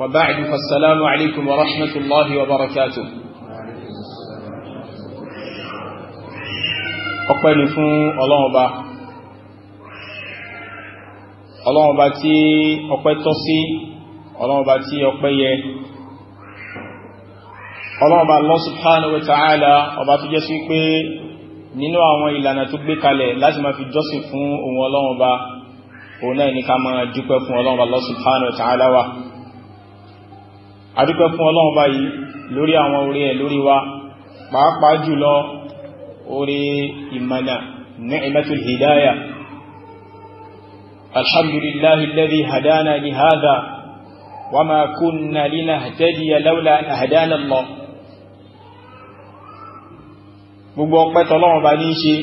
وبعد فالسلام عليكم ورحمة الله وبركاته ọpẹ́ ni fún ọlọ́run ọba ọlọ́run ọba tí ọpẹ́ tọ́ sí ọlọ́run ọba tí ọpẹ́ yẹ ọlọ́run ọba Allah subhanahu wa ta'ala ọba tó jẹ́ sí pé nínú àwọn ìlànà tó gbé kalẹ̀ láti máa fi jọ́sìn fún ohun ọlọ́run adúpẹ́ fún ọlọ́run báyìí lórí àwọn orí ẹ̀ lórí wa pàápàá jùlọ orí ìmọ̀nà ní ni'matul hidayah alhamdulillahi alladhi hadana li hadha wa ma kunna linahtadiya lawla an hadana Allah gbogbo ọpẹ́ tọ́lọ́run bá ní ṣe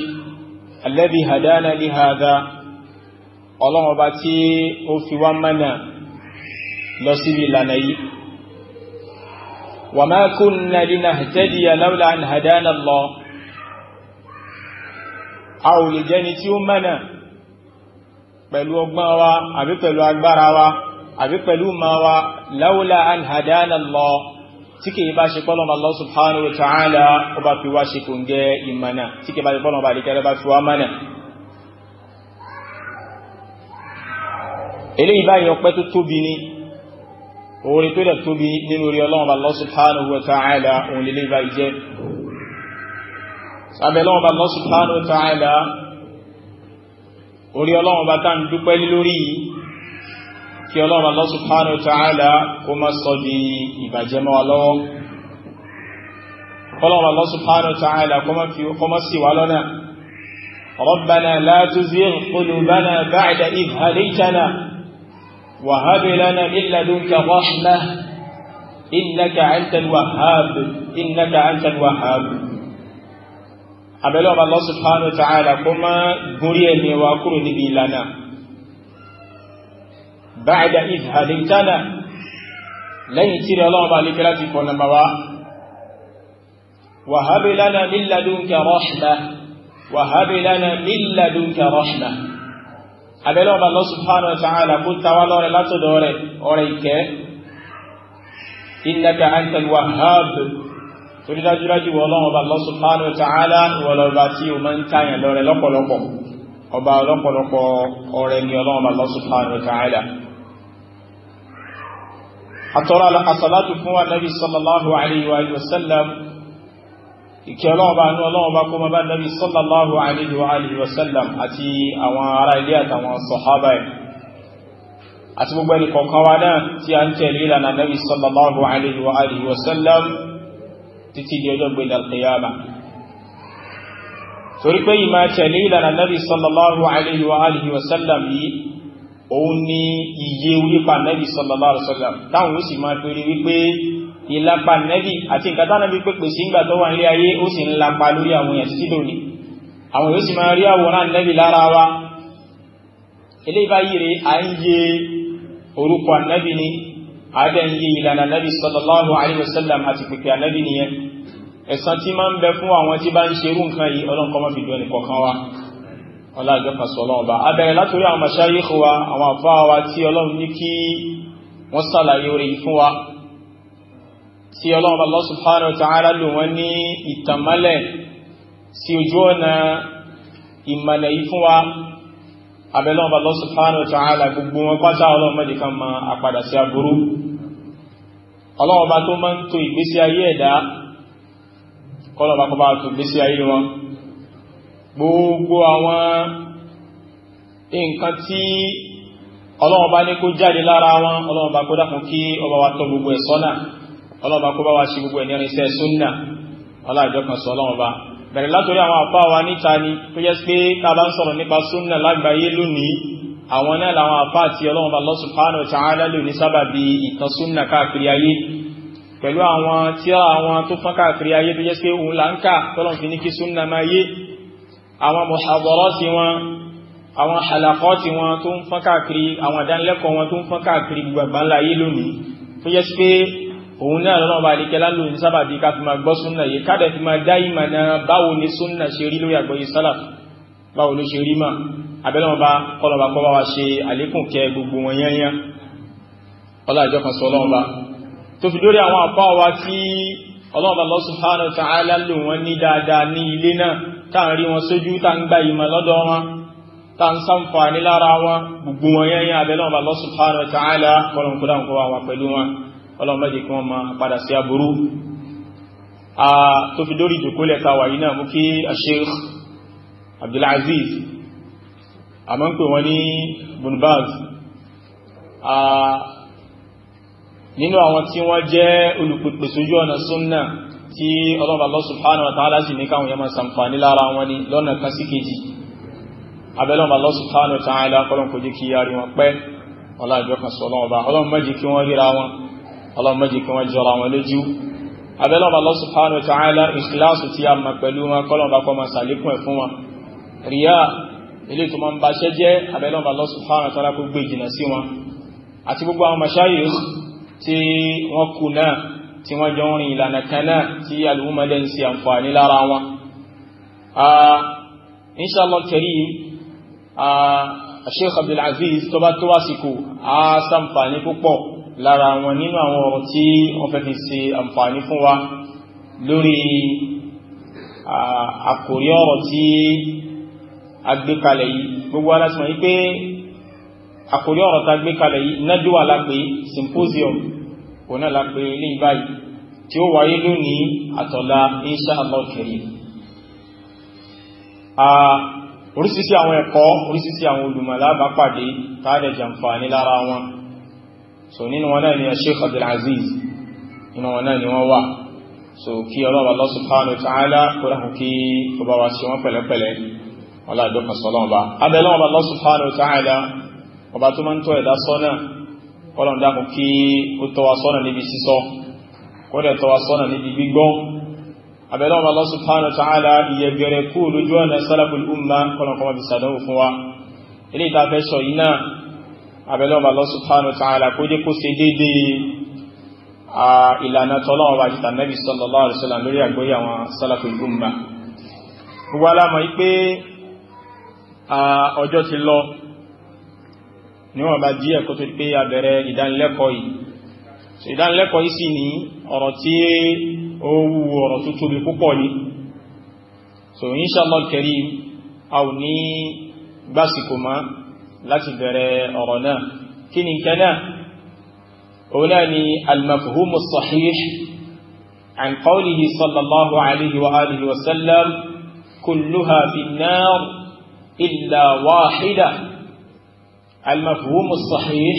alladhi hadana li hadha ọlọ́run bá tí ó fi wá mọ́nà lọ síbi ìlànà yìí وما كنا لنهتدي لولا أن هدانا الله أو لجنتي أمنا pẹ̀lú ọgbọ́n wa àbí pẹ̀lú agbára wa àbí pẹ̀lú ma wa láúlá an hadana lọ tí kìí bá ṣe pọ́lọ̀mà Allah subhanahu wa ta'ala ó orí tó dẹ̀ tóbi nínú orí ọlọ́run Allah subhanahu wa ta'ala òun lè lè bá ìjẹ́ sábẹ̀ ọlọ́run Allah subhanahu wa ta'ala orí ọlọ́run bá tá ń dúpẹ́ lórí kí ọlọ́run Allah subhanahu wa ta'ala kó má sọ وهب لنا من لدنك رحمة إنك أنت الوهاب إنك أنت الوهاب أبلغ الله سبحانه وتعالى كما قريني وأقرني بي لنا بعد إذ هديتنا لن يتير الله بالك لا تكون موا وهب لنا من لدنك رحمة وهب لنا من لدنك رحمة abẹ́lẹ́ ọba Allah subhanahu wa ta'ala kó tawá lọ́rẹ̀ látọ̀dọ̀ rẹ̀ ọ̀rẹ́ ìkẹ́ innaka antal wahhab torí dájúdájú wọ ọlọ́run ọba Allah subhanahu wa ta'ala ìwọlọ́ba tí o máa ń tààyàn lọ́rẹ̀ lọ́pọ̀lọpọ̀ ọba lọ́pọ̀lọpọ̀ ọ̀rẹ́ ni ọlọ́run ọba Allah subhanahu wa àtọ́rọ̀ asàlátù fún wa nabi sallallahu ìkẹ́ ọlọ́ọ̀bá ní ọlọ́ọ̀bá kó mọ́ bá nàbí sallallahu alayhi wa alihi wa sallam àti àwọn ará ilé àtàwọn sọ̀hábà ẹ̀ àti gbogbo ẹni kọ̀ọ̀kan wa náà tí a ń tẹ̀lé ìlànà nàbí sallallahu alayhi wa alihi wa títí di ọjọ́ gbé dàlkìyàmà torí pé ìmá tẹ̀lé ìlànà nàbí sallallahu alayhi wa alihi wa sallam yìí òun ni iye wípa nàbí sallallahu alayhi táwọn ó sì máa pèrè wípé ìlapa nẹ́bì àti nǹkan tánàbí pépè sí ìgbà tó wà nílé ayé ó sì ń lapa lórí àwọn èèyàn sí lónìí àwọn yóò sì máa rí àwòrán nẹ́bì lára wa eléyìí báyìí rèé à ń yẹ orúkọ nẹ́bì ni àádẹ́n yí ìlànà nẹ́bí sallallahu alaihi wasallam àti pèpè ànẹ́bí nìyẹn ẹ̀san tí máa ń bẹ fún àwọn tí bá ń ṣe irú nǹkan yìí ọlọ́nkọ́ má fi dùn ẹnì kọ̀ọ̀kan wa ọlọ́àjọ pàṣọ ọlọ́run ọba tí ọlọ́run Allah subhanahu wa ta'ala lò wọ́n ní ìtànmálẹ̀ sí ojú ọ̀nà ìmàlẹ̀ yìí fún wa abẹ́lọ́run Allah subhanahu wa ta'ala gbogbo wọn pátá ọlọ́run mẹ́jì kan ma àpadà sí aburú ọlọ́run bá tó máa ń tò ìgbésí ayé ẹ̀dá kọ́lọ̀bá kọ́ ọlọ́ba kó bá wá sí gbogbo ẹ̀nìyàn iṣẹ́ súnnà ọlájọ́kan ọlọ́ọba bẹ̀rẹ̀ látòrí àwọn àpá wa níta ni tó jẹ́ pé tá ń sọ̀rọ̀ nípa súnnà lágbàáyé lónìí àwọn náà làwọn àpá àti ọlọ́ọba Allah subhanahu wa ta'ala lò ní sábàbí ìtàn súnnà káàkiri ayé pẹ̀lú àwọn tírà àwọn tó fọ́n káàkiri ayé tó jẹ́ pé òun là ń kà tọ́lọ̀ fi ní kí súnnà máa yé àwọn muhadarati wọn àwọn halaqati wọn tó ń fọ́n káàkiri àwọn ìdánilẹ́kọ̀ọ́ wọn tó ń fọ́n káàkiri gbogbo àgbáńlá ayé òun náà lọ́nà ọba àdíkẹ́ lálò ní sábà bí ká fi máa gbọ́ súnnà yìí kádẹ̀ fi máa dá ìmọ̀ náà báwo ni súnnà ṣe rí lórí àgbọ́yé sálàf báwo ló ṣe rí mà abẹ́lẹ́ ọba kọlọba kọ́ bá wa ṣe àlékún kẹ gbogbo wọn yányán ọlá ìjọ kan sọ ọlọ́ọba tó fi dórí àwọn àpá wa tí ọlọ́ọba Allah subhanahu wa ta'ala lò wọ́n ní dáadáa ní ilé náà tá à ń rí wọn sójú tá ń gba ìmọ̀ lọ́dọ̀ wọn tá ń sàǹfààní lára wọn gbogbo wọn yányán abẹ́lẹ́ ọba Allah subhanahu wa ta'ala kọlọ̀nkúdà ń kọ́ wa pẹ̀lú wọn ọlọ́run mẹ́jì kí wọ́n ma padà sí aburú a tó fi dórí ìjòkólẹ̀ tàwà yìí náà mú kí Sheikh Abdulaziz a mọ́ ń pè wọ́n ní bunbaz a nínú àwọn tí wọ́n jẹ́ olùpèpè sójú ọ̀nà súnnà tí Allah subhanahu wa ta'ala sì ní káwọn yẹmọ̀ sàǹfàní lára wọn ni lọ́nà kan sí kejì abẹ́lọ́mà Allah subhanahu wa ta'ala kọ́lọ̀kọ́ jẹ́ kí yàrí ọlá ìjọ kan sọ ọlọ́ọ̀bá ọlọ́mọ mẹ́jì kí wọ́n ríra wọn ọlọ́run méjì kí wọ́n jọra wọn lójú abẹ́lọ́ba Allah subhanahu wa ta'ala ìkíláàsù tí a mọ̀ pẹ̀lú wọn kọ́lọ̀ba kọ́ máa sàlékún ẹ̀ fún wọn ríyà ilé tó máa ń ba ṣẹ́ jẹ́ abẹ́lọ́ba Allah subhanahu wa ta'ala kó gbé jìnà sí wọn àti gbogbo àwọn mọ̀ṣáyè tí wọ́n kù náà tí wọ́n jọ ń rìn ìlànà kan náà tí alùmọ́lẹ́ ń ṣe àǹfààní lára wọn insha Allah karim Sheikh Abdul Aziz tó bá tó wásìkò á sàǹfààní púpọ̀ lára wọn nínú àwọn ọ̀rọ̀ tí wọ́n fẹ́ fi ṣe àǹfààní fún wa lórí àkòrí ọ̀rọ̀ tí a gbé kalẹ̀ yìí gbogbo alásìmọ̀ yìí pé àkòrí ọ̀rọ̀ tá gbé kalẹ̀ yìí nádùwà lápé symposium òun náà lápé ilé ìbáyìí tí ó wáyé lónìí àtọ̀lá insha Allah karim àwọn ẹ̀kọ́ oríṣiríṣi àwọn olùmọ̀lá bá pàdé tààdẹ̀ jàǹfààní lára wọn so nínú wọn náà ni Sheikh Abdulaziz nínú wọn náà ni wọ́n wà so kí ọlọ́wọ́ Allah subhanahu wa ta'ala kó dákun kí ó bá wa ṣe wọ́n pẹ̀lẹ́pẹ̀lẹ́ wọ́n láàdọ́kà sọ́lọ́ọ̀bá abẹ́lọ́wọ́ Allah subhanahu wa ta'ala ọba tó máa ń tọ́ ẹ̀dá sọ́nà ọlọ́run dákun kí ó tọ́ wa sọ́nà níbi sísọ kó dẹ̀ abẹ́lọ́mà Allah subhanahu wa ta'ala kó jẹ́ kó ṣe dédé ìlànà tọ́lọ́wọ́ àti tànàbí sallallahu alaihi wasallam lórí àgbóyé àwọn salaful ummah gbogbo alámọ̀ wípé ọjọ́ ti lọ níwọ̀n bá díẹ̀ kó tó pé abẹ̀rẹ̀ ìdánilẹ́kọ̀ọ́ yìí so ọ̀rọ̀ tó tóbi púpọ̀ ní so inshallah karim a ò ní gbásìkò máa láti bẹ̀rẹ̀ ọ̀rọ̀ náà kí ni nǹkan náà òun náà ni al-mafhumu sahih عن قوله صلى الله عليه وآله وسلم كلها في النار إلا واحدة المفهوم الصحيح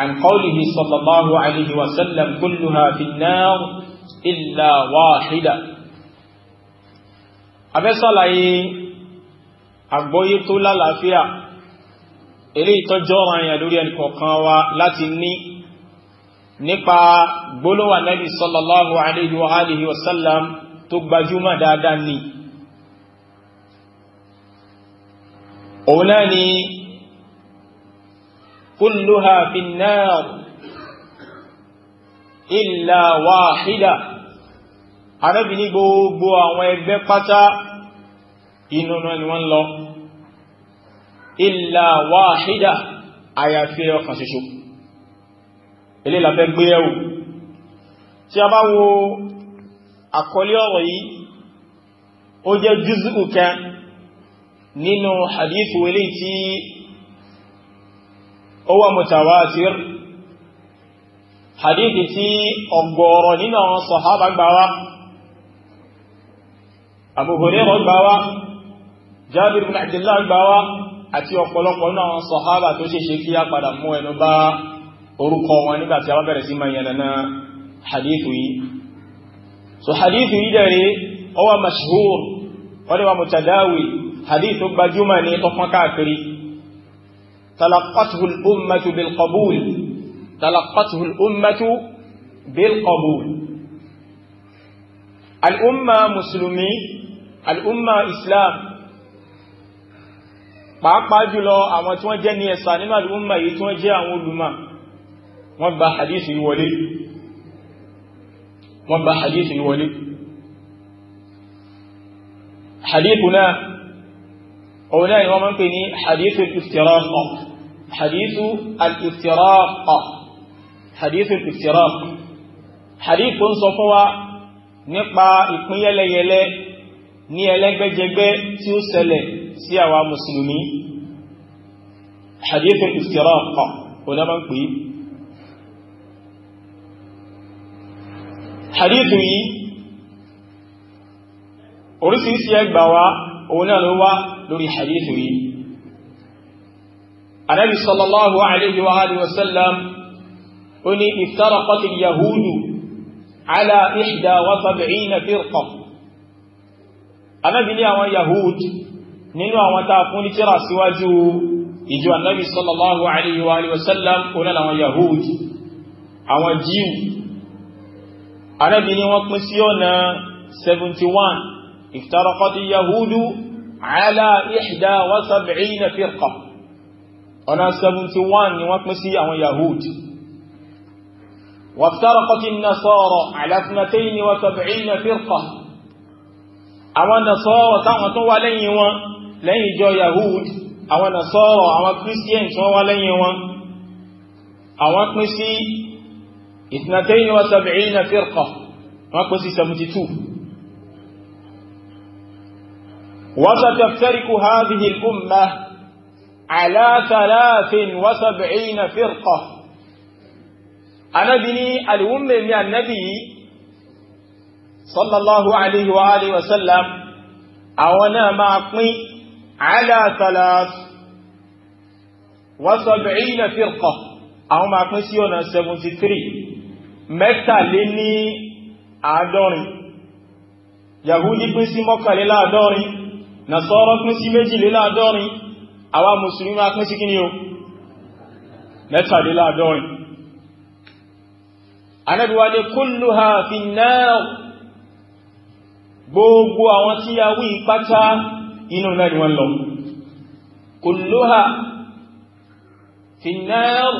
عن قوله صلى الله عليه وسلم كلها في النار إلا واحدة أبي صلى أبوي طول الأفياء eléyìí tó jẹ́ ọ̀ranyàn lórí ẹni kọ̀ọ̀kan wa láti ní nípa gbólóhùn Ànábì sallallahu alayhi wa alihi wa sallam tó gbajúmọ̀ dáadáa ni òun náà ni kulluha fin nar illa wahida Ànábì ní gbogbo àwọn ẹgbẹ́ pátá inú náà ni wọ́n lọ illa wahida àyàfi ẹyọ kan ṣoṣo ilé ìlàfẹ́ gbé ẹwù tí a bá wo àkọlé ọ̀rọ̀ yìí ó jẹ́ juz'u kan nínú hadithu ilé tí ó wà mutawatir hadithi tí ọ̀gọ̀ọ̀rọ̀ nínú àwọn sahaba gbáwá Abu gbáwá Jabir ibn Abdullah gbáwá àti ọ̀pọ̀lọpọ̀ nínú àwọn sọ̀hábà tó ṣe ṣe kí a padà mú ẹnu bá orúkọ wọn nígbà a bẹ̀rẹ̀ sí so hadithu yìí dẹ̀rẹ̀ ó wà mashhur wọ́n ni wà mutadawi hadithu gbajúmọ̀ ní tọ́fán káàkiri talaqatuhu al'ummatu bil qabul talaqatuhu al'ummatu al'umma musulmi al'umma islam pàápàá jùlọ àwọn tí wọ́n jẹ́ ní ẹ̀sà nínú àdúgbò yìí tí wọ́n jẹ́ àwọn olùmọ̀ wọ́n gba hadith yìí wọlé wọ́n gba hadith yìí wọlé hadith náà òun náà ni wọ́n máa ń pè ní hadith al-istiraqa ẹlẹ́gbẹ́jẹgbẹ́ tí ó ṣẹlẹ̀ sí àwa mùsùlùmí hadithul iftiraqa onáma ń pè hadithu yìí orísìírísìí ẹgbà wa òun náà ló wá lórí hadithu yìí anábi sallallahu alaihi wa alihi wasallam ó ní iftaraqatil yahudu ala ihda wa sab'ina firqa anábi ní àwọn yahudu nínú àwọn tá a fún ní tíra síwájú ìjọ annabi sallallahu alayhi wa sallam onílà àwọn yahudi àwọn jíù anábi ni wọ́n pín sí ọ̀nà 71 iftaraqati yahudu ala ihda wa sab'ina firqa ọ̀nà 71 ni wọ́n pín sí àwọn yahudi وافترقت النصارى على اثنتين وسبعين فرقة أما النصارى تعطوا عليهم lẹ́yìn ìjọ Yahud àwọn Nasara àwọn Christian tí wọ́n wá lẹ́yìn wọn àwọn pín sí ithnatayn wa sab'ina firqa wọ́n pín sí 72 wa sataftariku hadhihi al-ummah ala thalathin wa sab'ina firqa anábi ní alìwúnmẹ̀ àwọn náà máa pín ala salas wa sab'ina firqa àwọn máa pín sí ọ̀nà 73 mẹ́tàléní àádọ́rin yahudi pín sí mọ́kànléláàádọ́rin nasọ́rọ́ pín sí méjìléláàádọ́rin àwa mùsùlùmí máa pín sí kí ni o mẹ́tàléláàádọ́rin anẹ́bíwá ní kulluha fin nar gbogbo àwọn tí a wí pátá inú náà ni wọ́n lọ kulluha finnar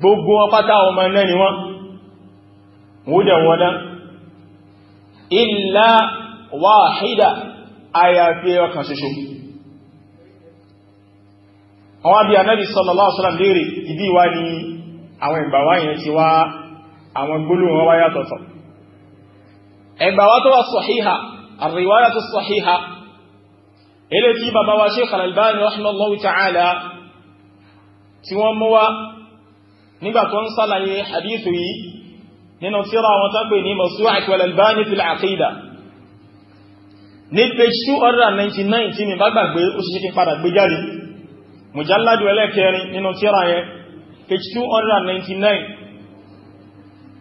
gbogbo ọpátá ọmọ náà ni wọ́n wúdẹ̀ wọ́n illa wahida àyàfi ọkàn ṣoṣo àwọn bí anábi sallallahu alaihi wasallam léèrè ìdí wá ní àwọn ìgbàwá yẹn ti wá àwọn gbólóhùn wọn wáyàtọ̀tọ̀ ẹgbàwá tó wà sahiha ar-riwayatu sahiha ilé tí bàbá wa Sheikh Al-Albani rahimahullahu ta'ala tí wọ́n mú wá nígbà tó ń sálàyé hadithu yìí nínú síra wọn tán pè ní Mawsu'at wal-Albani fil Aqida ní page 299 tí mi bá gbàgbé ó sì ṣe kí n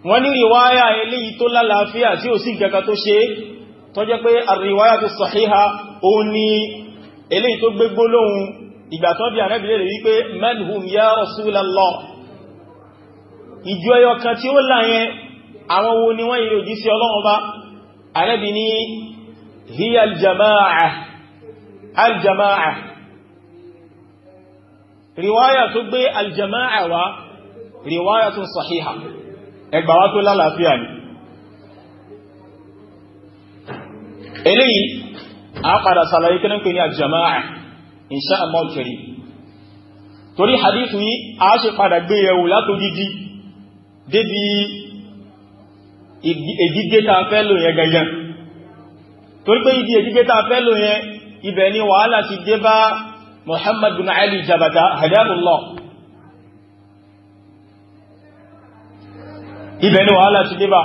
wọ́n ní ìwáyà eléyìí tó lálàáfíà tí ò sí ìkẹ́kà tó ṣe tó jẹ́ pé àríwáyàtù sọ̀híhá ó ní eléyìí tó gbé gbólóhùn ìgbà tó bí ànábì léèrè wípé man hum ya Rasulallah ìjọ ẹyọ kan tí ó láyẹn àwọn wo ni wọ́n yìí òjí sí ọlọ́run bá ànábì eléyìí a padà sàlàyé kí náà pè ní àjàmáà insha Allah karim torí hadithu yìí a ṣe padà gbé yẹ̀wò látò dídí débi ìdígbé ta fẹ́ lò yẹn gangan torí pé ibi ìdígbé ta fẹ́ lò yẹn ibẹ̀ ni wàhálà ti dé bá Muhammad bin Ali Jabata hadamullah ibẹ̀ ni wàhálà ti dé bá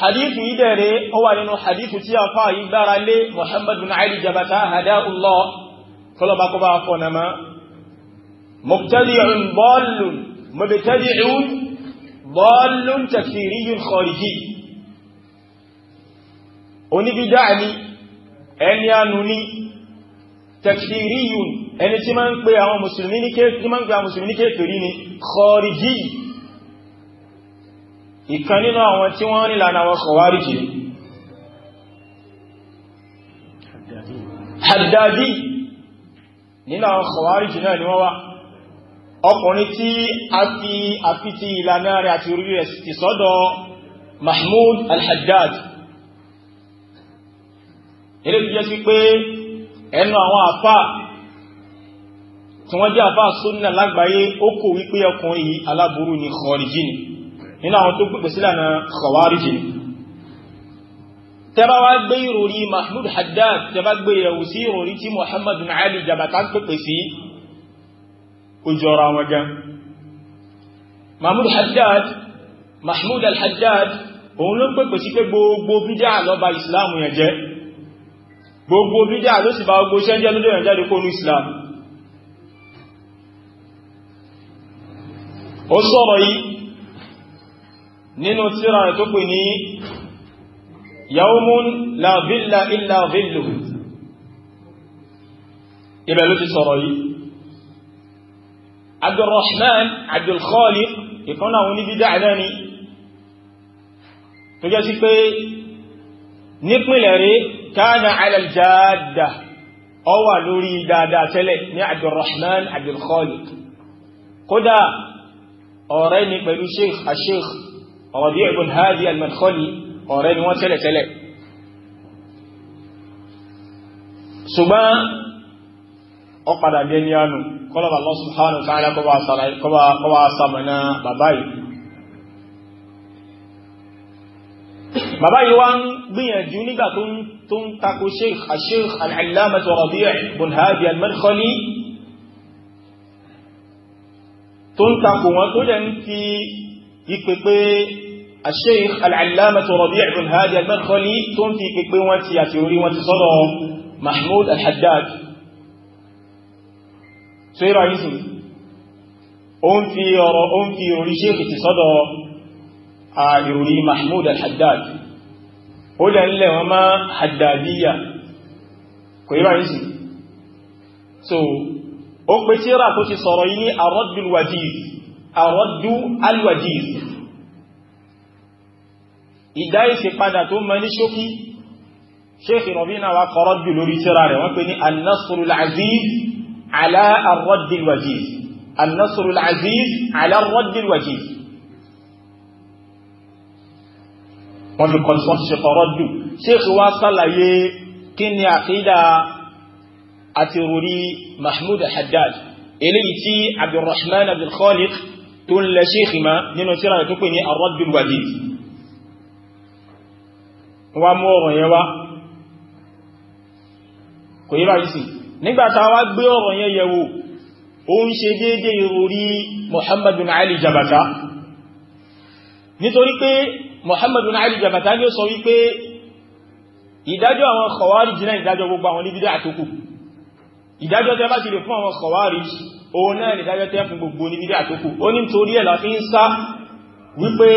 hadithu yìí dẹ̀rẹ̀ ó wà nínú hadithu tí a fà yìí gbára lé Muhammad bin Ali Jabata hadaullah kọlọba kọba afọnama mubtadi'un dallun mubtadi'un dallun takfiriyyun khariji oníbídá ni ẹni ànú ni takfiriyyun ẹni tí ma ń pè àwọn musulmi ní kéfèrí ni khariji ìkan nínú àwọn tí wọ́n rí lànà àwọn kọwàríkì haddadi nínú àwọn kọwàríkì náà ni wọ́n wá ọkùnrin tí a fi àfitì ìlànà rẹ̀ àti orí rẹ̀ ti sọ́dọ̀ mahmud al-haddad ilé tó jẹ́ sí pé ẹnu àwọn àfá tí wọ́n jẹ́ àfá súnnà lágbàáyé ó kò wípé ọkùnrin aláburú ni kọ̀ọ̀rìjì ni nínú àwọn tó pèpè sílànà khawarij ni tẹ́bá wá gbé ìròrí mahmud haddad tẹ́bá gbé ìyẹ̀wò sí ìròrí tí muhammad bin ali jabata pèpè sí ojú ọ̀rọ̀ àwọn gan mahmud haddad mahmud al-haddad òun ló pèpè sí pé gbogbo bídá lọ́ba ìsìláàmù yẹn jẹ́ gbogbo bídá ló sì bá gbogbo iṣẹ́ jẹ́ yẹn jáde kónú ìsìláàmù ó sọ̀rọ̀ yìí nínú tírà rẹ̀ tó pè ní yaumun la dhilla illa dhilluhu ibẹ̀ ló ti sọ̀rọ̀ yìí abdulrahman abdulkhaliq ìkan àwọn oníbídá àdáni tó jẹ́ sí pé nípìnlẹ̀ rí káàna alàjáàdà ó wà lórí dáadáa tẹ́lẹ̀ ní abdulrahman abdulkhaliq kódà ọ̀rẹ́ ni pẹ̀lú sheikh a sheikh Rabi' ibn Hadi al-Madkhali ọ̀rẹ́ ni wọ́n tẹ́lẹ̀ tẹ́lẹ̀ ṣùgbọ́n ó padà dé ní ànú kọ́lọ̀bà Allah subhanahu wa ta'ala kọba sàmànà bàbá yìí bàbá yìí wá ń gbìyànjú nígbà tó ń tako sheikh tó ń tako wọn tó dẹ̀ ń fi ìpèpè الشيخ العلامة ربيع بن هادي المدخلي تنفي كيكوانتي ياتيوري وانتي صدر محمود الحداد سيرا يسمي أنفي أنفي يوري شيخ تصدر يوري محمود الحداد هدى لهما حدادية كيرا يسمي so ó pé tíra tó ti sọ̀rọ̀ yìí ní ìdáyèsí padà tó mọ ní ṣókí Sheikh Rabi'u wa kọ̀rọ̀ jù lórí tírà rẹ̀ wọ́n pè ní an-nasrul aziz ala ar-raddil wajiz an-nasrul aziz ala ar-raddil wajiz wọ́n fi kọ̀lùsọ́ ṣe kọ̀rọ̀ jù Sheikh wa sálàyé kí ni àkídà àti rúrí Mahmud Haddad eléyìí tí Abdurrahman Abdul tó ń lẹ Sheikh ma nínú tírà rẹ̀ tó pè ní ar wa mú ọ̀rọ̀ yẹn wá kò yí báyìí sí nígbàtà wá gbé ọ̀rọ̀ yẹn yẹ̀wò ó ń ṣe déédé ìròrí Muhammadun Ali Jabata nítorí pé Muhammadun Ali Jabata ni ó sọ wípé ìdájọ́ àwọn Khawarij náà ìdájọ́ gbogbo àwọn oníbídá àtókù ìdájọ́ tẹ́ bá ti lè fún àwọn Khawarij òun náà ìdájọ́ tẹ́ fún gbogbo oníbídá àtókù ó ní nítorí ẹ̀ la fi ń sá wípé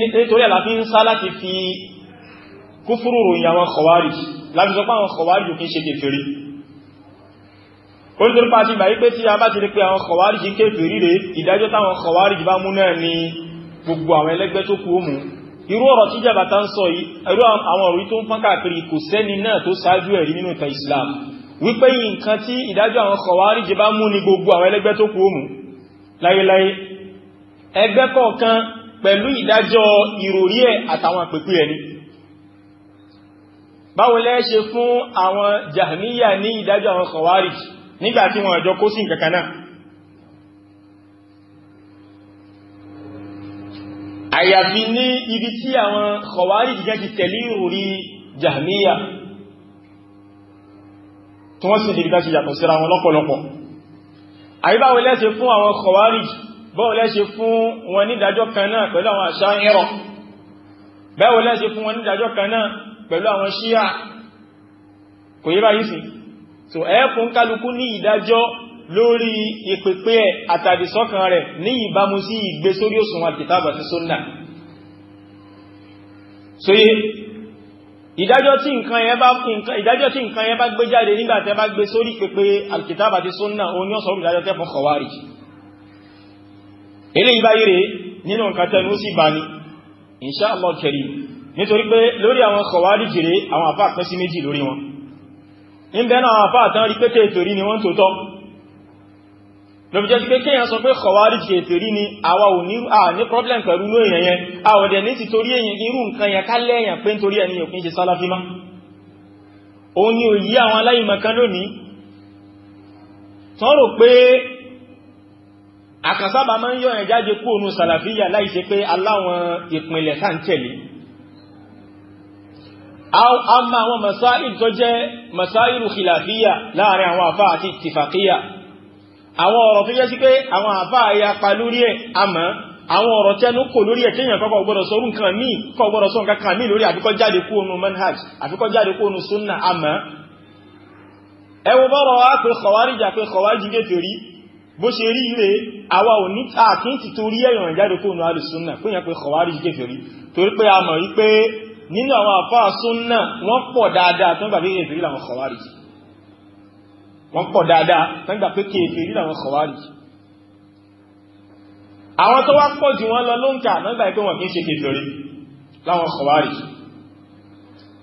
nítorí ẹ̀ la fi ń sá láti fi kúfúrú ròyìn àwọn kọwàrí láti sọ pé àwọn kọwàrí yóò kí ń ṣe kèfèrí orítorí pa ti gbà wípé tí a bá ti rí pé àwọn kọwàrí yìí kèfèrí rẹ̀ ìdájọ́ táwọn kọwàrí yìí bá mú náà ni gbogbo àwọn ẹlẹ́gbẹ́ tó kú mú irú ọ̀rọ̀ tí jàbá ta ń sọ yìí irú àwọn ọ̀rọ̀ tó ń pọ́n káàkiri kò sẹ́ni náà tó ṣáájú ẹ̀rí nínú ìtàn Islam wípé báwo lẹ́ ṣe fún àwọn jahmiya ní ìdájọ́ àwọn khawarij nígbà tí wọ́n àjọ kó sí nǹkan náà àyàfi ní ibi tí àwọn khawarij gẹ́gẹ́ ti tẹ̀lé ìròrí jahmiya tí wọ́n sì dìbìtà sí yàtọ̀ síra wọn lọ́pọ̀lọpọ̀ àyíbáwo lẹ́ ṣe fún wọn nídájọ́ kan náà pẹ̀lú àwọn ṣíà kò yé báyìí sí so ẹ̀ẹ́kùn kálukú ní ìdájọ́ lórí ìpèpè ẹ̀ àtàdìsọ́kàn rẹ̀ ní ìbámu sí ìgbé sórí òṣùwọ̀n Kitabu àti Sunna so yé ìdájọ́ tí nǹkan yẹn bá ìdájọ́ tí nǹkan yẹn bá gbé jáde nígbà tẹ́ bá gbé sórí pèpè Al-Kitabu àti Sunna òun ni ó sọ ìdájọ́ tẹ́ fún Khawarij eléyìí báyìí nítorí pé lórí àwọn kọ̀wárí jìrì àwọn àfá pín sí méjì lórí wọn ń bẹ́ẹ̀ náà àwọn àfá tán rí pé kèfèrí ni wọ́n tòótọ́ lọ́bí jẹ́ pé kéèyàn sọ pé kọ̀wárí kèfèrí ni àwa ò ní à ní problem pẹ̀lú ló èèyàn yẹn a ò dẹ̀ ní ti torí èèyàn irú nǹkan yẹn ni òyí àwọn aláìmọ̀kan lónìí tán rò pé àkànsábà máa ń yọ ẹ̀ jáde kú òun sàlàfíyà láìṣe pé aláwọn ìpìnlẹ̀ sáà ń tẹ̀lé ama àwọn masáìlì tó jẹ́ masáìlì khilafiyya láàrin àwọn àfá àti tifakiyya àwọn ọ̀rọ̀ tó jẹ́ sí pé àwọn àfá ayapa lórí ẹ̀ àmọ́ àwọn ọ̀rọ̀ tẹnu kò lórí ẹ̀ kéèyàn kọ́kọ́ gbọ́dọ̀ sọ nǹkan míì kọ́ gbọ́dọ̀ sọ nǹkan kan míì lórí àfikọ́ jáde kú ònú manhaj àfikọ́ jáde kú ònú sunna àmọ́ ẹ wo bọ́rọ̀ wá pé nínú àwọn àfáà súnnà wọ́n pọ̀ dáadáa tó ń gbà pé kèfèrí làwọn khawarij wọ́n pọ̀ dáadáa tó ń gbà pé kèfèrí làwọn khawarij àwọn tó wá pọ̀ jù wọ́n lọ ló ń kà náà gbà pé wọ́n kì í ṣe kèfèrí láwọn khawarij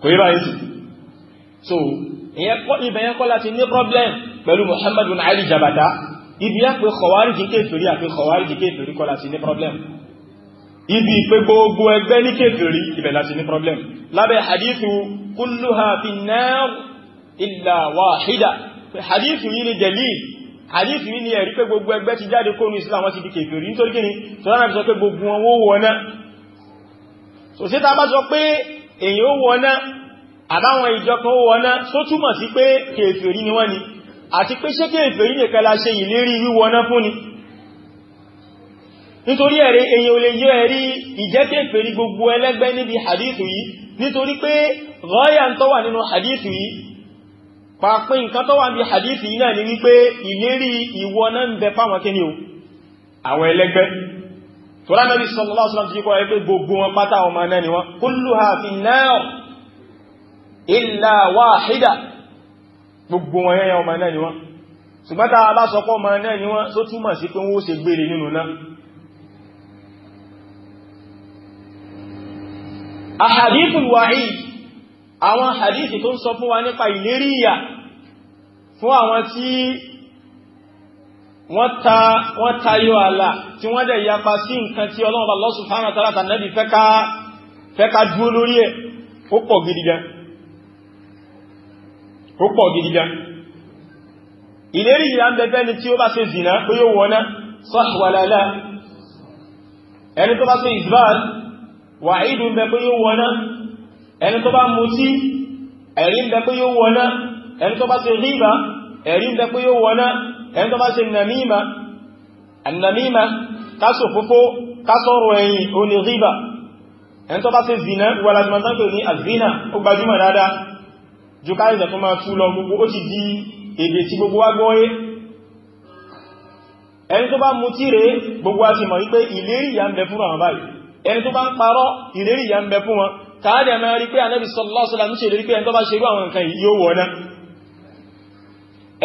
kò yí báyìí so ibẹ̀ yẹn kọ́ láti ní problem pẹ̀lú Muhammad bin Ali Jabata ibi yẹn pé khawarij kèfèrí àti khawarij kèfèrí kọ́ láti ní problem ibi pé gbogbo ẹgbẹ́ ní kékeré ibẹ̀ láti ní problem lábẹ́ hadithu kulluha fi nar illa wahida hadithu yìí ni dalil hadithu yìí ni ẹ̀rí pé gbogbo ẹgbẹ́ ti jáde kó ní islam wọ́n ti di kékeré nítorí kíni tó lánàá fi sọ pé gbogbo wọn ó wọná so sí ta bá sọ pé èyí ó wọná nítorí ẹ̀rẹ́ èyàn ò lè yọ ẹ̀rí ìjẹ́kẹ̀ẹ́fẹ́ rí gbogbo ẹlẹ́gbẹ́ níbi hadith yìí nítorí pé rọ́yà tó wà nínú hadith yìí pàápín nǹkan tó wà níbi hadith yìí náà ni wípé ìlérí ìwọ náà ń bẹ fáwọn kí ni o àwọn ẹlẹ́gbẹ́ tọ́lá Nabi sallallahu alaihi wasallam ti kọ́ ẹ pé gbogbo wọn pátá ọmọ ṣùgbọ́n tá a ọmọ náà ni wọn tó túmọ̀ sí pé wọ́n ó ṣe gbére nínú náà ahadithul wa'id àwọn hadithi tó ń sọ fún wa nípa ìlérí ìyà fún àwọn tí wọ́n tayọ àlà tí wọ́n dẹ̀ yapa sí nǹkan tí Ọlọ́run Allah subhanahu wa ta'ala tànàbí fẹ́ká dúó lórí ẹ̀ ó pọ̀ gidigan ó pọ̀ gidigan ìlérí ìyà ń bẹ̀bẹ̀ ni tí ó bá ṣe ẹni tó bá ṣe ìsbáàlì wà ìdù ń bẹ pé yóò wọná ẹni tó bá mutí ẹ̀rí ń bẹ pé yóò wọná ẹni tó bá ṣe ríbà ẹ̀rí ń bẹ pé yóò wọná ẹni tó bá ṣe nàmíma ànàmíma kásò fúfó kásọ̀rọ̀ ẹ̀yìn ó ní ríbà ẹni tó bá ṣe zina wà látìmọ̀tánpè ní àzina ó ẹni tó bá ń parọ́ ìlérí ìyà ń bẹ fún wọn káàdì àmà rí pé Ànábì sallallahu alaihi wasallam ń ṣèlérí pé ẹni tó bá ṣerú àwọn nǹkan yóò wọná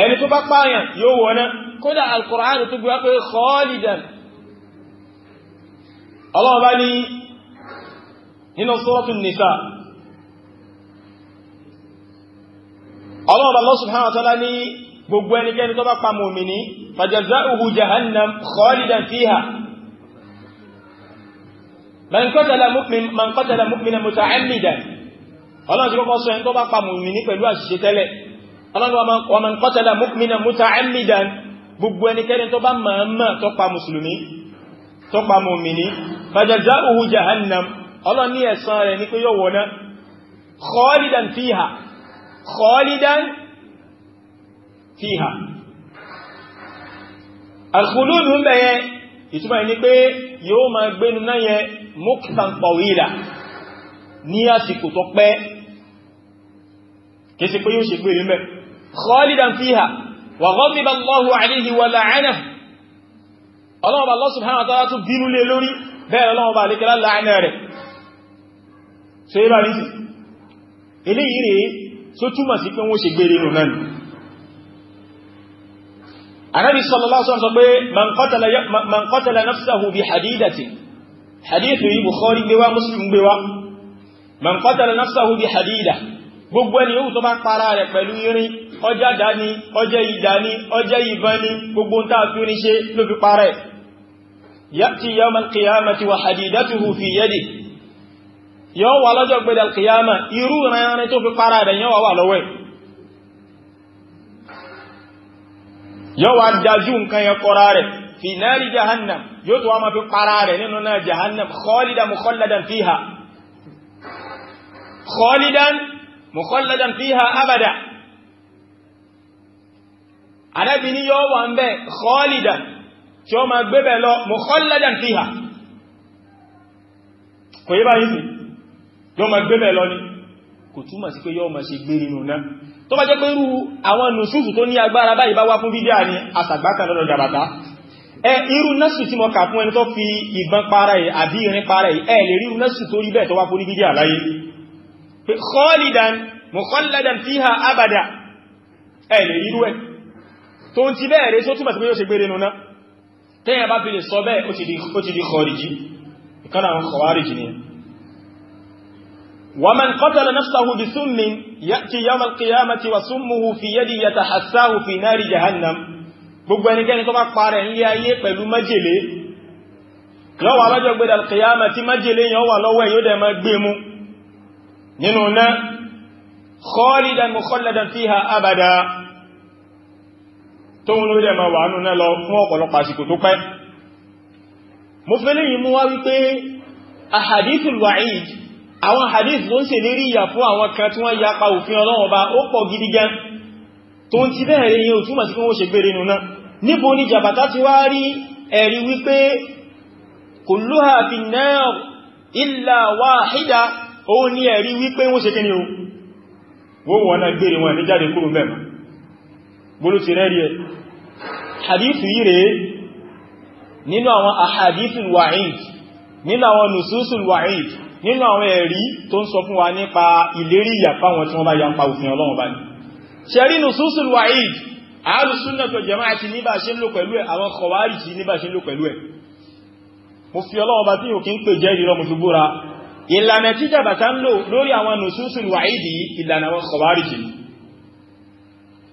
ẹni tó bá pààyàn yóò wọná kódà Al-Qur'an tó gbé pé khalidan Allah bá man qatala mu'min man qatala mu'mina muta'ammidan ọlọ́run ti kọ́kọ́ sọ ẹni tó bá pa mùmíní pẹ̀lú àṣìṣe tẹ́lẹ̀ ọlọ́run wa man qatala mu'mina muta'ammidan gbogbo ẹnikẹ́ni tó bá màmá tó pa mùsùlùmí tó pa mùmíní fajaza'uhu jahannam ọlọ́run ní ẹ̀san rẹ̀ ní pé yóò wọ̀ náà khalidan fiha khalidan fiha al-khulud ń bẹ̀yẹn ìtumọ̀ ní pé yóò máa gbénu náà yẹ mọ́kítàn pọ̀wílà ní àsìkò tó pẹ́ kìí pé yóò ṣe gbé rí mẹ́ khalidan fiha wa ghadiba Allahu alayhi wa la'anahu ọlọ́ọ̀bà Allah subhanahu wa anábi sallallahu alaihi wasallam sọ pé man qatala nafsahu bi hadidatin hadithu yìí bukhari gbéwá muslim gbéwá man qatala nafsahu bi hadida gbogbo ẹni yóò tó bá para rẹ̀ pẹ̀lú irin ọjá dání ọjẹ́ ìdání ọjẹ́ ìbani gbogbo ń tàà fi ní ṣe ló fi para ẹ̀ yàtí yawm al-qiyamati wa hadidatuhu fi yadihi yóò wà lọ́jọ́ gbẹ̀dẹ̀ al-qiyama irú ìrìnrìn tó fi para rẹ̀ yóò wà lọ́wọ́ yóò wá dájú nǹkan yẹn kọ́ra rẹ̀ fi náàrí jahannam yóò tó wá máa fi para rẹ̀ nínú náà jahannam khalidan mukhalladan fiha khalidan mukhalladan fiha abada anábi ni yóò wà ń bẹ́ khalidan tí ó máa gbébẹ̀ lọ mukhalladan fiha kò yí báyìí sí yóò máa gbébẹ̀ lọ ni kò túmọ̀ sí pé yóò máa ṣe gbé nínú náà tó bá jẹ́ pé irú àwọn nùsùsù tó ní agbára báyìí bá wá fún bídíà ni àsàgbákan lọ́dọ̀ jàbàtà ẹ irú nẹ́sù tí mo kà fún ẹni tó fi ìbọn para ẹ̀ àbí irin para ẹ̀ ẹ lè rí irú nẹ́sù tó rí bẹ́ẹ̀ tó wá fún bídíà láyé abada ẹ lè rí irú ẹ̀ tó ń ti nuna tẹ́yà bá fi lè sọ bẹ́ẹ̀ ó ti di ni ومن قتل نفسه بسم يأتي يوم القيامة وسمه في يدي يتحساه في نار جهنم gbogbo ẹnikẹ́ni tó bá parẹ̀ nílé ayé pẹ̀lú májèlé lọ́wọ́ abájọ́ gbẹ̀dẹ̀ alkiyama tí májèlé yàn wà lọ́wọ́ yóò dẹ̀ máa gbé mú nínú náà khalidan mukhalladan fiha abada tó ń lórí ẹ̀mà wà nínú lọ fún ọ̀pọ̀lọpọ̀ àsìkò tó pẹ́ àwọn hadith tó ń se lérí ìyà fún àwọn kan tí wọ́n yapa òfin Ọlọ́run Ọba ó pọ̀ gidi gan tó ń ti bẹ́ẹ̀ rẹ̀ túnmà sí ṣe gbére nù náà níbo ni ti wá rí ẹ̀rí wípé kulluha fin fi illa o ní nínú àwọn ẹ̀rí tó ń sọ fún wa nípa ìlérí ìyà fáwọn tí wọ́n bá yapa òfin Ọlọ́run bá ní ṣẹ̀rí nususul wa'id àálùsúnnà tó jẹ̀má àti níbà ṣe ń lò pẹ̀lú ẹ̀ àwọn kọ̀wárì sí níbà ṣe ń lò pẹ̀lú ẹ̀ mo fi Ọlọ́run bá tí yóò kí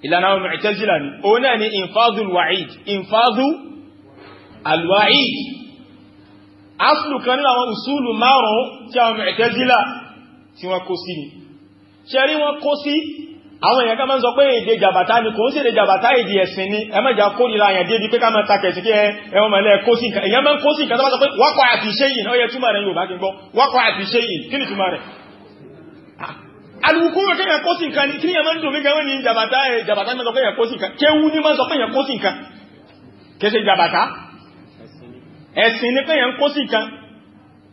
ń alwa'id asùlù kan nínú àwọn usulu márùn-ún tí àwọn Mu'tazila tí wọ́n kó sí ni ṣe rí wọ́n kó sí àwọn èèyàn ká máa ń sọ pé èdè jàbàtà ni kò ń ṣe èdè jàbàtà èdè ẹ̀sìn ni ẹ mẹ́jà kó nira àyàn débi pé ká máa takẹ̀ sí kí ẹwọ́n mẹ́lẹ̀ kó sí nǹkan èèyàn máa ń kó sí nǹkan tó bá sọ pé wákọ̀ àti ṣe yìí ọyẹ túmọ̀ rẹ̀ Yorùbá kí n gbọ́ wákọ̀ àti ṣe yìí kí ni ẹ̀sìn ní pé yẹn ń kó sí nǹkan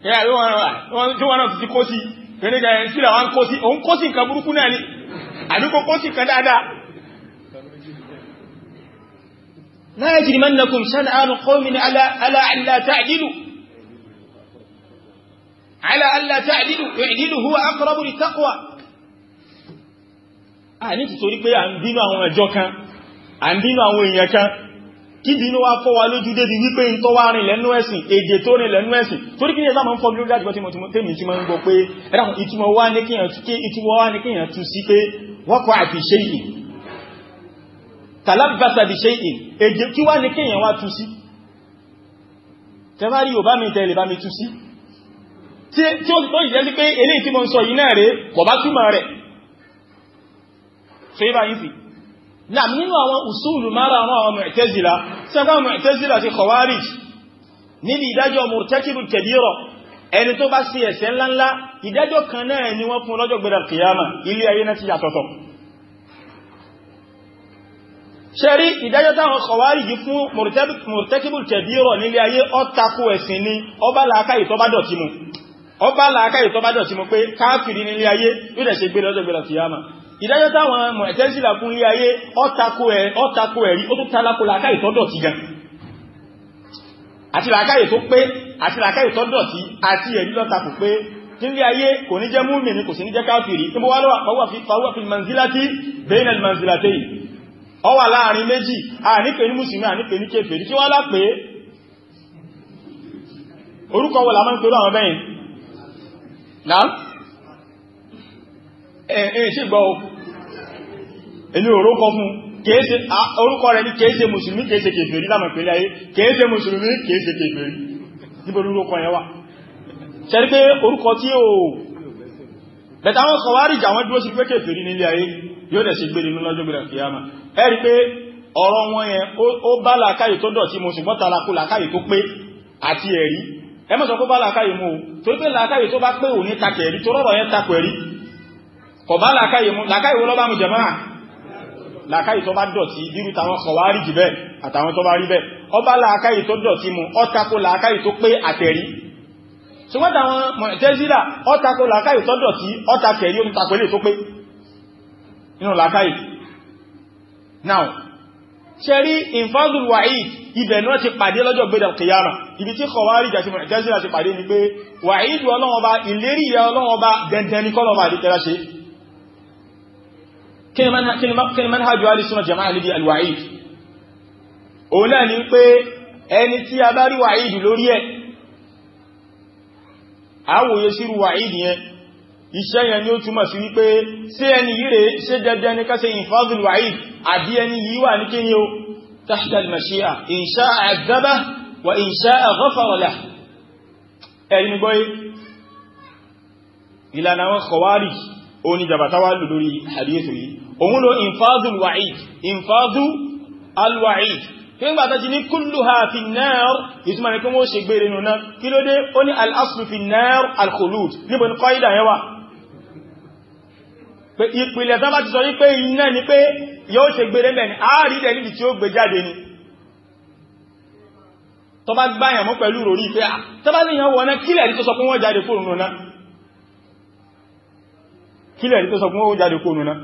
yẹn àríwá wọn náà ti kó sí kẹ́nìkan yẹn sílẹ̀ wọn kó sí òun kó sí nǹkan burúkú náà ni àdúgbò kó sí nǹkan dáadáa la yajrimannakum shan'anu qawmin ala ala alla ní ti torí pé à ń bínú àwọn ìbínú wa fọ́ wa lójú débi wípé ń tọ́ wá rìn lẹ́nu ẹ̀sìn èdè tó rìn lẹ́nu ẹ̀sìn torí kí ní ẹ̀sà máa ń fọ́ mi lórí àjùmọ̀ tí mo tèmi tí mo ń gbọ́ pé ẹ̀dàkùn ìtumọ̀ wá ní kíyàn tú ìtumọ̀ wá ní kíyàn tú sí pé wọ́n kọ́ àti ṣe ìyìn tàlábàṣà bí ṣe ìyìn èdè kí wá ní kíyàn wá tú sí tẹ́fárí ò bá mi tẹ́lẹ̀ bá mi tú sí tí ó sì tó ìjẹ́ sí pé eléyìí tí mo ń sọ yìí náà rèé kọ̀ bá túmọ̀ rẹ̀ ṣe é báyìí sí náà nínú àwọn usulu mara àwọn àwọn mu'tazila sẹ́kọ́ mu'tazila ti khawarij níbi ìdájọ́ murtakibu kabira ẹni tó bá sí ẹ̀ṣẹ̀ ńláńlá ìdájọ́ kan náà ni wọ́n fún lọ́jọ́ gbẹ̀dà kìyàmà ilé ayé náà ti yàtọ̀tọ̀ ṣẹ́rí ìdájọ́ táwọn khawarij fún murtakibu kabira nílé ayé ó tako ẹ̀sìn ni ọba làákà ìtọ́bádọ̀tí mu ọba làákà ìdájọ́ táwọn mọ̀ẹ̀tẹ́sílà fún ilé ayé ọ́tako ẹ̀rí ó tó tálákò làákàyè tó dọ̀tí gan àti làákàyè tó pé àti làákàyè tó dọ̀tí àti ẹ̀rí lọ́tako pé nílé ayé kò ní jẹ́ múmìnì kò sí ní jẹ́ káfìrí tí mo wá lọ́wọ́ pàwọ́ fi manzilati bainal manzilatayn ó wà láàrin méjì àníkè ní mùsùlùmí àníkè ní kèfèrí kí wọ́n lápé orúkọ wọ́n ẹ̀ẹ́ ṣe gbọ́ èmi òrókọ fún kèése orúkọ rẹ̀ ní kèése mùsùlùmí kèése kèfèrí lámọ̀ pẹ̀lú ayé kèése mùsùlùmí kèése kèfèrí níbo ní orúkọ yẹn wà ṣẹ́rí pé orúkọ tí ó bẹ̀tà wọn sọ wárí jà wọn dúró sí pé kèfèrí nílé ayé yóò dẹ̀ sí gbé nínú lọ́jọ́ gbẹ̀rẹ̀ kìyàmà ẹ rí pé ọ̀rọ̀ wọn yẹn ó bá làákàyè tó dọ̀tí mo ṣùgbọ́n tàlàkù làákàyè tó pé àti ẹ̀rí ẹ kọ̀bá làkáyè mú làkáyè wọ́n lọ́bá mú jàmáà làkáyè tó bá dọ̀tí irú tàwọn kọ̀wárí jì bẹ́ẹ̀ àtàwọn tó bá rí bẹ́ẹ̀ ọba làkáyè tó dọ̀tí mu ọ́tako làkáyè tó pé àtẹ̀rí ṣùgbọ́n tàwọn mọ̀tẹ́sílà now ṣẹ́rí infadul wa'id ibẹ̀ náà ti pàdé lọ́jọ́ gbẹ́dà kìyàmà ibi tí kọwàrí jà sí mọ̀tẹ́sílà ti pàdé ni pé wa'id ọlọ́wọ́ba ìlérí ìyá ọlọ́wọ́ba dandan ní kọ́lọ́wọ́ àdíkẹ́lá kí manhaj ahlu sunnah jama'a níbi alwa'id òun náà ni pé ẹni tí a bá rí wa'id lórí ẹ̀ àwòye sírù wa'id yẹn iṣẹ́ yẹn ni ó túmọ̀ sí wípé ṣé ẹni yìí rèé ṣé dandan ní ká ṣe infadul wa'id àbí ẹni yìí wà ní kíni o tahta al-mashi'a in sha'a òun lo infadu alwa'id infadu alwa'id kí n gbà tàbí ní kulluha fi an-nar ìtumà ní kí wọ́n ṣe gbére nù náà kí ló dé ó ní al-aslu fi an-nar al-khulud níbo ní qaida yẹn wà ìpìlẹ̀ tó bá ti sọ ní pé iná ni pé yóò ṣe gbére mẹ́ni ààrí ìdẹ̀ níbi tí ó gbé jáde ni tó bá pẹ̀lú rò kílẹ̀ rí tó sọ pé wọ́n jáde kó náà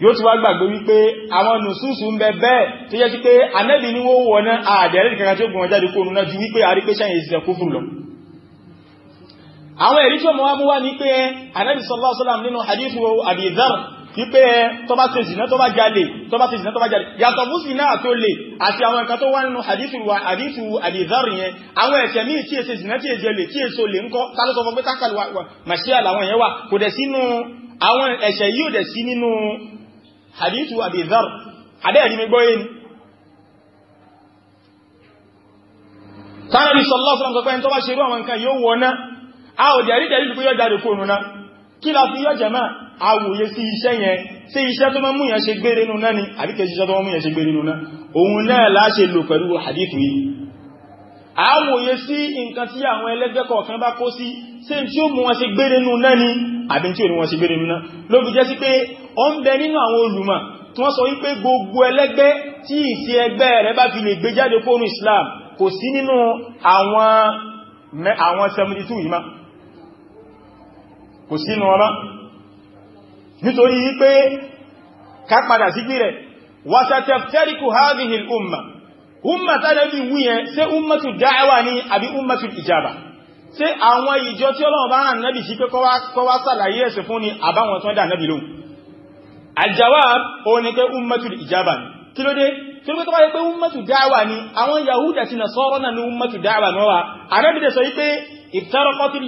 yóò ti wá gbàgbé wípé àwọn nùsùsù ń bẹ bẹ́ẹ̀ tó yẹ sí pé anẹ́bì ní wọ́n wọ́n náà àdẹ̀rẹ́ ìkankan tí ó gbọ́n jáde kó nuna ju wípé àrípé sẹ́yìn ìsìnkú kúfùrù lọ àwọn ẹ̀rí tí ó mọ́ wá mú wá ní pé anẹ́bì sallallahu alaihi hadithu Abi Dharr wípé tó bá ṣe zìnà tó bá jalè tó bá ṣe zìnà tó bá jalè yàtọ̀ fún zìnà àwọn hadithu Abi Dharr yẹn àwọn ẹ̀ṣẹ̀ míì tí èsè zìnà tí èsè lè tí èso lè ń kọ́ tálọ́sọ fún pé kákàlù dẹ̀ sí nínú hadithu Abi Dharr adẹ́ẹ̀rí mi gbọ́ yìí tánàbí sallallahu alaihi wasallam sọ pé ẹni tó bá ṣe irú àwọn nǹkan yóò wọ́ná a ò jẹ́ rídẹ̀ yìí pé yóò jáde kó nuna kí la fi yọ́ jẹ́mà àwòye sí iṣẹ́ yẹn sí iṣẹ́ tó mọ́ múyàn ṣe gbére nuna ni àbí kẹ́ iṣẹ́ tó mọ́ múyàn ṣe gbére nuna òun náà láṣe lò pẹ̀lú hadithu yìí àwòye sí nǹkan tí àwọn ẹlẹ́gbẹ́ kọ̀ọ̀kan bá kó sí sí tí ó mú wọn ṣe gbére nuna ni àbí tí ènìyàn sì gbé nínú náà ló fi jẹ́ sí pé ó ń bẹ nínú àwọn olùmọ̀ tí wọ́n sọ wípé gbogbo ẹlẹ́gbẹ́ tí ìsí ẹgbẹ́ rẹ̀ bá fi lè gbé jáde kóòrùn Islam kò sí nínú àwọn 72 ìmá kò sínú ọmọ nítorí wípé ká padà sí gbìrẹ̀ wasataftariku hadhihi al-umma umma tánàbí wíyẹn ṣé ummatu da'wa ni àbí ummatu ijaba ṣé àwọn ìjọ tí ọlọ́run bá rán nẹ́bì sí pé kọ́ wá sàlàyé ẹ̀sẹ̀ fún ni àbáwọn tán dà nẹ́bì lóhun aljawab o ní pé ummatul ijaba ni kí ló dé tí ó tọ́wọ́ pé ummatul da'wa ni àwọn yahud àti nasara náà ni ummatul da'wa náà arẹ́bìdẹ̀ sọ wípé iftaraqatil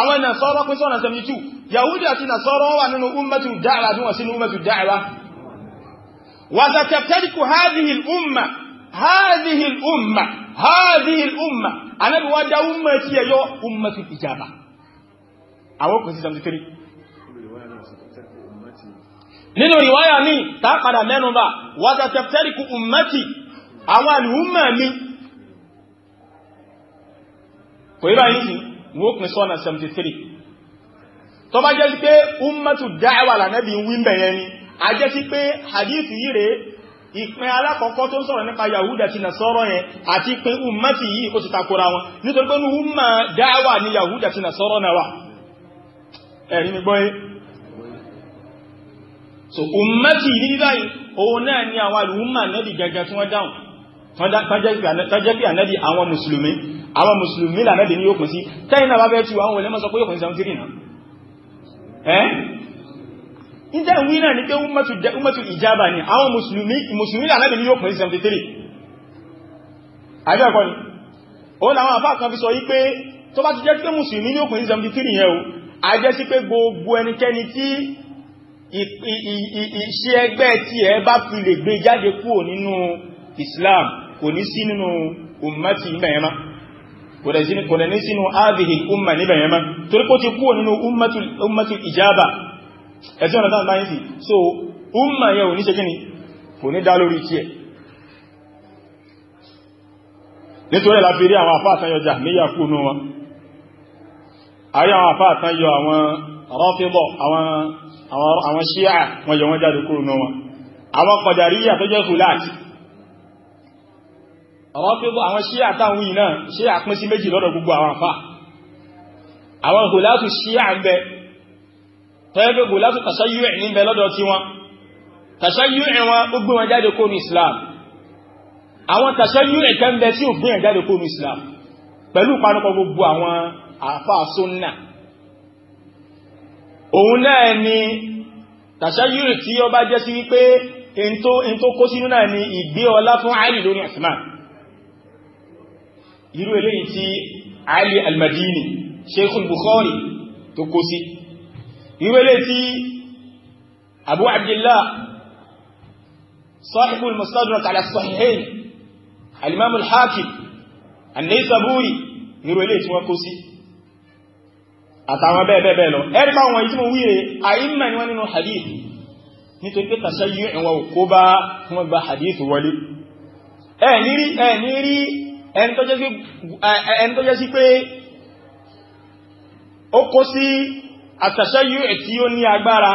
àwọn nasọ́rọ̀ pín sọ́nà 72 yahudi àti nasọ́rọ̀ wà nínú ummatu da'wa bí wọ́n sí ní ummatu da'wa wa satabtariku hadhihi al-umma hadhihi al-umma hadhihi al-umma anábi wá dá ummati yẹyọ ummatu ijaba àwọn kò sí 73 nínú riwaya ní tàpadà mẹ́nubà wa satabtariku ummati àwọn al'umma mi kò yí wọ́n pín sọ́nà 73 tó bá jẹ́ sí pé ummatu da'wa lànẹ́bí wímbẹ̀ yẹn ni a jẹ́ sí pé hadithu yìí rẹ̀ ìpín alákọ̀ọ́kọ́ tó ń sọ̀rọ̀ nípa yahuda ti nasọ́rọ̀ yẹn àti ìpín ummati yìí ó ti takora wọn nítorí pé umma da'wa ni yahuda ti nasọ́rọ̀ náà wà ẹ̀rí mi gbọ́ so ummati ní báyìí òun náà ni àwọn alùmọ̀ nẹ́bì gẹ́gẹ́ tí wọ́n dáhùn tọ́jẹ́ bí ànẹ́bì àwọn mùsùlùmí àwọn mùsùlùmí lànàbì ní yóò pín sí tẹ́yìn náà bá bẹ́ tú àwọn olẹ́mọ́ sọ pé yóò pín sí ni àwọn mùsùlùmí lànàbì ní yóò pín sí 73 àjọ́ẹ̀kọ́ ni ó làwọn àfáà kan fi sọ yí pé tó bá ti jẹ́ pé mùsùlùmí ní yóò pín sí 73 yẹn o a jẹ́ sí pé gbogbo ẹnikẹ́ni tí iṣẹ́ ẹgbẹ́ tí ẹ bá fi lè gbé jáde kúrò nínú Islam kò ní sí nínú ummati ìmẹ̀ẹ́má kò lẹ̀ ní sínú áàdìhì umma níbẹ̀ yẹn mọ́ torí kó ti kúrò nínú ummatul ijaba ẹ̀tí ọ̀nà tán báyìí sí so umma yẹ ò ní ṣe kíni kò ní dá lórí tí ẹ̀ nítorí láti rí àwọn àfáà tán yọ jahmiya kú nú wọn àrí àwọn àfáà tán yọ àwọn rọ́fíbọ̀ àwọn ṣíà wọn yọ wọn jáde kúrò nú wọn àwọn kọjàríyà tó jẹ́ kùláàtì Rọ́fídọ̀ àwọn ṣíà táwọn yìí náà ṣíà pín sí méjì lọ́dọ̀ gbogbo àwọn àfà àwọn gòlátù ṣíà ń bẹ tẹ́gbẹ́ gòlátù tàṣáyúẹ̀ ní bẹ lọ́dọ̀ tí wọn tàṣáyúẹ̀ wọn ó gbé wọn jáde kó ní Islam àwọn tàṣáyúẹ̀ kan bẹ tí ò gbé wọn jáde kó ní Islam pẹ̀lú ìpanupọ̀ gbogbo àwọn àfà sunna òun náà ni tàṣáyúẹ̀ tí ó bá jẹ́ sí wípé in tó kó sínú náà ni ìgbé ọlá fún Àlì lórí Usman irú eléyìí tí Ali al-Madini Sheikhul Bukhari tó kó sí irú eléyìí tí Abu Abdillah sahibul Mustadrak ala Sahihayn al-Imam al-Hakim an-Naysaburi irú eléyìí tí wọ́n kó sí àtàwọn bẹ́ẹ̀ bẹ́ẹ̀ lọ ẹ̀rí bá wọn ìtumọ̀ wíre àìmà ni wọ́n nínú hadith nítorí pé tàṣẹ́yí ẹ̀wọ̀n kó bá wọ́n gba hadith wọlé ẹ̀ nírí ẹni tó jẹ́ sí pé ó kó sí àtàṣẹ́yú ẹ̀tí ó ní agbára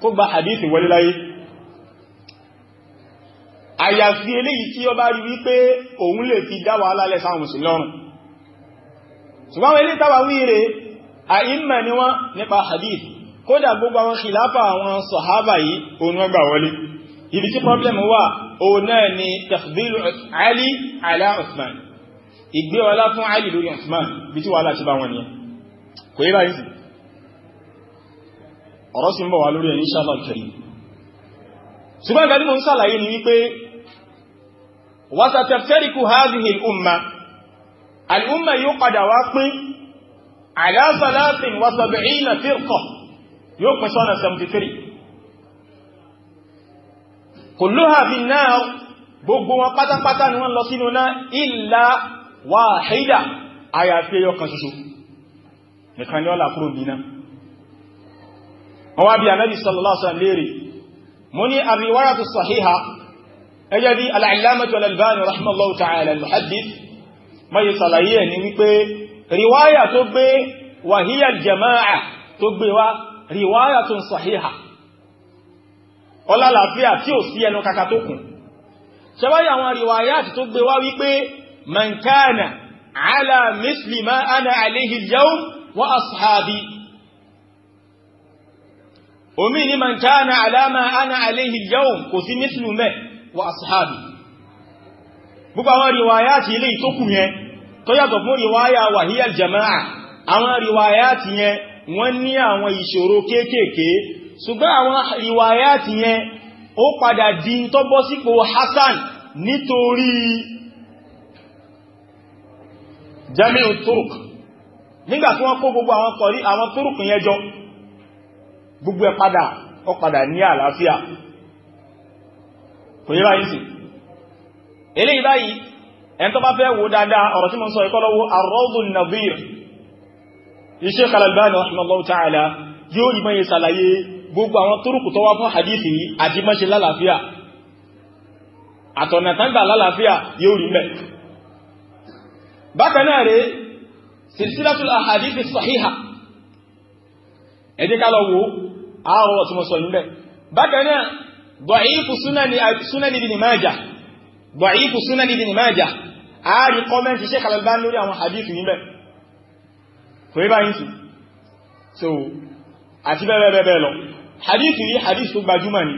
kó gba hadith wọlé láyé àyàfi eléyìí tí ó bá rí wípé òun lè fi dá wàhálà lẹ́ sáwọn mùsùlùmí lọ́rùn ṣùgbọ́n wọ́n ilé tàwà wíire àìmà ni wọ́n nípa hadith kódà gbogbo àwọn ṣìláfà àwọn sọ̀hábà yìí òun wọ́n wọlé ibi tí problem wà òun náà ni ìgbé ọlá fún Àlì lórí Usman bí tí wàhálà ti bá wọn nìyẹn kò yí báyìí sí ọ̀rọ̀ sí ń bọ̀ wá lórí ẹ̀yìn insha Allah al-karim ṣùgbọ́n ìgbà tí mo ń sàlàyé ni wípé wa sataftariqu kulluha fin nar gbogbo wọn pátápátá ni wọ́n lọ sínú náà illa wáhídà àyàfi ẹyọ kan ṣoṣo nìkan ni ọlá kúrò nínà wọ́n wá bí anábi sallallahu alaihi wasallam léèrè mo ní ar-riwayatu sahiha ẹgẹ́ bí al-allamatu al-albani rahimahullahu ta'ala al-muhaddith mayi salaye ni wípé riwaya tó gbé wàhíyà jama'a tó ọlá làfíà tí ò sí ẹnu kaka tó kùn ṣẹwáyà àwọn riwayat tó gbé wá wípé man kana ala misli ma ana alayhi al-yawm wa ashabi omi ni man kana ala ma ana alayhi al-yawm kò sí mislu me wa ashabi gbogbo àwọn riwaya ti ilé ìtókù yẹn tó yàtọ̀ fún riwaya wàhíyà jama'a àwọn riwaya ti yẹn wọ́n ní àwọn ìṣòro kéékèèké ṣùgbọ́n àwọn riwaya ti yẹn ó padà di tó sípò hasan nítorí Jami turuk nígbà tí wọ́n kó gbogbo àwọn kọ̀rí àwọn turuk yẹn jọ gbogbo ẹ padà ó padà ní àlàáfíà kò yí báyìí sí eléyìí báyìí ẹni tó bá fẹ́ wo dáadáa ọ̀rọ̀ tí mo sọ ìkọ́ lọ́wọ́ ar-Rawdun Nadhir Sheikh Al-Albani rahimahullahu ta'ala yóò rí mẹ́yẹ sàlàyé gbogbo àwọn turuku tó wá fún hadithi àti mọ́ṣe lálàáfíà àtọ̀nà tán gbà lálàáfíà yóò rí mẹ́ẹ̀ bákan náà rèé silsilatul ahadithi sahiha ẹ jẹ́ ká lọ wò àárọ̀ ọ̀tí mo sọ nílẹ̀ bákan náà da'ifu sunan ibn majah da'ifu sunan ibn majah àárí kọ́mẹ́ntì Sheikh Al-Albani lórí àwọn hadithi yìí bẹ́ẹ̀ kò yí báyìí sí so àti bẹ́ẹ̀ bẹ́ẹ̀ bẹ́ẹ̀ lọ hadithi yìí hadithi tó gbajúmọ̀ ni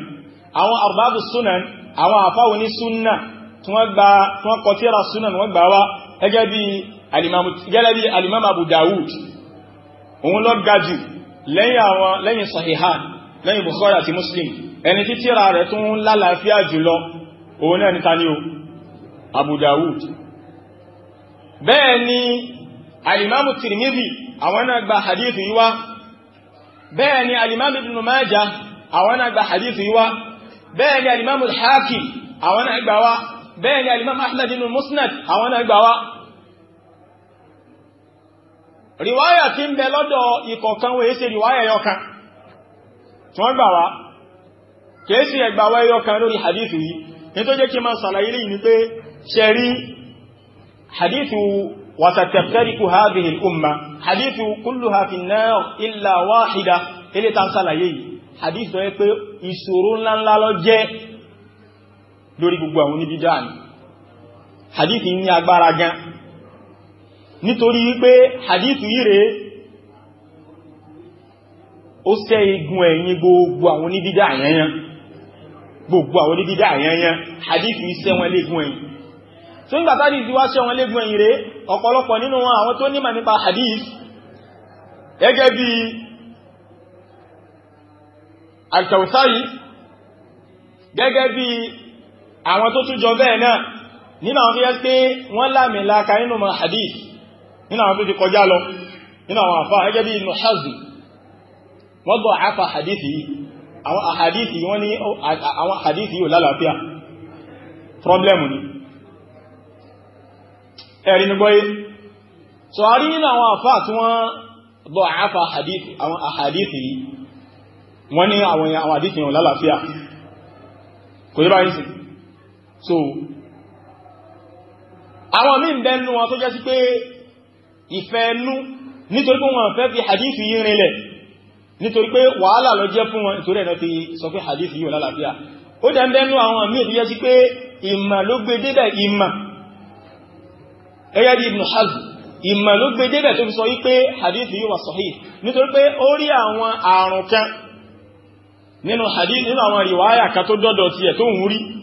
àwọn arba'u sunan àwọn àfáwọn ní sunna tí wọ́n kọ wá gẹ́gẹ́ bí alimam abu dawud òun lọ gajù lẹ́yìn sahihan lẹ́yìn bukhari àti muslim ẹni tí tírà rẹ̀ tún lálàáfíà jùlọ òun náà níta ní o abu dawud bẹ́ẹ̀ ni alimam tirmidhi àwọn náà gba hadithu yíwá bẹ́ẹ̀ ni alimam ibn majah àwọn náà gba hadithu yíwá bẹ́ẹ̀ ni alimam al àwọn náà gba bẹ́ẹ̀ ni alimam ahmed nínú musnad àwọn náà gbà wá riwaya tí ń bẹ lọ́dọ̀ ìkọ̀kan wòye ṣe riwaya ẹyọkan tí wọ́n gbà wá kèésì ẹgbà wá ẹyọkan lórí hadithu yìí ní tó jẹ́ kí máa sàlàyé lè ní pé ṣe rí hadithu wasataftariku hadithu kulluha lórí gbogbo àwọn oníbídá ni hadith ní agbára gan nítorí wípé hadith yìí rèé ó sẹ́ igun ẹ̀yìn gbogbo àwọn oníbídá àyẹyẹn gbogbo àwọn oníbídá àyẹyẹn hadith yìí sẹ́ wọn légun ẹ̀yìn tó ń gbàtàdì tí wá sẹ́ wọn légun ẹ̀yìn rèé ọ̀pọ̀lọpọ̀ nínú àwọn tó nímọ̀ nípa hadith gẹ́gẹ́ bí al gẹ́gẹ́ bí àwọn tó tún jọ bẹ́ẹ̀ náà nínú àwọn tó yẹ pé wọ́n láàmì láka nínú ma hadith nínú àwọn tó ti kọjá lọ nínú àwọn àfá ẹgẹ́ bí inú hazi wọ́n gbọ́ àfà hadith yìí àwọn hadith yìí wọ́n ní àwọn hadith yìí lálàáfíà problem ni ẹ̀rí ni gbọ́yé so a rí nínú àwọn àfá tí wọ́n gbọ́ àfà hadith yìí wọ́n ní àwọn hadith yìí ò lálàáfíà kò yí báyìí sí so àwọn míì ń bẹ́nu wọn tó jẹ́ sí pé ìfẹ́ ẹnu nítorí pé wọn fẹ́ fi hadithi yìí rinlẹ̀ nítorí pé wàhálà ló jẹ́ fún wọn ìtorí ẹ̀nà fi sọ pé hadithi yìí lálàáfíà ó dẹ̀ ń bẹ́nu àwọn míì tó jẹ́ sí pé ìmà ló gbé débẹ̀ ìmà ẹgẹ́ bí Ibn Hazm ìmà ló gbé débẹ̀ tó fi sọ wípé hadithi yìí wà sahih nítorí pé ó rí àwọn àrùn kan nínú hadith nínú àwọn riwaya kan tó dọ́dọ̀ tiẹ̀ tó ń rí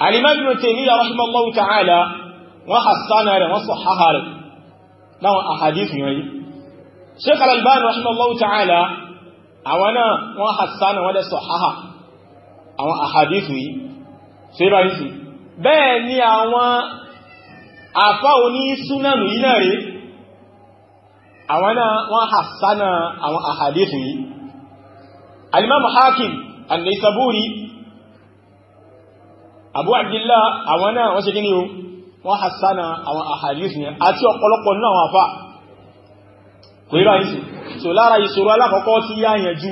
Al-Imam Ibn Taymiyyah rahimahullahu ta'ala wọ́n hasana rẹ̀ wọ́n sọ̀háha rẹ̀ láwọn ahadith yẹn yìí Sheikh Al-Albani rahimahullahu ta'ala àwọn náà wọ́n hasana wọ́n dẹ̀ sọ̀háha àwọn ahadith yìí ṣe bá ní sí bẹ́ẹ̀ ni àwọn àfá oní súnánù yìí náà rèé àwọn náà wọ́n Abu Abdillah àwọn náà wọ́n ṣe kí ni o wọ́n hasana àwọn ahadith yẹn àti ọ̀pọ̀lọpọ̀ nínú àwọn àfà kò rí báyìí so lára ìṣòro alákọ̀ọ́kọ́ tí yá yẹn jú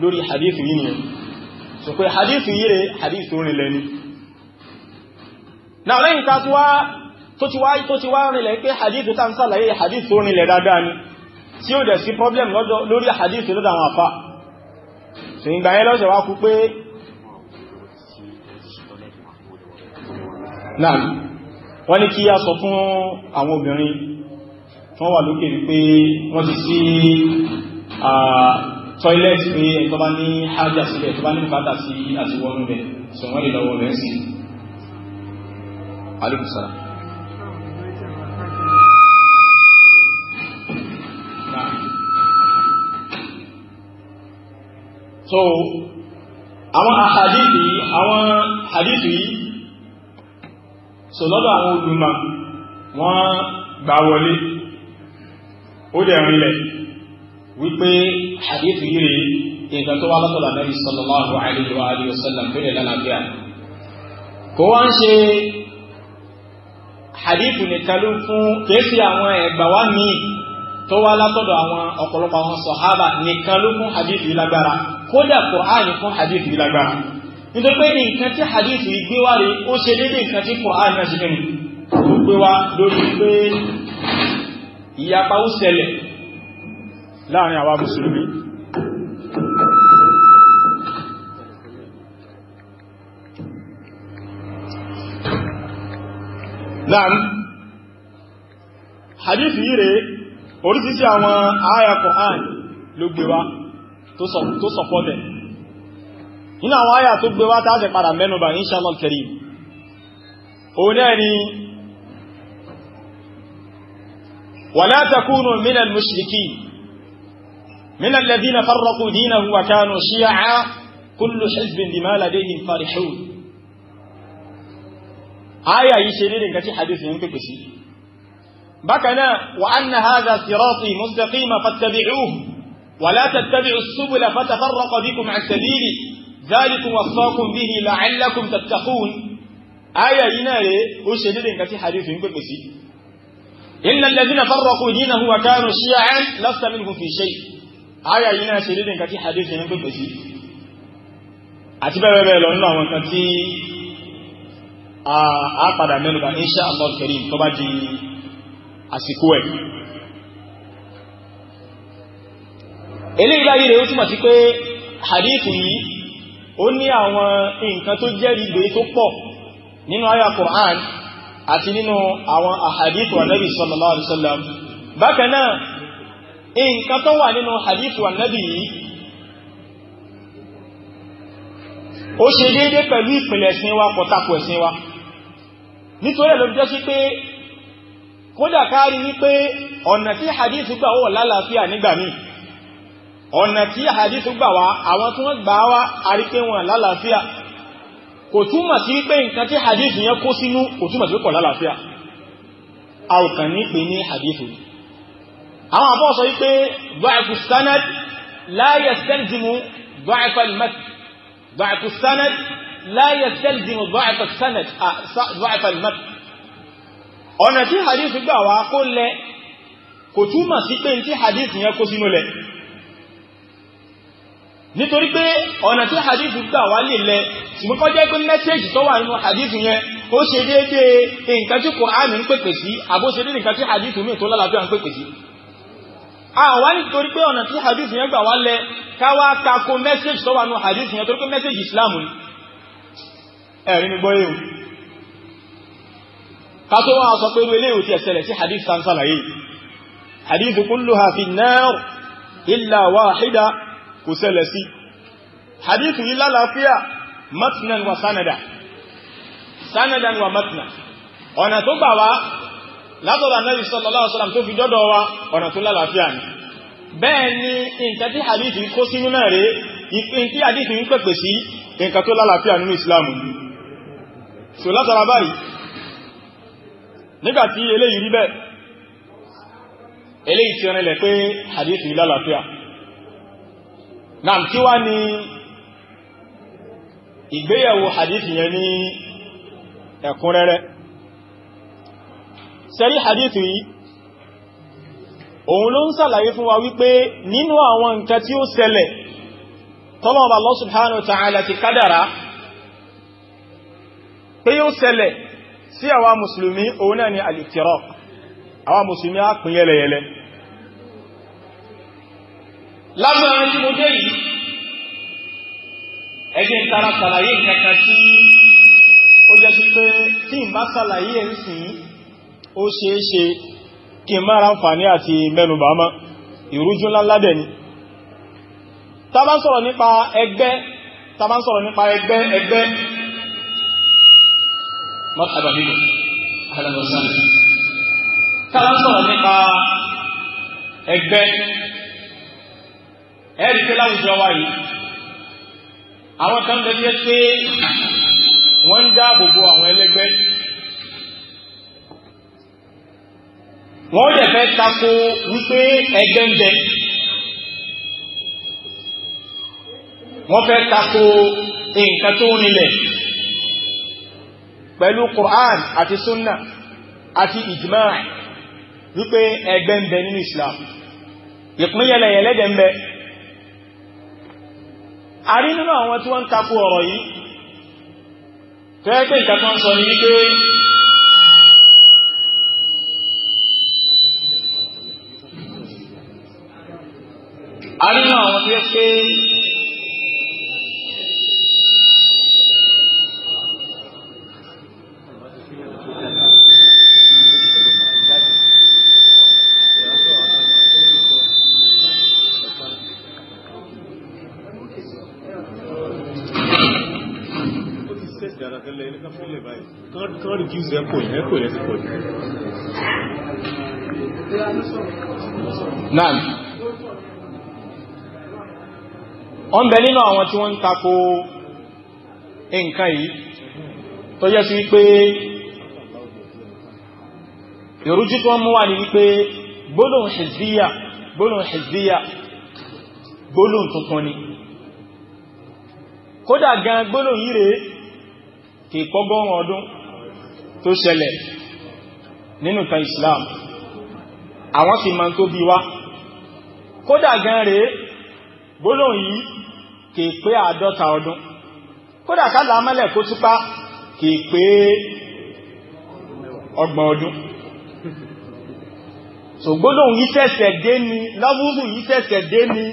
lórí hadith yìí nìyẹn so pé hadith yìí rẹ̀ hadith tó rìnlẹ̀ ni náà lẹ́yìn problem lórí hadith lọ́dọ̀ àwọn àfà so ìgbà yẹn náà wọ́n ní kí a sọ fún àwọn obìnrin tí wọ́n wà lókè wípé wọ́n ti sí toilet pé ẹ̀tọ́ bá ní ájá sílẹ̀ tó bá ní bùkátà sí àti rẹ̀ sọ wọ́n lè lọ́wọ́ rẹ̀ sí alìbùsára so àwọn àhàdìsì àwọn àhàdìsì yìí so lọ́dọ̀ àwọn olùmọ̀ wọ́n gbà wọlé ó dẹ̀ rinlẹ̀ wípé hadith yìí rèé nǹkan tó wá látọ̀lá Nabi sallallahu alayhi wa alihi wa sallam tó lè lálàáfíà kò wá ń ṣe hadith nìkan ló fún kéèsì àwọn ẹ̀gbà wá míì tó wá látọ̀dọ̀ àwọn ọ̀pọ̀lọpọ̀ àwọn sọ̀hábà nìkan ló fún hadith yìí lágbára kódà Kùránì fún hadith lágbára nítorí pé nǹkan tí hadith yìí gbé wá rí ó ṣe déédéé nǹkan tí Qur'an náà ṣe kẹ́ni ó gbé wá lórí pé ìyapa ó ṣẹlẹ̀ láàrin àwa mùsùlùmí láàrin hadith yìí rèé orísìí àwọn àyà Qur'an ló gbé wá tó sọ̀pọ̀ bẹ̀rẹ̀ nínú àwọn àyà tó gbé wá tààsì padà mẹ́nubà inshallah al-karim òun náà ni wala takunu minal mushrikin minal ladhina farraqu dinahu wa kanu shi'a kullu hizbin bima ladayhim farihun àyà yìí ṣe dédé nǹkan tí yìí ń pèpè sí bákanáà wa anna hadha sirati mustaqima fattabi'uhu wa la tattabi'u as-subula fatafarraqa ذلكم وصاكم به لعلكم تتقون آية ينالي وشديد إنك حديث ينقل بسي إلا الذين فرقوا دينه وكانوا شيعا لست منهم في شيء آية ينالي شديد إنك حديث ينقل بسي أتبع بي لأنه وانك a padà mẹ́nuba insha Allah الله الكريم bá di àsìkò ẹ̀. eléyìí báyìí rẹ̀ ó túmọ̀ ó ní àwọn nǹkan tó jẹ́rìí gbé tó pọ̀ nínú àyà Qur'an àti nínú àwọn àhàdìtù ànábì sallallahu alaihi wasallam bákan náà nǹkan tó wà nínú àhàdìtù ànábì yìí ó ṣe déédé pẹ̀lú ìpìlẹ̀ ẹ̀sìn wa kọ̀tàkù ẹ̀sìn wa nítorí ẹ̀ ló jẹ́ sí pé kódà kárí wípé ọ̀nà tí hadith gbà wọ̀ lálàáfíà nígbà míì ọ̀nà tí hadith gbà wá àwọn tí wọ́n gbà wá àríkẹ́ wọn lálàáfíà kò túmọ̀ sí wípé nǹkan tí hadith yẹn kó sínú kò túmọ̀ sí wípé kò lálàáfíà a ò kàn ní pè ní hadith ni àwọn àbọ̀ sọ wípé da'fu sanad la yastalzimu da'fa al-matn da'fu sanad la yastalzimu da'fa sanad da'fa ọ̀nà tí hadith gbà wá kó lẹ kò túmọ̀ sí pé ní tí hadith yẹn kó sínú lẹ nítorí pé ọ̀nà tí hadithu gbà wá lè lẹ ṣùgbọ́n kọjá pé mẹ́sẹ̀jì tó wà nínú hadithu yẹn ó ṣe déédéé nǹkan tí Kùránì ń pèpè sí àbó ṣe déédéé nǹkan tí hadithu míì tó lálàáfíà ń pèpè sí. àwa nítorí pé ọ̀nà tí hadithu yẹn gbà wá lẹ káwá tako mẹ́sẹ̀jì tó wà nínú hadithu yẹn torí pé mẹ́sẹ̀jì Islam ni ẹ̀rí mi gbọ́ yé o. ká tó wá sọ pé irú eléyìí ti ẹ̀sẹ̀lẹ̀ hadith sansan láyé hadithu kulluha fi an illa wahida kò ṣẹlẹ̀ sí hadith yìí lálàáfíà matnan wa sanada sanadan wa matnan ọ̀nà tó gbà wá látọ̀dọ̀ anábì sallallahu alaihi wasallam tó fi jọ́dọ̀ wa ọ̀nà tó lálàáfíà ni bẹ́ẹ̀ ni nǹkan tí hadith kó sínú náà rèé ìpín tí hadith ń pèpè sí nǹkan tó lálàáfíà nínú ìsìlámù so látara báyìí nígbàtí eléyìí rí bẹ́ẹ̀ eléyìí ti rìnlẹ̀ pé hadith yìí lálàáfíà náà kí wá ní ìgbéyàwó hadith yẹn ní ẹ̀kúnrẹ́rẹ́ sẹ́rí hadith yìí òun ló ń sàlàyé fún wa wípé nínú àwọn nǹkan tí ó ṣẹlẹ̀ tọ́lọ̀ọ̀bà Allah subhanahu wa ta'ala ti kádàrá pé yóò ṣẹlẹ̀ sí àwa mùsùlùmí òun náà ni al-iftiraq àwa á pín yẹlẹyẹlẹ lágbára tí mo dé yìí ẹgbẹ́ tara ṣàlàyé kankan tí ó jẹ́ sí pé tí n bá ṣàlàyé ẹ̀ ń sìn ó ṣeé ṣe kí n má ra àǹfààní àti mẹ́nubà mọ́ ìrújú ńláńlá dẹ̀ ni tá sọ̀rọ̀ nípa ẹgbẹ́ tá sọ̀rọ̀ nípa ẹgbẹ́ ẹgbẹ́ mọ́tàbà nínú àdàbọ̀sán tá sọ̀rọ̀ nípa ẹgbẹ́ ẹ̀rí pé láwùjọ wa yìí àwọn kan bẹ jẹ́ pé wọ́n ń dáàbò bo àwọn ẹlẹ́gbẹ́ wọ́n dẹ̀ fẹ́ tako wípé ẹgbẹ́ ń bẹ wọ́n fẹ́ tako nǹkan tó nílẹ̀ pẹ̀lú Qur'an àti sunna àti ijma wípé ẹgbẹ́ ń bẹ nínú Islam ìpínyẹlẹ̀yẹlẹ́dẹ̀ ń bẹ a rí nínú àwọn tí wọ́n ń takú ọ̀rọ̀ yìí tẹ́ẹ̀kẹ́ ìkà ń sọ ní wípé a nínú àwọn tí ó pé not reduce echoing. Echo is echoing. Naam. Wọ́n bẹ nínú àwọn tí wọ́n ń tako nǹkan yìí tó jẹ́ sí wípé ìrújú tó mú wà ní wípé gbólóhùn hizbiyya gbólóhùn hizbiyya gbólóhùn tuntun ni kódà gan gbólóhùn yìí rèé kìí kọ́gọ́rùn ọdún tó ṣẹlẹ̀ nínú Islam àwọn sì máa tó bí wá kódà gan rèé gbólóhùn yìí kìí pé àádọ́ta ọdún kódà kálà amálẹ̀ kó túpá kìí so gbólóhùn yìí ṣẹ̀ṣẹ̀ dé ni lọ́wọ́sù yìí ṣẹ̀ṣẹ̀ dé ni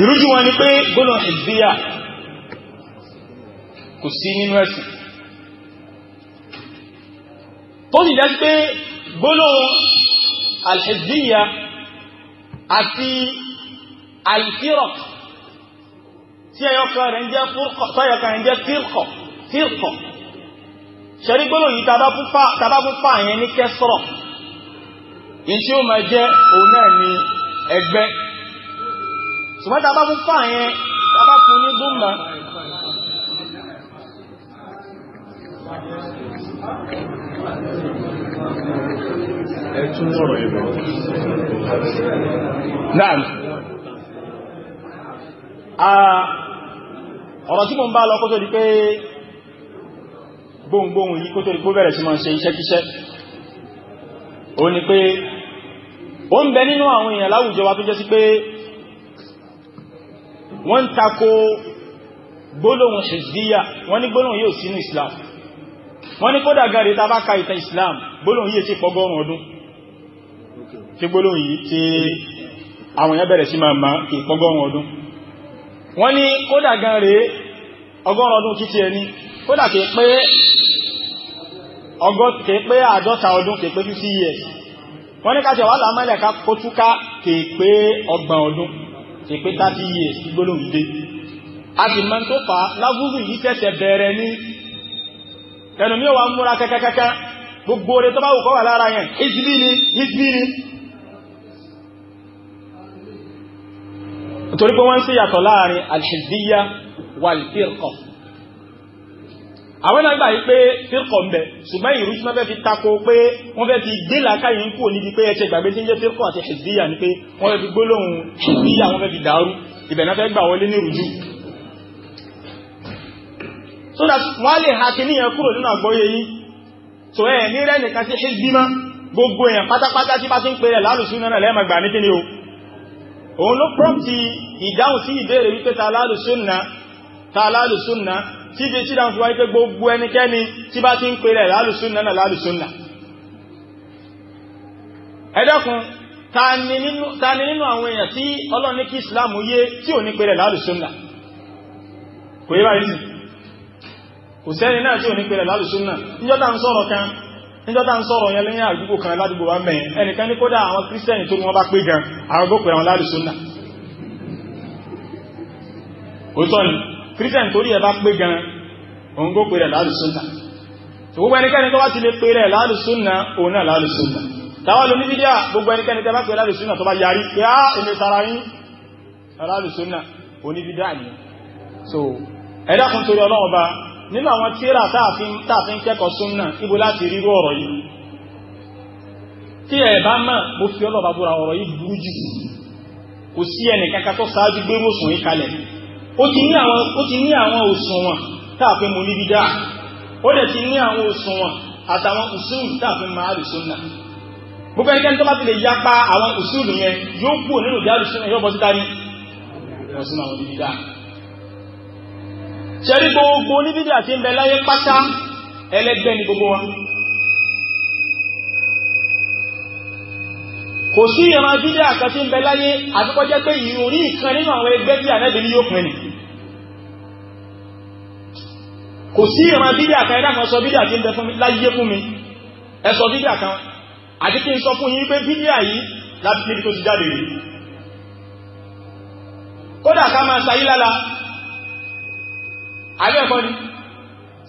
ìrújú wọn ni pé gbólóhùn ìdíyà kò sí nínú ẹ̀sìn tó sì jẹ́ pé gbólóhùn alhizbiyya àti alfirq tí ẹyọkan rẹ̀ ń jẹ́ fírkọ̀ fírkọ̀ ṣẹ̀rí gbólóhùn yìí tàbá fún fà yẹn ní kẹsọ̀rọ̀ yìí tí ó máa jẹ́ òun náà ní ẹgbẹ́ ṣùgbọ́n tàbá fún fà yẹn tàbá fún ní dùnmọ́ Naam. Ọ̀rọ̀ tí mo ń bá lọ kó tó di pé gbohùngbohùn yìí kó tó di pé bẹ̀rẹ̀ sí máa ṣe iṣẹ́kíṣẹ́. Ó ní pé, ó ń bẹ nínú àwọn èèyàn láwùjọ wa tó jẹ́ sí pé wọ́n ń tako gbólóhùn hizbiyya, wọ́n ní gbólóhùn yóò sínú Islam. Wọ́n ní kódà gàrí tá bá ka ìtàn Islam, gbólóhùn yìí ti pọ̀gọ́rùn ọdún tí gbólóhùn yìí tí àwọn èèyàn bẹ̀rẹ̀ sí máa ma ìpọ́gọ́rùn ọdún wọ́n ní kódà gan rèé ọgọ́rùn ọdún títí ẹni kódà kìí pé kìí pé àádọ́ta ọdún kìí pé 50 years wọ́n ní káṣẹ̀ wà lámọ́lẹ̀ ká kó túká kìí pé ọgbọ̀n ọdún kìí pé 30 years gbólóhùn yìí dé a sì ni hizbi ni nítorí pé wọ́n ń síyàtọ̀ láàrin alhizbiya wal firqa àwọn náà gbà yí pé firqa ń bẹ ṣùgbọ́n ìrú tí wọ́n fẹ́ fi tako pé wọ́n fẹ́ fi gbé làákàyè ń kúrò níbi pé ẹ̀ṣẹ̀ ìgbàgbé tí ń jẹ́ firqa àti hizbiya ni pé wọ́n fẹ́ fi gbólóhùn hizbiya wọ́n fẹ́ fi dàrú òun ló prọ́mpì ìdáhùn sí ìbéèrè wípé ta alálùsúnà ta alálùsúnà tí ibi tí dáhùn fi wáyé gbogbo ẹnikẹ́ni tí bá ti ń pèrè lálùsúnà náà lálùsúnà ẹ ta ni nínú àwọn èèyàn tí ọlọ́ni kí Islam yé tí ò ní pèrè lálùsúnà kò yé báyìí kò sẹ́ni náà tí ò ní pèrè níjọ́ta ń níjọ́ta ń sọ̀rọ̀ yẹn lẹ́yìn àdúgbò kan ládùgbò wa mẹ́rin ẹnìkan ní kódà àwọn kírísítẹ́nì tó wọ́n bá pé gan àwọn gbọ́pẹ̀ àwọn lálùsọ́nà òótọ́ ni kírísítẹ́nì torí ẹ bá pé gan òun gbọ́pẹ̀ rẹ̀ lálùsọ́nà gbogbo ẹnikẹ́ni tó bá ti lè pé rẹ̀ lálùsọ́nà òun náà lálùsọ́nà táwa lóní dídíà gbogbo ẹnikẹ́ni tó so ẹ̀dá kan torí ọlọ́run nínú àwọn tíra tààfin kẹ́kọ̀ọ́ súnnà ibo láti rírú ọ̀rọ̀ yìí tí ẹ̀ bá mọ̀ mo fi ọlọ́ba búra ọ̀rọ̀ yìí burú jù kò sí ẹnì kankan tó ṣáájú gbé mòsùn yìí kalẹ̀ ó ti ní àwọn ó ti ní àwọn òṣùwọ̀n tààfin mo níbi dáa ó dẹ̀ ti ní àwọn òṣùwọ̀n àtàwọn òṣùwọ̀n tààfin máa lè súnnà gbogbo ẹnikẹ́ni tó bá ti lè yapa àwọn òṣùwọ̀n yẹn yóò kúrò nínú ìdí àlùsùn yóò bọ́ síta ní ọ̀sùn àwọn níbi ṣẹ́rí gbogbo oníbídí àti ń bẹ láyé pátá ẹlẹ́gbẹ́ ni gbogbo wa kò sí ìran bídí àkan tí ń bẹ láyé àtikọ́ jẹ́ pé ìròrí ìkan nínú àwọn ẹgbẹ́ tí ànẹ́bì ni yóò pin ni kò sí ìran bídí àkan ẹ̀dá kan sọ bídí àti ń bẹ fún mi láyé fún mi ẹ sọ bídí àkan àti kí n sọ fún yín pé bídí àyí láti níbi tó ti jáde rí kódà ká máa sayí lála àbẹ́ ẹ̀kọ́ ni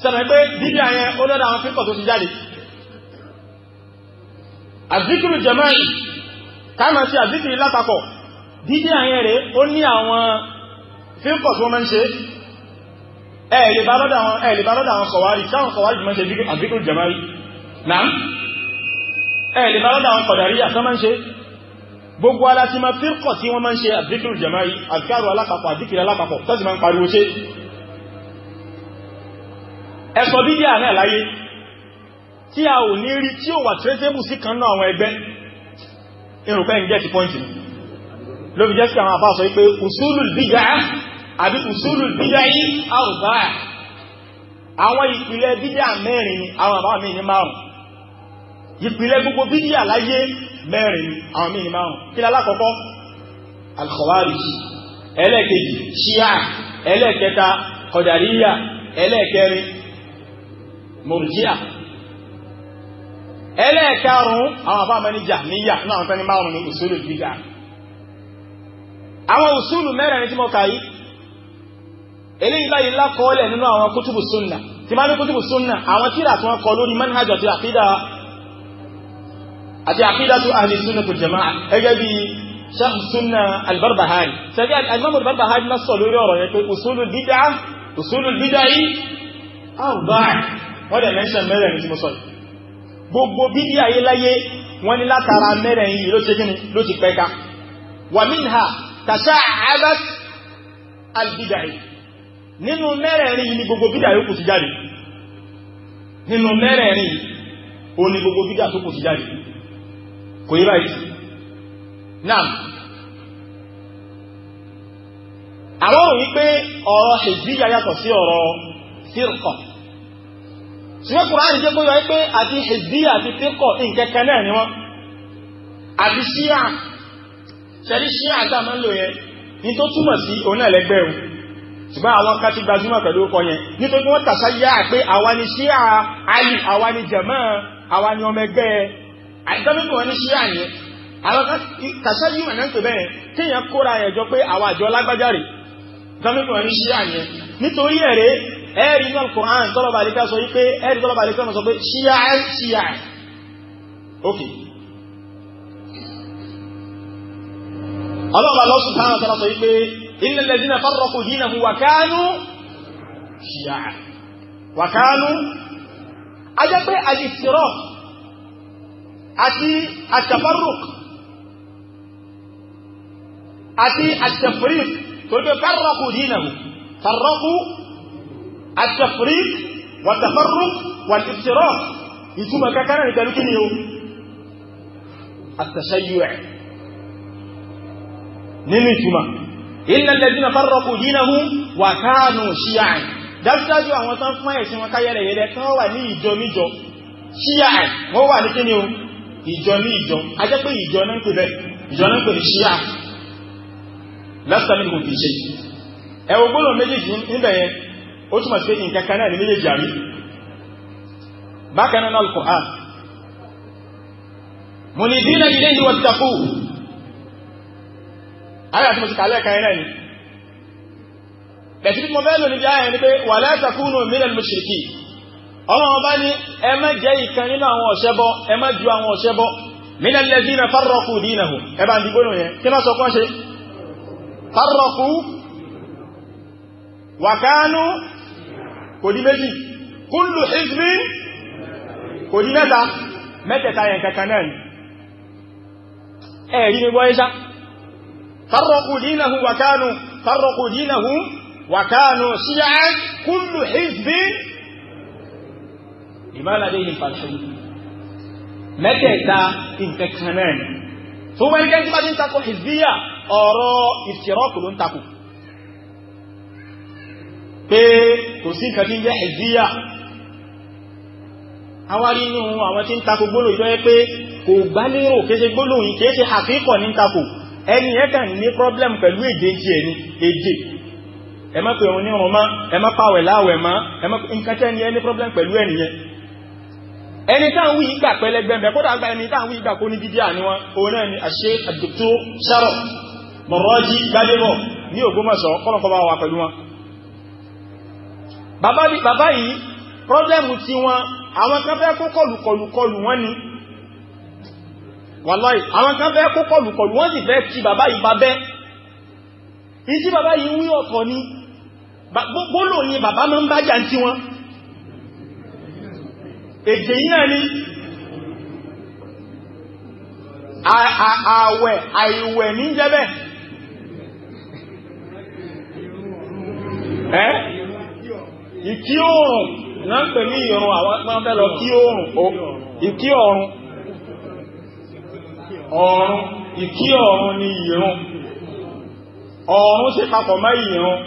sẹ́nà pé bíbí àyẹn ó lọ́dọ̀ àwọn pípọ̀ tó ti jáde àzíkìrì jẹ̀mọ́rì káàmà sí àzíkìrì lápapọ̀ bíbí àyẹn rẹ̀ ó ní àwọn pípọ̀ tó mọ́ ń ṣe ẹ̀ẹ̀lẹ̀ bá lọ́dọ̀ àwọn kọ̀wárì sáwọn kọ̀wárì mọ́ ṣe àzíkìrì jẹ̀mọ́rì náà ẹ̀ẹ̀lẹ̀ bá lọ́dọ̀ àwọn kọ̀dàríyà sọ mọ́ ń ṣe gbogbo alásímọ́ pípọ̀ tí wọ́n mọ́ ń ṣe àzíkìrì jẹ̀mọ́rì àzíkàrù alápapọ̀ àzíkìrì alápapọ̀ tó sì máa ń pariwo ṣe ẹ̀sọ́ bídíà náà láyé tí a ò ní rí tí ó wà traceable sí kan náà àwọn ẹgbẹ́ irùpẹ́ ń get point ló fi jẹ́ sí àwọn àbá sọ wípé usulul bídíà àbí usulul bídíà yìí àwùbá àwọn ìpìlẹ̀ bídíà mẹ́rin àwọn àbá mi ní márùn ìpìlẹ̀ gbogbo bídíà láyé mẹ́rin àwọn mi ní márùn kí lálákọ̀ọ́kọ́ al-Khawarij ẹlẹ́ẹ̀kejì ṣíà ẹlẹ́ẹ̀kẹta mọ̀rùjíà ẹlẹ́ẹ̀karùn-ún àwọn àbá mẹ́ni jàmíyà ní àwọn tẹ́ni márùn ní usulu bídà àwọn usulu mẹ́rin tí mo kà yí eléyìí báyìí lákọọ́lẹ̀ nínú àwọn kútùbù súnnà tí máa ní kútùbù súnnà àwọn tíra tí wọ́n kọ lórí manhaj àti àkídà àti àkídà tó ahli súnnà tó jama'a gẹ́gẹ́ bí sharh súnnà albarbahari sẹ́gẹ́ alimọ́mù albarbahari náà sọ lórí ọ̀rọ̀ yẹn pé usulu bídà usulu bídà yìí wọ́n dẹ̀ mẹ́ṣẹ̀ mẹ́rẹ̀ ní tí mo sọ gbogbo bídí ayé láyé wọ́n ní látara mẹ́rẹ̀ yìí ló ti gíní ló ti pẹ́ka wà minha tasha'abat al-bid'ah nínú mẹ́rẹ̀ẹ̀rin yìí ni gbogbo bídà yóò kù sí jáde nínú mẹ́rẹ̀ẹ̀rin yìí o ni gbogbo bídà tó kù sí jáde kò yí báyìí náà àwọn òyìn pé ọ̀rọ̀ hizbiyya yàtọ̀ sí ọ̀rọ̀ fírkọ̀ ṣùgbọ́n kùránì jẹ́ kó yọ pé àti hezbi àti pẹ́kọ̀ nkẹ́kẹ́ náà ni wọ́n àti ṣíà ṣẹ̀rí ṣíà àgbà máa ń lò yẹn ní tó túmọ̀ sí òun náà lẹ́gbẹ́ o ṣùgbọ́n àwọn kan ti gbajúmọ̀ pẹ̀lú ọkọ̀ yẹn nítorí wọ́n tàṣà yá pé àwa ni ṣíà Ali àwa ni jẹ̀mọ́ àwa ni ọmọ ẹgbẹ́ àìdánwò wọn ni ṣíà yẹn àwọn kan tàṣà yí wọn náà tó bẹ́ẹ̀ kéèyàn ni ṣíà ẹ̀rí inú al-Qur'an tọ́lọ̀bà lè fẹ́ sọ wípé ẹ̀rí tọ́lọ̀bà lè fẹ́ sọ pé ṣíyàn ṣíyàn ok ọlọ́bà lọ́sùn táwọn tọ́lọ̀ sọ wípé innal ladhina farraqu dinahum wa kanu ṣíyàn wa kanu àti àti at tó gbé farraqu dinahum farraqu التفريق والتفرق والافتراق ìtumọ̀ kankan ní pẹ̀lú kí ni o التشيع nínú ìtumọ̀ إلا الذين فرقوا دينهم وكانوا شيعا dájúdájú àwọn tán fún ẹ̀sìn wọn káyẹ̀rẹ̀ yẹ̀rẹ̀ tán wà ní ìjọ níjọ ṣíyà ẹ̀ wọ́n wà ní kí ni o ìjọ ní ìjọ a jẹ́ pé ìjọ náà ń pè bẹ́ẹ̀ ìjọ náà ń pè ní ṣíyà lásìkò ní kò fi ṣe ẹ̀wọ̀n gbọ́dọ̀ méjèèjì níbẹ̀ ó túnmọ̀ sí nǹkan kan náà ní méjèèjì àrí bákan náà al-Qur'an munibina ilayhi wattaqu ayé àti mọ̀síkà alẹ́ kan náà ni bẹ̀tí mo fẹ́ lò níbi ayé ni pé wala takunu minal mushriki ọlọ́wọ́n bá ní ẹ má jẹ́ ìkan nínú àwọn ọ̀ṣẹ́bọ ẹ má ju àwọn ọ̀ṣẹ́bọ minal ladhina farraqu dinahum ẹ bá ń dìgbò yẹn kí náà sọ kán kò di méjì kullu hizbin kò di mẹ́ta mẹ́tẹ̀ta yẹn kankan náà ni ẹ̀rí mi gbọ́yẹ́ṣá farraqu dinahum wa kanu farraqu dinahum wa kanu shi'an kullu hizbin bima ladayhim farihun mẹ́tẹ̀ta kankan náà ni tó wọ́n ní kẹ́kí bá ti ń takò hizbiyya ọ̀rọ̀ ìfìrọ́kù ló ń takò pé kò sí nǹkan tí ń jẹ́ hizbiyya awárí inú àwọn tí ń takò gbólóhùn ìjọ yẹ pé kò gbá lérò kéṣe gbólóhùn yìí kéṣe àkíkọ̀ ní takò ẹni yẹn ní problem pẹ̀lú èdè tí ẹni èdè ẹ má pè òun ní ọmọ ẹ má pàwẹ̀ láwẹ̀ má ẹ nǹkan tẹ́ ni ẹni problem pẹ̀lú ẹni yẹn ẹni táwọn wí ìgbà pẹlẹgbẹmẹ kódà gba ẹni táwọn wí ni wọn òun náà ni àṣẹ àdùtò sárọ mọ̀rọ́jì gbadébọ̀ ní Ògbómọ̀ṣọ́ kọ́lọ́kọ́ bá wà pẹ̀lú bàbá yìí pọ́blẹ́mù tí wọn àwọn kan fẹ́ kó kọlùkọlù wọn ni wàláì àwọn kan fẹ́ kó kọlùkọlù wọn sì fẹ́ kí bàbá yìí bá bẹ́ ìtí bàbá yìí wí ọ̀tọ̀ ni gbólò ni bàbá máa ń bá jà tí wọn èdè yìí náà ni àwẹ̀ àìwẹ̀ ní jẹ́bẹ̀ ẹ́ ìkí oòrùn náà pè ní ìrun àwọn máa fẹ́ lọ kí oòrùn ìkí ọ̀run ọ̀run ìkí ọ̀run ni ìrun ọ̀run ṣe papọ̀ mọ́ ìrun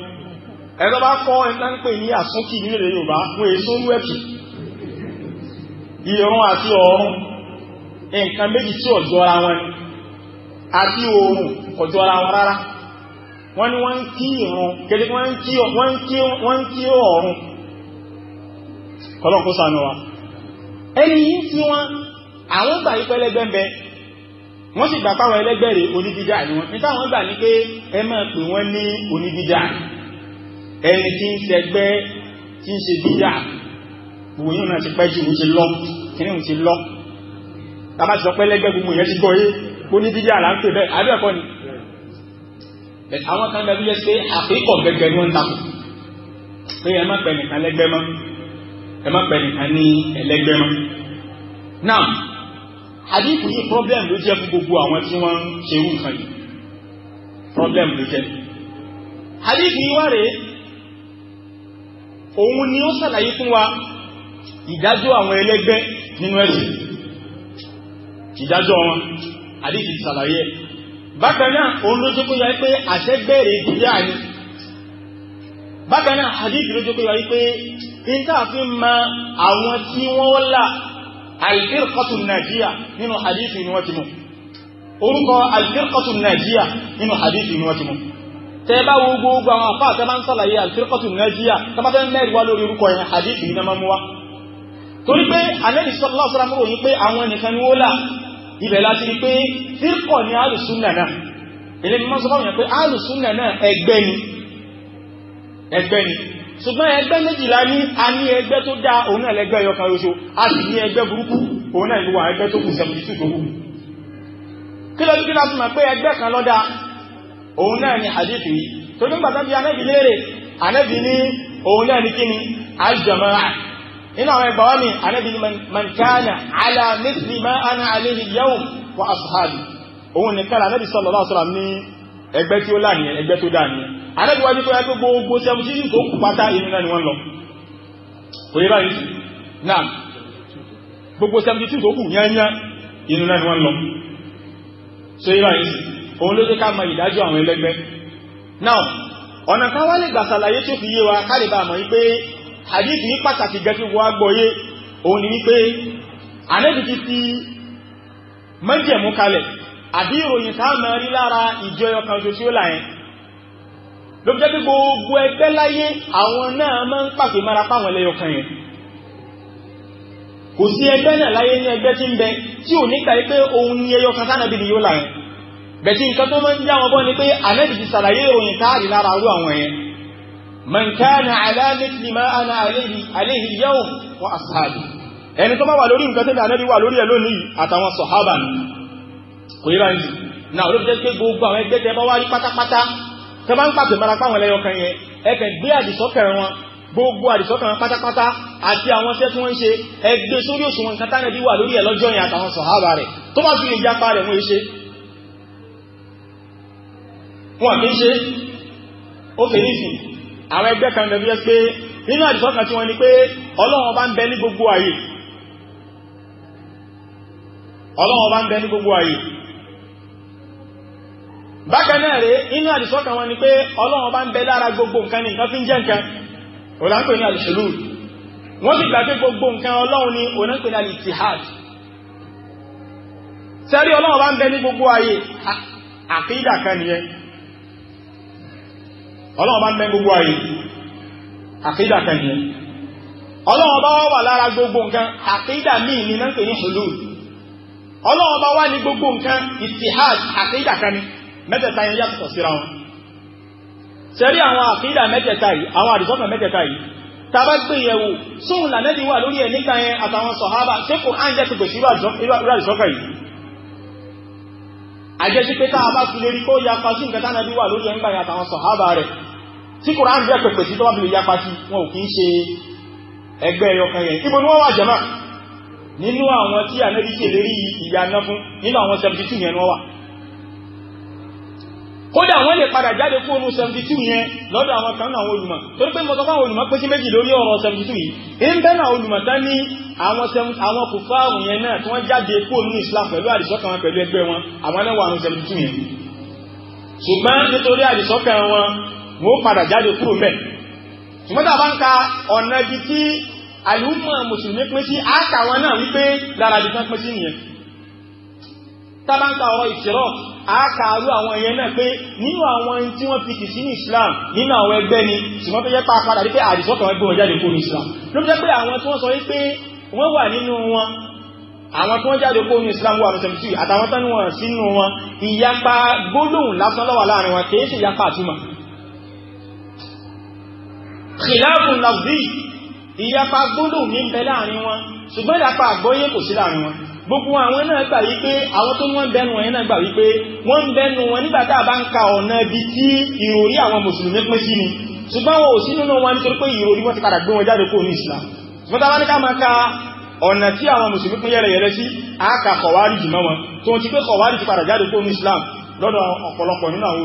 ẹ̀rọ bá kọ́ ẹ̀ta ń pè ní àsúnkì nílẹ̀ Yorùbá fún èso wẹ̀tù ìrun àti ọ̀run nǹkan méjì tí ọ̀jọ́ ara wọn ni àti oòrùn ọ̀jọ́ ara wọn rárá wọ́n ní wọ́n ń kí ìrun kéde wọ́n ń kí ọ̀run kọ́lọ́n kó sànú wa ẹni yìí tí wọ́n àwọn gbà yí pẹ́lẹ́gbẹ́ ń bẹ wọ́n sì gbà páwọn ẹlẹ́gbẹ́ rẹ̀ oníbíjà ni wọ́n níta wọ́n gbà ní pé ẹ máa pè wọ́n ní oníbíjà ẹni tí ń ṣẹgbẹ́ tí ń ṣe bíjà gbogbo yóò náà ti pẹ́ jù ń ti lọ kíní ń ti lọ tàbá ti sọ pé ẹlẹ́gbẹ́ gbogbo yẹn ti gbọ́ yé oníbíjà là ń pè bẹ́ẹ̀ àbẹ́ẹ̀kọ́ ni àwọn kan bẹ́ẹ̀ bí yẹ pé àpékọ̀ gẹ́gẹ́ ni wọ́n ń takò pé ẹ má pẹ̀ nìkan lẹ́gbẹ́ mọ́ ẹ má pẹ̀lú kan ní ẹlẹ́gbẹ́ now àdínkù yìí problem ló jẹ́ fún gbogbo àwọn tí wọ́n ṣe irú nǹkan yìí problem ló jẹ́. àdínkù yìí wá rèé òun ni ó ṣàlàyé fún wa ìdájọ́ àwọn ẹlẹ́gbẹ́ nínú ẹ̀sìn ìdájọ́ wọn àdínkù ti ṣàlàyé ẹ̀. bákan náà òun ló jẹ́ kó yọ pé àṣẹgbẹ́rẹ̀ ìdílé àní bákan náà àdínkù ló jẹ́ kó pé níta fi ma àwọn tí wọ́n là alfirqatu najiya nínú hadithi ni wọ́n ti mú orúkọ alfirqatu najiya nínú hadithi ni wọ́n ti mú tẹ bá wo gbogbo àwọn afá àtẹ máa ń sàlàyé alfirqatu najiya tọ́mọ́tẹ́ mẹ́rin wá lórí orúkọ yẹn hadithi ni wọ́n mú wá torí pé anẹ́bí sallallahu alaihi wasallam ròyìn pé ṣùgbọ́n ẹgbẹ́ méjìlá ní a ní ẹgbẹ́ tó dá òun náà lẹ́gbẹ́ ẹyọ kan oṣù a sì ní ẹgbẹ́ burúkú òun náà ìlú wa ẹgbẹ́ tó kù 72 tó kù kí lọ́dún kí lásìmọ̀ pé ẹgbẹ́ kan lọ́dá òun náà ni àdéfì yìí tó ní gbàtà bí anẹ́bì léèrè anẹ́bì ní òun náà ni kíni aljama'a nínú ní ẹgbẹ́ tí ó là nìyẹn ẹgbẹ́ tó dà nìyẹn adájúwájú tó yẹ pé gbogbo seventeen tó kù pátá inú náà ni wọ́n lọ kò yẹ báyìí sí náà gbogbo seventeen tó kù yányá inú náà ni wọ́n lọ so yẹ báyìí sí òun ló dé ká mọ ìdájọ́ àwọn ẹlẹ́gbẹ́ náà ọ̀nà kan wá lè gbà sàlàyé tó fi yé wa ká lè bá a mọ̀ yí pé ní pàtàkì gẹ́gẹ́ wọ́n gbọ́ yé òun ni wípé àlejò ti mẹ́jẹ̀mú kalẹ̀ àbí ìròyìn tá mọ̀ rí lára ìjọ ọkàn ojú tí ó láyẹn ló jẹ́ pé gbogbo ẹgbẹ́ láyé àwọn náà máa ń pàpè mára páwọn ẹlẹ́yọkan yẹn kò sí ẹgbẹ́ náà láyé ní ẹgbẹ́ tí ń bẹ tí ò ní kàí pé òun ni ẹyọkan sánàbí ni yóò láyẹn bẹ̀tí nǹkan tó máa ń já wọn bọ́ ni pé ànẹ́bì ti sàlàyé ìròyìn káàrí lára arú àwọn yẹn man kana ana alayhi alayhi al-yawm ẹni tó bá wà lórí nǹkan tẹ́lẹ̀ ànẹ́bì wà lórí ẹ̀ lónìí àtàwọn sọ̀hábà kò yíra yìí náà olóòfin jẹ́ pé gbogbo àwọn ẹgbẹ́ tẹ bá wá rí pátápátá tẹ bá ń pàṣẹ mara páwọn ẹlẹ́yọkan yẹn ẹkẹ gbé àdìsọ́kẹ̀ wọn gbogbo àdìsọ́kẹ̀ wọn pátápátá àti àwọn iṣẹ́ tí wọ́n ń ṣe ẹgbẹ́ sórí òṣùwọ̀n nǹkan tánà bí wà lórí ẹ̀ lọ́jọ́ yẹn àtàwọn sọ̀hábà rẹ̀ tó bá fi lè yapa rẹ̀ wọ́n ṣe wọn kì í ṣe ó fẹ́ nísìn àwọn ẹgbẹ́ kan lẹ́bí jẹ́ pé nínú àdìsọ́kẹ̀ tí wọ́n ní pé Ọlọ́run bá ń bẹ ní gbogbo àyè Ọlọ́run bá ń bẹ ní gbogbo àyè bákan náà rèé inú àdìsọ́kàn wọn ni pé ọlọ́run bá ń bẹ gbogbo nǹkan ní nǹkan fi ń jẹ́ nǹkan òláńpẹ̀ ní àlùṣèlú wọ́n sì gbà gbogbo nǹkan ọlọ́run ni òláńpẹ̀ ní àlìtìhad sẹ́rí ọlọ́run bá ń bẹ ní gbogbo ayé kan nìyẹn ọlọ́run bá gbogbo ayé àkídà kan nìyẹn ọlọ́run bá wà gbogbo nǹkan àkídà míì ni ní ọlọ́run gbogbo nǹkan kan mẹ́tẹ̀ẹ̀ta yẹn yàtọ̀ síra wọn sẹ́rí àwọn àkídà mẹ́tẹ̀ẹ̀ta yìí àwọn àdìsọ́kàn mẹ́tẹ̀ẹ̀ta yìí tàbá gbé yẹ̀wò sóhun lànẹ́dì wà lórí ẹ̀ níta yẹn àtàwọn sọ̀hábà ṣé kò á ń jẹ́ ti gbèsè irú àdìsọ́kàn yìí àjẹsí pé táà bá tilé rí kó yapa sí nǹkan tánàbí wà lórí ẹ̀ńgbà yẹn àtàwọn sọ̀hábà rẹ̀ tí kò ráńdì ẹ̀pẹ̀pẹ̀ sí tọ́wọ́ bí lè yapa sí wọn ṣe ẹgbẹ́ ẹyọkan fún nínú àwọn 72 yẹn wọ́n wà kódà wọ́n lè padà jáde fún orú 72 yẹn lọ́dọ̀ àwọn kan náà olùmọ̀ torí pé mọ̀tọ́ fáwọn olùmọ̀ pé sí méjì lórí ọ̀rọ̀ 72 yìí ń bẹ́ náà olùmọ̀ tán ní àwọn kùfáàrù yẹn náà tí wọ́n jáde kú òun Islam pẹ̀lú àdìsọ́kàn wọn pẹ̀lú ẹgbẹ́ wọn àwọn náà wà àwọn 72 yẹn ṣùgbọ́n nítorí àdìsọ́kàn wọn wọ́n padà jáde kúrò mẹ́ ṣùgbọ́n tá a bá ń ka ọ̀nà ibi tí àlùmọ̀ mùsùlùmí pín sí àkàwọn náà wípé lára ibi tán pín sí nìyẹn tábàǹkà ọ̀rọ̀ ìṣirọ́ àákàárú àwọn èèyàn náà pé nínú àwọn ẹni tí wọ́n fi tì sí ní Islam nínú àwọn ẹgbẹ́ ni ṣùgbọ́n tó yẹ pa padà wípé àdìsọ́kàn ẹgbẹ́ wọn jáde kó ní Islam ló jẹ́ pé àwọn tí wọ́n sọ wípé wọ́n wà nínú wọn àwọn tí wọ́n jáde kó ní Islam wà lọ́sẹ̀ mìtì àtàwọn tán wọn sínú wọn ìyapa gbólóhùn lásán lọ́wọ́ láàrin wọn kìí sì yapa àtúmọ̀ khilafun lafzi ìyapa gbólóhùn ní bẹ láàrin wọn ṣùgbọ́n ìyapa àgbọ́yé kò sí láàrin wọn gbogbo àwọn náà gbà wípé àwọn tó ní wọ́n bẹnu wọn yẹn náà gbà wípé wọ́n bẹnu wọn nígbà tá a bá ń ka ọ̀nà ibi tí ìròrí àwọn mùsùlùmí pín sí ni ṣùgbọ́n wọn ò sí nínú wọn nítorí pé ìròrí wọn ti padà gbé wọn jáde kó ní Islam ṣùgbọ́n tá a bá ní ká máa ka ọ̀nà tí àwọn mùsùlùmí pín yẹlẹyẹlẹ sí a kà kọ̀wárì jì mọ́ wọn tó ti pé kọ̀wárì ti padà jáde kó ní Islam lọ́dọ̀ ọ̀pọ̀lọpọ̀ nínú àwọn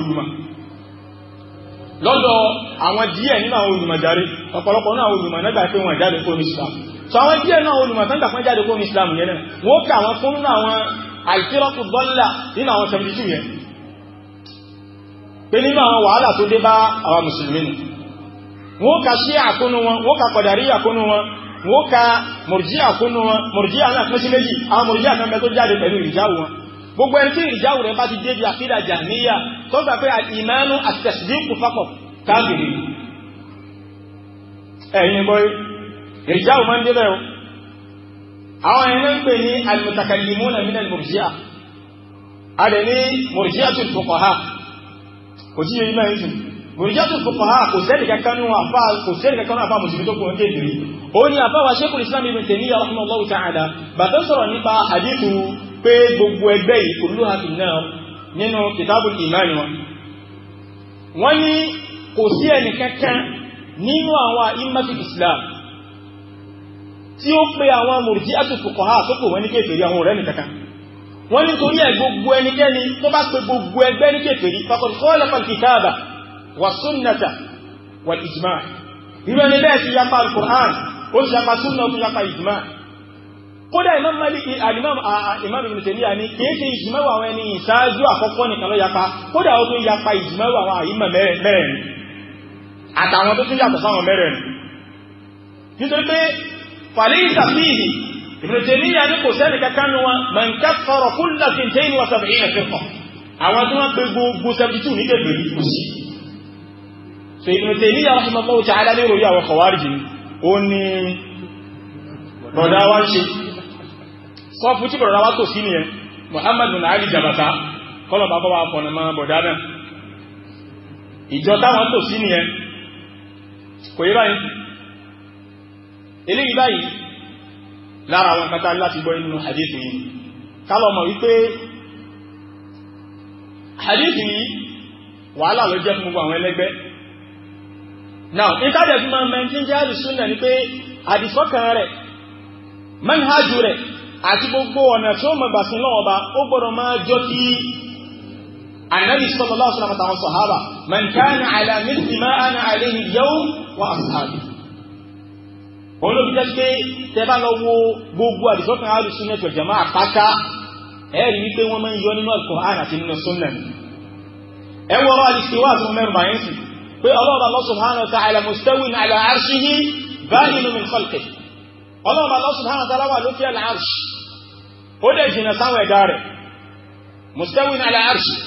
olùmọ̀ so àwọn díẹ̀ náà olùmọ̀tán tàpọ̀ jáde kó ní islam yẹn náà wọ́n kà wọ́n fún nínú àwọn àìsírọ́kù bọ́lá nínú àwọn 72 yẹn pé nínú àwọn wàhálà tó dé bá àwọn mùsùlùmí ni wọ́n kà sí àkónú wọn wọ́n kà kọ̀dàrí àkónú wọn wọ́n kà mùrùjíà kónú wọn mùrùjíà náà pín sí àwọn mùrùjíà ìjà ò máa ń débẹ̀ o àwọn ẹ̀yìn náà ń pè ní al-mutakallimuna min al-murji'a a lè ní murji'atul fuqaha kò tí yóò yí náà yìí murji'atul fuqaha kò sẹ́ni kankan nù àfà kò sẹ́ni kankan nù àfà mùsùlùmí tó kù ń kéde ó ní àfà wa Shaykhul Islam ibn Taymiyyah rahimahullahu ta'ala bàtà sọ̀rọ̀ nípa hadithu pé gbogbo ẹgbẹ́ yìí kulluha fin-nar nínú kitabul iman wọn wọ́n ní kò sí ẹnì kankan nínú Islam tí ó pe àwọn mùrùjí àtùkùkọ̀há tó pè wọ́n ní kèfèrí àwọn ọ̀rẹ́ nìkankan wọ́n ní torí ẹ̀ gbogbo ẹnikẹ́ni tó bá pe gbogbo ẹgbẹ́ ní kèfèrí faqad khalafa al-kitaba wa sunnata wal ijma' irú ẹni bẹ́ẹ̀ ti yapa al-Qur'an ó ti yapa sunna ó ti yapa ijma' kódà imam malik alimam imam ibn taymiya ni kìí ṣe ijma wà àwọn ẹni ìṣáájú àkọ́kọ́ nìkan ló yapa kódà ó tún yapa ijma wà àwọn àyímọ̀ mẹ́rẹ̀ẹ̀rin àtàwọn tó tún yàtọ̀ sáwọn mẹ́rẹ̀ẹ̀rin nítorí pé فليس فيه ابن تيمية نكو سنة كان من كفر كل سنتين وسبعين فرقة àwọn tí wọ́n pe gbogbo 72 ní kèfèrí kò sí so Ibn Taymiyyah rahimahullahu ta'ala ní ìròyìn àwọn Khawarij ni ó ní bọ̀dáwá ṣe sọ́fún tí bọ̀dáwá tó sí nìyẹn Muhammad bin Ali Jabata kọ́lọ̀ bá bọ́wà fọ̀nà máa bọ̀dá náà ìjọ táwọn tó sí nìyẹn kò yí báyìí eléyìí báyìí lára àwọn kátà láti gbọ́ inú hadithu yìí kálọ̀ mọ̀ wípé hadithu yìí wàhálà ló jẹ́ fún gbogbo àwọn ẹlẹ́gbẹ́ now internet ma mẹ́ntín jẹ́ àdìsúnnà ni pé àdìsọ́kàn rẹ̀ manhajú rẹ̀ àti gbogbo ọ̀nà tí ó mọ̀ gbàsìn lọ́wọ́ bá ó gbọ́dọ̀ máa jọ kí النبي صلى الله عليه وسلم وصحابه من كان على مثل ما انا عليه اليوم واصحابي òun ló fi jẹ́ pé tẹ́ bá lọ wo gbogbo àdìsọ́kàn alùsùn nẹ́tọ̀ jẹ̀mọ́ àpáta ẹ̀rí wípé wọ́n máa ń yọ nínú Al-Qur'an àti nínú Sunnah ni ẹ wọ́rọ̀ àdìsíwá àti mẹ́rin bàyẹn sì pé Allah subhanahu wa ta'ala mustawin ala arshihi bainun min khalqihi Allah subhanahu wa ta'ala wà lókè al-arsh ó dẹ̀ jìnà sáwọn ẹ̀dá rẹ̀ mustawin ala arshi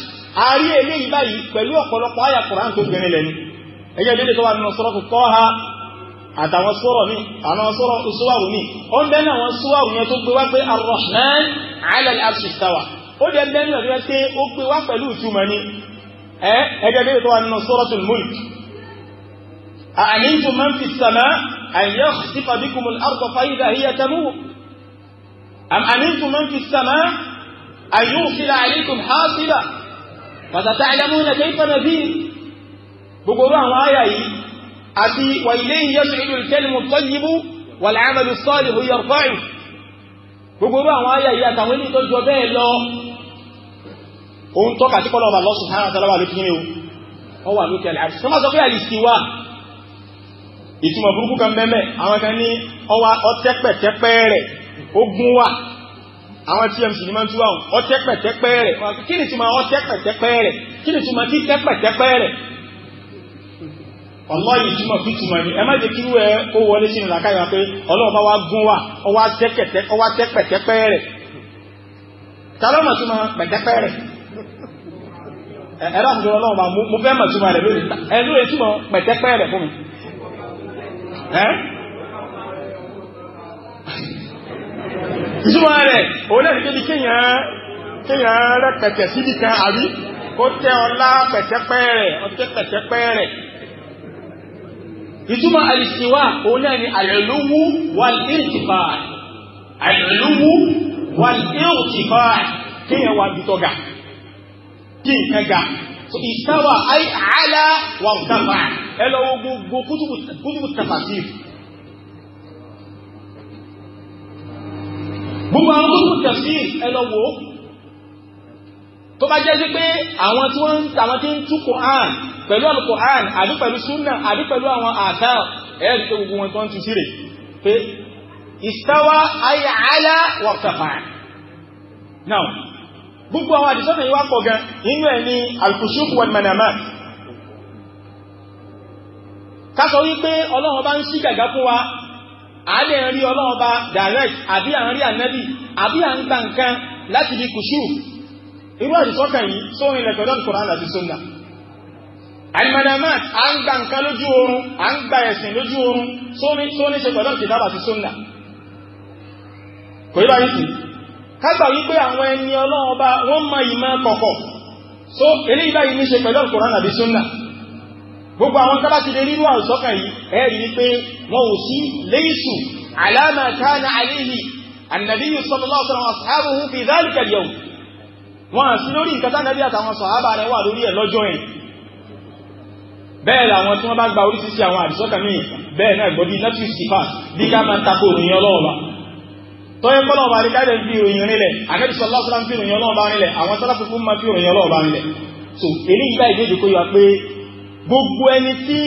àárí àtàwọn sọ́rọ̀ mi àwọn sọ́rọ̀ ṣúwàrù mi ó ń bẹ́ náà wọn ṣúwàrù yẹn tó gbé wá pé arrahman ala al-arshi istawa ó jẹ́ bẹ́ẹ̀ náà tó yẹ pé ó gbé wá pẹ̀lú ìtumọ̀ ni ẹ ẹgbẹ́ bẹ́ẹ̀ tó wà nínú suratul mulk a'amintum man fi as-samaa an yakhsifa bikum al-arda fa idha hiya tamur am amintum man fi as-samaa an yursila alaykum hasiba fa sata'lamuna kayfa nadhir gbogbo àwọn àti wà ilé ìyẹ́sù ìlú ìkẹ́lìmù tọ́yìbú wà láàmàlù sọ́ọ̀lì hù yọ̀fọ́ì gbogbo bá àwọn ayà ìyá àtàwọn ilé ìtọ́jú ọbẹ̀ lọ òun tọ́ka tí kọ́lọ̀ ọba lọ́sù hàn àtàlọ́wà ló kíni o wà lókè àlẹ́ àti sọ́mà sọ pé àlìsí wà ìtumọ̀ burúkú kan mẹ́mẹ́ àwọn kan ní ọwà ọtẹ́pẹ̀tẹ́pẹ́ rẹ̀ ogun ọ̀nà yìí túmọ̀ fi túmọ̀ ni ẹ má jẹ́ kí wẹ́ kó wọlé sínú pé ọlọ́run bá wá gún wa ọwá tẹ́kẹ̀tẹ́ ọwá tẹ́pẹ̀tẹ́pẹ́ rẹ̀ tààrà mọ̀ túmọ̀ pẹ̀tẹ́pẹ́ rẹ̀ ẹ̀rọ àkùnrin ọlọ́run bá mo fẹ́ mọ̀ túmọ̀ rẹ̀ lórí ẹ̀rú rẹ̀ túmọ̀ pẹ̀tẹ́pẹ́ rẹ̀ fún mi. rẹ̀ kéèyàn kéèyàn rẹ̀ pẹ̀tẹ̀ síbi kan àbí ó tẹ ọlá pẹ̀tẹ́pẹ́ rẹ̀ ìtumọ̀ alìsíwá òun náà ni àlẹ́lúwú wàlíìtìfà àlẹ́lúwú wàlíìtìfà kéèyàn wà bí tọ́gà kí nǹkan ga so ìsáwà ayé àlá wà ń tàfà ẹ lọ wo gbogbo kútùkù tàfàsíf gbogbo àwọn kútùkù tàfàsíf ẹ lọ wo tó bá jẹ́ sí pé àwọn tí wọ́n àwọn tí ń tú Quran pẹ̀lú àlù Quran àbí pẹ̀lú sunna àbí pẹ̀lú àwọn àtà ẹ̀rí pé gbogbo wọn tó ń tu sí pé istawa ayé àlá wọ̀tàfà now gbogbo àwọn àdìsọ́nà yìí wá pọ̀ gan nínú ẹ̀ ní al-khushu' wal-manamat kásọ wípé ọlọ́run bá ń ṣí gàgá fún wa a lè rí ọlọ́run bá direct àbí à ń rí ànábì àbí à ń gbà nǹkan láti di kùsù irú àdìsọ́kàn yìí sóhun ilẹ̀ pẹ̀lú Al-Qur'an àti sunna alimadamat à ń gba nǹkan lójú oorun à ń gba ẹ̀sìn lójú oorun sóhun ṣe pẹ̀lú Al-Kitab àti sunna kò yíra yìí sí kágbà wípé àwọn ẹni ọlọ́wọ́ bá wọ́n mọ ìmọ̀ kọ̀kọ̀ so eléyìí báyìí ní ṣe pẹ̀lú Al-Qur'an àti sunna gbogbo àwọn tábà ti lè rírú àdìsọ́kàn yìí ẹ̀rí wípé wọn ò sí léyìísù alama kana alayhi an wọn àti lórí nǹkan tánàbí àtàwọn sọ̀hábà rẹ̀ wà lórí ẹ̀ lọ́jọ́ yẹn bẹ́ẹ̀ làwọn tí wọ́n bá gba oríṣiríṣi àwọn àdìsọ́kàn míì bẹ́ẹ̀ náà gbọ́ bí netflix kìfà bí ká máa ń tako òròyìn ọlọ́ọ̀ba tọ́yẹ kọ́lọ̀ ọba rí káyọ̀ fi ìròyìn rinlẹ̀ àgẹ́bí sọlá sọlá ń fi ìròyìn ọlọ́ọ̀ba rinlẹ̀ àwọn sọláfù fún máa fi ìròyìn ọlọ́ọ̀ba rinlẹ̀ so eléyìí báyìí déjì kó yọ pé gbogbo ẹni tí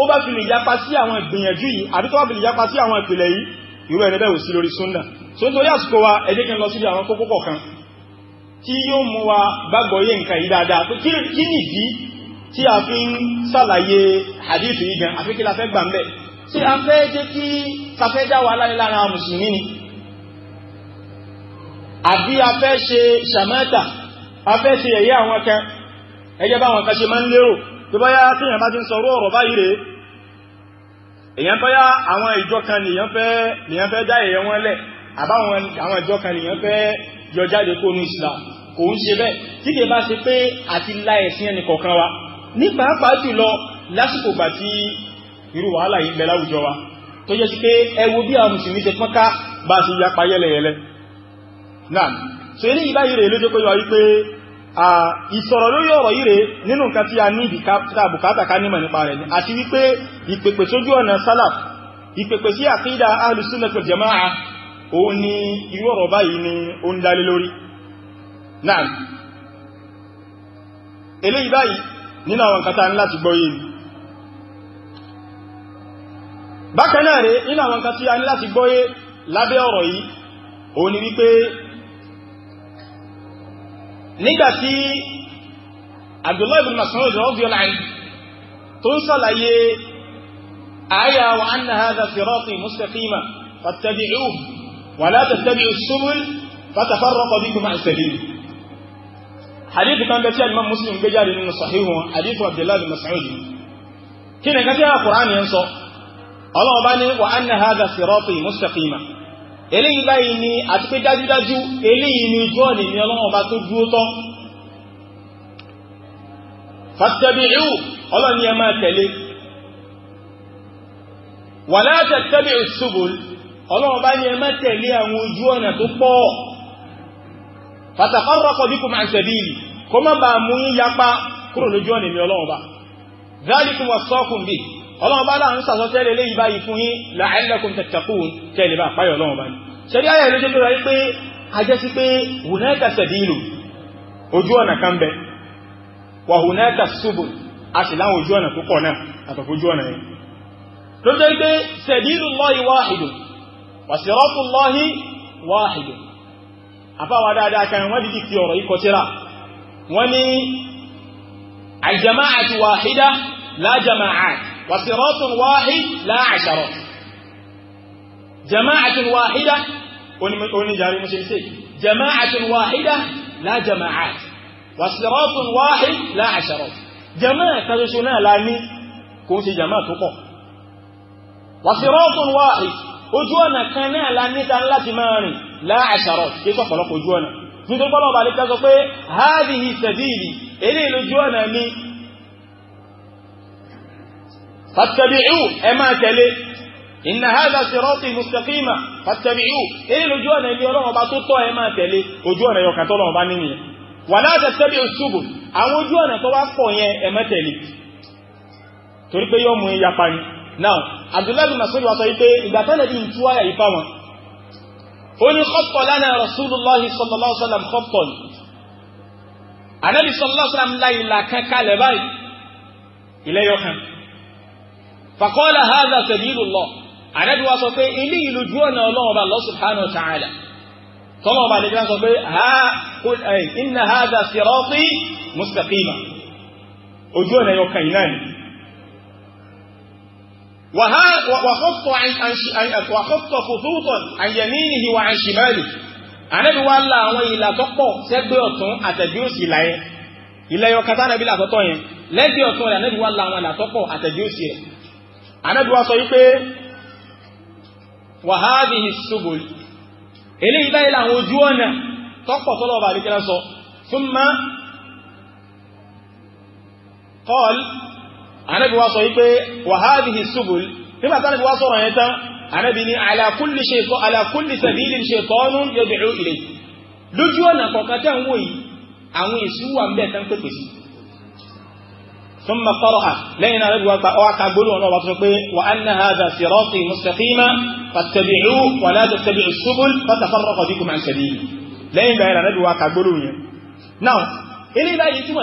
ó bá fi lè yapa sí àwọn ìgbìyànjú yìí àbí tó bá fi lè yapa sí àwọn ìpìlẹ̀ yìí irú ẹni bẹ́ẹ̀ ò so nítorí àsìkò wa ẹ jẹ́ kí n lọ síbi àwọn tí yóò mú wa gbàgbọ́ yé nǹkan yìí dáadáa pé kí nìdí tí a fi ń ṣàlàyé hadith yìí gan àfi kí la fẹ́ gbà ń bẹ̀ ṣé a fẹ́ jẹ́ kí a fẹ́ dá wa láyé lára mùsùlùmí ni àbí a fẹ́ ṣe ṣàmẹ́ta a fẹ́ ṣe ẹ̀yẹ àwọn kan ẹ̀yẹ báwọn kan ṣe máa ń lérò tó bá tí èèyàn bá ti ń sọ̀rọ̀ ọ̀rọ̀ báyìí rèé èèyàn bá àwọn ìjọ kan nìyàn fẹ́ dá ẹ̀yẹ wọn lẹ̀ àbáwọn àwọn ìjọ kan nìyàn fẹ́ yọ jáde kó islam kò ń ṣe bẹ́ẹ̀ tí kìí bá ṣe pé àti la ẹ̀sìn ẹnì kọ̀ọ̀kan wa ní pàápàá jùlọ lásìkò gbà tí irú wàhálà yìí ń bẹ láwùjọ wa tó jẹ́ sí pé ẹ bí àwọn mùsùlùmí ṣe pọ́n ká bá ṣe yapa yẹ́lẹ̀yẹ́lẹ́ náà so ilé yìí báyìí rẹ̀ ló jẹ́ pé wà wípé ìsọ̀rọ̀ lórí ọ̀rọ̀ yìí rẹ̀ nínú nǹkan tí a ní ìdíkà bùkátà ká nímọ̀ nípa rẹ̀ ni àti wípé ìpèpè sójú ọ̀nà sálàf ìpèpè sí àkídà ahlùsúnnà pẹ̀lú jama'a òun ni irú ọ̀rọ̀ báyìí ni ó ń dálé lórí náà eléyìí báyìí nínú àwọn nǹkan tá ní láti gbọ́ yìí bákan náà rẹ̀ nínú àwọn nǹkan tí láti gbọ́ lábẹ́ ọ̀rọ̀ yìí òun ni wípé nígbàtí Abdullahi ibn wàlá tẹ̀tẹ̀bí ṣúbùl fatafarọ́kọ̀ bí kùmà ìṣẹ̀lẹ̀ hadithu kan bẹ́tí alimam muslim gbé jáde nínú sahihu hadithu abdullahi bin mas'ud kí ni kan tí a kùrán yẹn sọ ọlọ́wọ́ bá ní wa anna hadha sirati mustaqima eléyìí báyìí ni àti pé dájúdájú eléyìí ni ojú ọ̀nà ìní ọlọ́wọ́ tó dúró tán fattabi'u ọlọ́ni ẹ máa tẹ̀lé wàlá tẹ̀tẹ̀bí ṣúbùl ọlọ́run bá ní ẹ má tẹ̀lé àwọn ojú ọ̀nà tó pọ̀ fatafarraqa bikum an sabili kó má bàa mú yín yapa kúrò lójú ọ̀nà mi ọlọ́run bá dhalikum wassakum bi ọlọ́run bá dáhùn sàsọ tẹ́lẹ̀ léyìí báyìí yín la'allakum tattaqun tẹ́lẹ̀ bá páyọ̀ ọlọ́run bá ní. sẹ́rí ayé wàsírọ́tùlọ́hí wáhìdù àfáwà dáadáa kan wọ́n dìdì kí ọ̀rọ̀ ikọ̀ tíra wọ́n ni àjàmáàtì wáhìdá lájàmáàtì wàsírọ́tùl wáhìd láàṣàrọ̀ jama'atun wahida oni jari muslim sai jama'atun wahida la jama'at wasiratun wahid la asharat jama'a kan so na la ni kò ṣe ojú ọ̀nà kan náà la níta láti máa rìn láàṣàrọ̀ kí sọ̀pọ̀lọpọ̀ ojú ọ̀nà nítorí pọ́lọ̀ ọba lè kẹ́sọ pé hádìí sẹ̀bíìlì eléyìí lójú ọ̀nà mi fàtàbí'ú ẹ máa tẹ̀lé inna hadha sirati mustaqima fàtàbí'ú eléyìí lójú ọ̀nà ilé ọlọ́run ọba tó tọ́ ẹ máa tẹ̀lé ọ̀nà yọkàn tọ́lọ́run now abdullahi bin mas'ud wa sọ wípé ìgbà tẹ́lẹ̀ bí n tú àyà yìí fáwọn ó ní kọ́pọ̀ lánàá rasulullahi sallallahu alaihi wasallam kọ́pọ̀ ni anabi sallallahu alaihi wasallam la ìlà kan kalẹ̀ báyìí ilẹ̀ yọ kan faqala hadha sabilullah anabi wa sọ pé ilé ìlú ju ọ̀nà ọlọ́wọ́ bá Allah subhanahu wa ta'ala tọ́lọ́ ọba àdéjọ́ sọ pé eh, inna hadha sirati mustaqima ojú ọ̀nà yọ kan yìí náà ni وخط وخط خطوطا عن يمينه وعن شماله anabi wa la àwọn ìlà tó pọ̀ sẹ́gbẹ́ ọ̀tún àtẹ̀gbẹ́ òsì ìlà yẹn ìlà yọ kata anabi là tọ́tọ̀ yẹn lẹ́gbẹ́ ọ̀tún rẹ̀ anabi wa la àwọn ìlà tó pọ̀ àtẹ̀gbẹ́ òsì rẹ̀ anabi wa sọ yí pé wàhábì subul eléyìí báyìí làwọn ojú ọ̀nà tó pọ̀ tó lọ́wọ́ bàbí kíra sọ thumma qala Ànábì wá sọ wípé wàhádìí ṣubùl nígbà tí Ànábì wá sọ̀rọ̀ yẹn tán Ànábì ní àlàkúlì ṣètọ́ àlàkúlì sàbílì ṣètọ́nù yad'u ilayhi lójú ọ̀nà kọ̀ọ̀kan tẹ́ ń wò yìí àwọn èṣù wà ń bẹ̀ tán pèpè وأن هذا صراطي مستقيما فاتبعوه ولا تتبعوا السبل فتفرق بكم عن سبيله لين بين رجوا وأكبروا now إلي لا يتم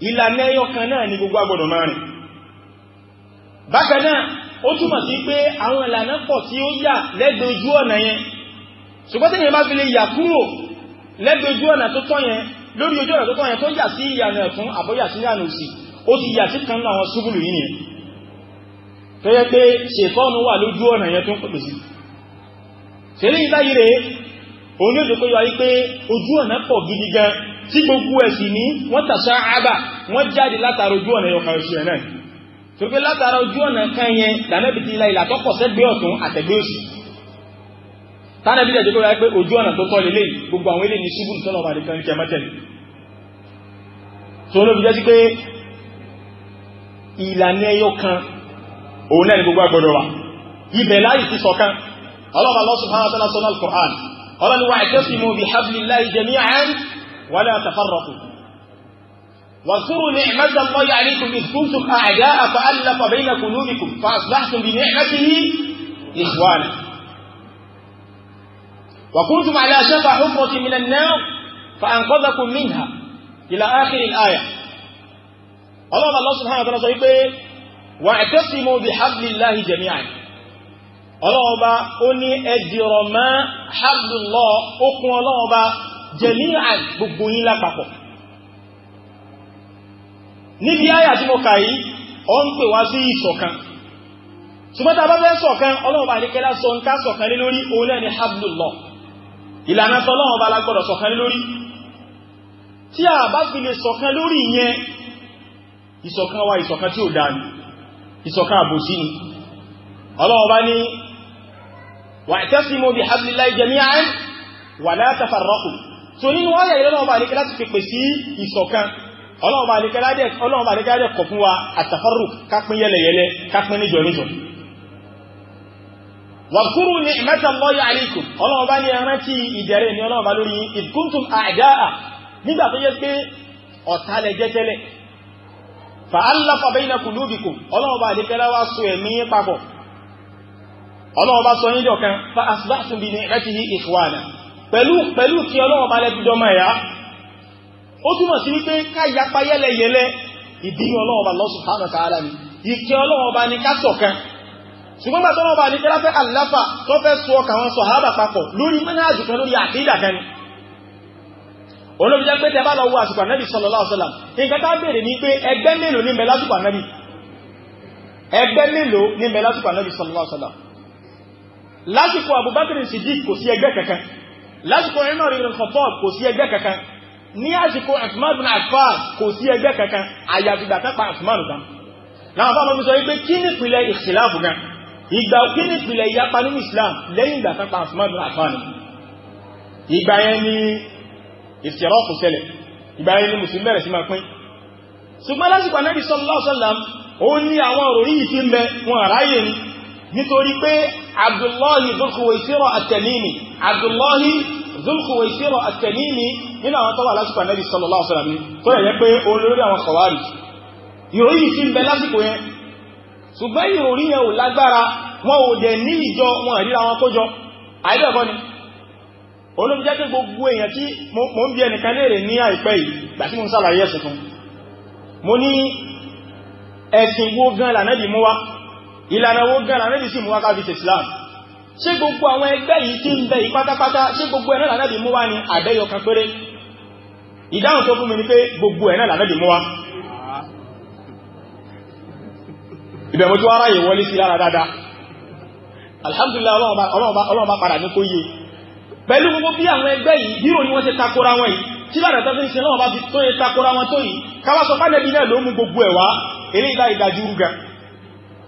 ìlànà ẹyọ kan náà ni gbogbo agbọ́dọ̀ máa rìn bákan náà ó túmọ̀ sí pé àwọn ìlànà pọ̀ tí ó yà lẹ́gbẹ̀ẹ́ ojú ọ̀nà yẹn ṣùgbọ́n tẹ́yìn bá fi lè yà kúrò lẹ́gbẹ̀ẹ́ ojú ọ̀nà tó tọ́ yẹn lórí ojú ọ̀nà tó tọ́ yẹn tó yà sí ìyànà ẹ̀fún àbọ́yà sí ìyànà òsì ó ti yà sí kan láwọn ṣúgùlù yìí nìyẹn tó yẹ pé ṣètọ́nù wà lójú ọ̀nà yẹn tó ń pèpè sí ṣe lè yí rèé òun ní òjò pé yọ ayé pé ojú ọ̀nà pọ̀ gidi gan tí gbogbo ẹ̀sì ní wọ́n tàṣà àbà wọ́n jáde látara ojú ọ̀nà ẹ̀yọ̀kan òṣìṣẹ́ náà tó pé látara ojú ọ̀nà kan yẹn tànẹ́bì ti la ìlà tó pọ̀ sẹ́gbẹ́ ọ̀tún àtẹ̀gbẹ́ òsì tànẹ́bì tẹ̀jẹ́ kó wáyé pé ojú ọ̀nà tó tọ́ lélẹ̀ gbogbo àwọn eléyìí ṣubú tọ́nà ọba nìkan kẹ mọ́tẹ̀lẹ̀ tó lóbi jẹ́ sí pé ìlànà ẹ̀yọ̀kan òun náà ni gbogbo agbọ́dọ̀ wà ibẹ̀ láyì ti ṣọ̀kan ọlọ́ba lọ́sùn fún àwọn tọ́lá sọ́nà al-Qur'an ọlọ́ni wa ولا تفرقوا واذكروا نعمة الله عليكم إذ كنتم أعداء فألف بين قلوبكم فأصبحتم بنعمته إخوانا وكنتم على شفا حفرة من النار فأنقذكم منها إلى آخر الآية الله الله سبحانه وتعالى صحيح واعتصموا بحبل الله جميعا الله أبا أني أجرما حبل الله أقوى الله أبا jẹ̀míàn gbogbo yín lápapọ̀ níbi àyà tí mo kà yìí ọ ń pè wá sí ìṣọ̀kan ṣùgbọ́n tá a bá fẹ́ ṣọ̀kan ọlọ́run bá ní kẹ́lá sọ ń ká ṣọ̀kan lé lórí òun náà ni hablullah ìlànà sọ ọlọ́run bá lágbọ́dọ̀ ṣọ̀kan lé lórí tí a bá fi lè ṣọ̀kan lórí ìyẹn ìṣọ̀kan wa ìṣọ̀kan tí ò dáa ni ìṣọ̀kan àbòsí ni ọlọ́run bá ní wa'tasimu bihablillahi jami'an wa la so nínú ayà ìlọ́lọ́wọ́ bá àríkẹ́ láti pèpè sí ìṣọ̀kan ọlọ́wọ́ bá àríkẹ́ láti kọ̀ wa àtàfàrù kápín yẹlẹyẹlẹ kápín níjọ níjọ wàkúrú ní ìmẹ́tàlọ́yà àríkù ọlọ́wọ́ bá ní ẹran tí ìdẹ̀rẹ̀ ẹ̀mí papọ̀ ọlọ́wọ́ sọ fa bí ní pẹ̀lú pẹ̀lú kí ọlọ́wọ́ bá lẹ́bí dọ́mà ẹ̀yà ó túnmọ̀ sí wípé ká yapa yẹ́lẹyẹlẹ ìdí ọlọ́wọ́ bá Allah subhanahu wa ta'ala ni ìkẹ́ ọlọ́wọ́ bá ní ká ṣọ̀kan ṣùgbọ́n bá tọ́lọ́wọ́ bá ní kẹ́lá fẹ́ àlàfà tó fẹ́ sọ ọkà wọn sàhábà papọ̀ lórí mẹ́nàjù kan lórí àkídà kan ni olóbi jẹ́ pé tẹ́bá lọ wo àsìkò ànábì sallallahu alaihi wasallam nǹkan tá bèèrè ní pé ẹgbẹ́ mélòó ní mẹ́lá sùpà kò sí ẹgbẹ́ kankan lásìkò Umar ibn Khattab kò sí ẹgbẹ́ kankan ní àsìkò Uthman ibn Affan kò sí ẹgbẹ́ kankan àyàfi ìgbà kan pa Uthman kan láwọn fáwọn fi sọ wípé kí ni ìpìlẹ̀ ìṣìláàfù gan ìgbà kí ni ìpìlẹ̀ ìyapa nínú Islam lẹ́yìn ìgbà kan pa Uthman ibn Affan ìgbà yẹn ni ìṣẹ̀rọ̀kù ṣẹlẹ̀ ìgbà yẹn ni ní nítorí pé abdullahi zulkuwaisiro at-Tamimi abdullahi zulkuwaisiro at-Tamimi nínú àwọn tọ́wà lásìkò ànábì sallallahu alaihi wasallam tó yẹ pé olórí àwọn kọwàrí ìròyìn sí ń bẹ lásìkò yẹn ṣùgbọ́n ìròyìn yẹn ò lágbára wọn ò dẹ̀ ní ìjọ wọn àríra wọn kójọ àìbẹ̀kọ́ ni olóbi jẹ́ pé gbogbo èèyàn tí mo ń bi ẹnìkan léèrè ní àìpẹ́ yìí gbà tí mo ń sàlàyé ẹ̀sìn fún mo ní ẹ̀sìn wo gan lànàbì mú wa ìlànà owó gan ànábì sì mú wá ká fi ṣe Islam ṣé gbogbo àwọn ẹgbẹ́ yìí tí ń bẹ yìí pátápátá ṣé gbogbo ẹ̀ náà lànàbì mú wá ní àbẹ́yọ kan péré ìdáhùn tó fún mi ni pé gbogbo ẹ̀ náà lànàbì mú wá ìbẹ̀mọ̀ tí wọ́n ráyè wọlé sí lára dáadáa alhamdulillah ọlọ́ọ̀bá padà ní kó yé pẹ̀lú gbogbo bí àwọn ẹgbẹ́ yìí bírò ni wọ́n ṣe takora wọn yìí tí lára tó ń ṣe lọ́wọ́ bá fi tó yẹ takora wọn tó yìí káwá sọ fánẹ́bí náà ló mú gbogbo ẹ̀ wá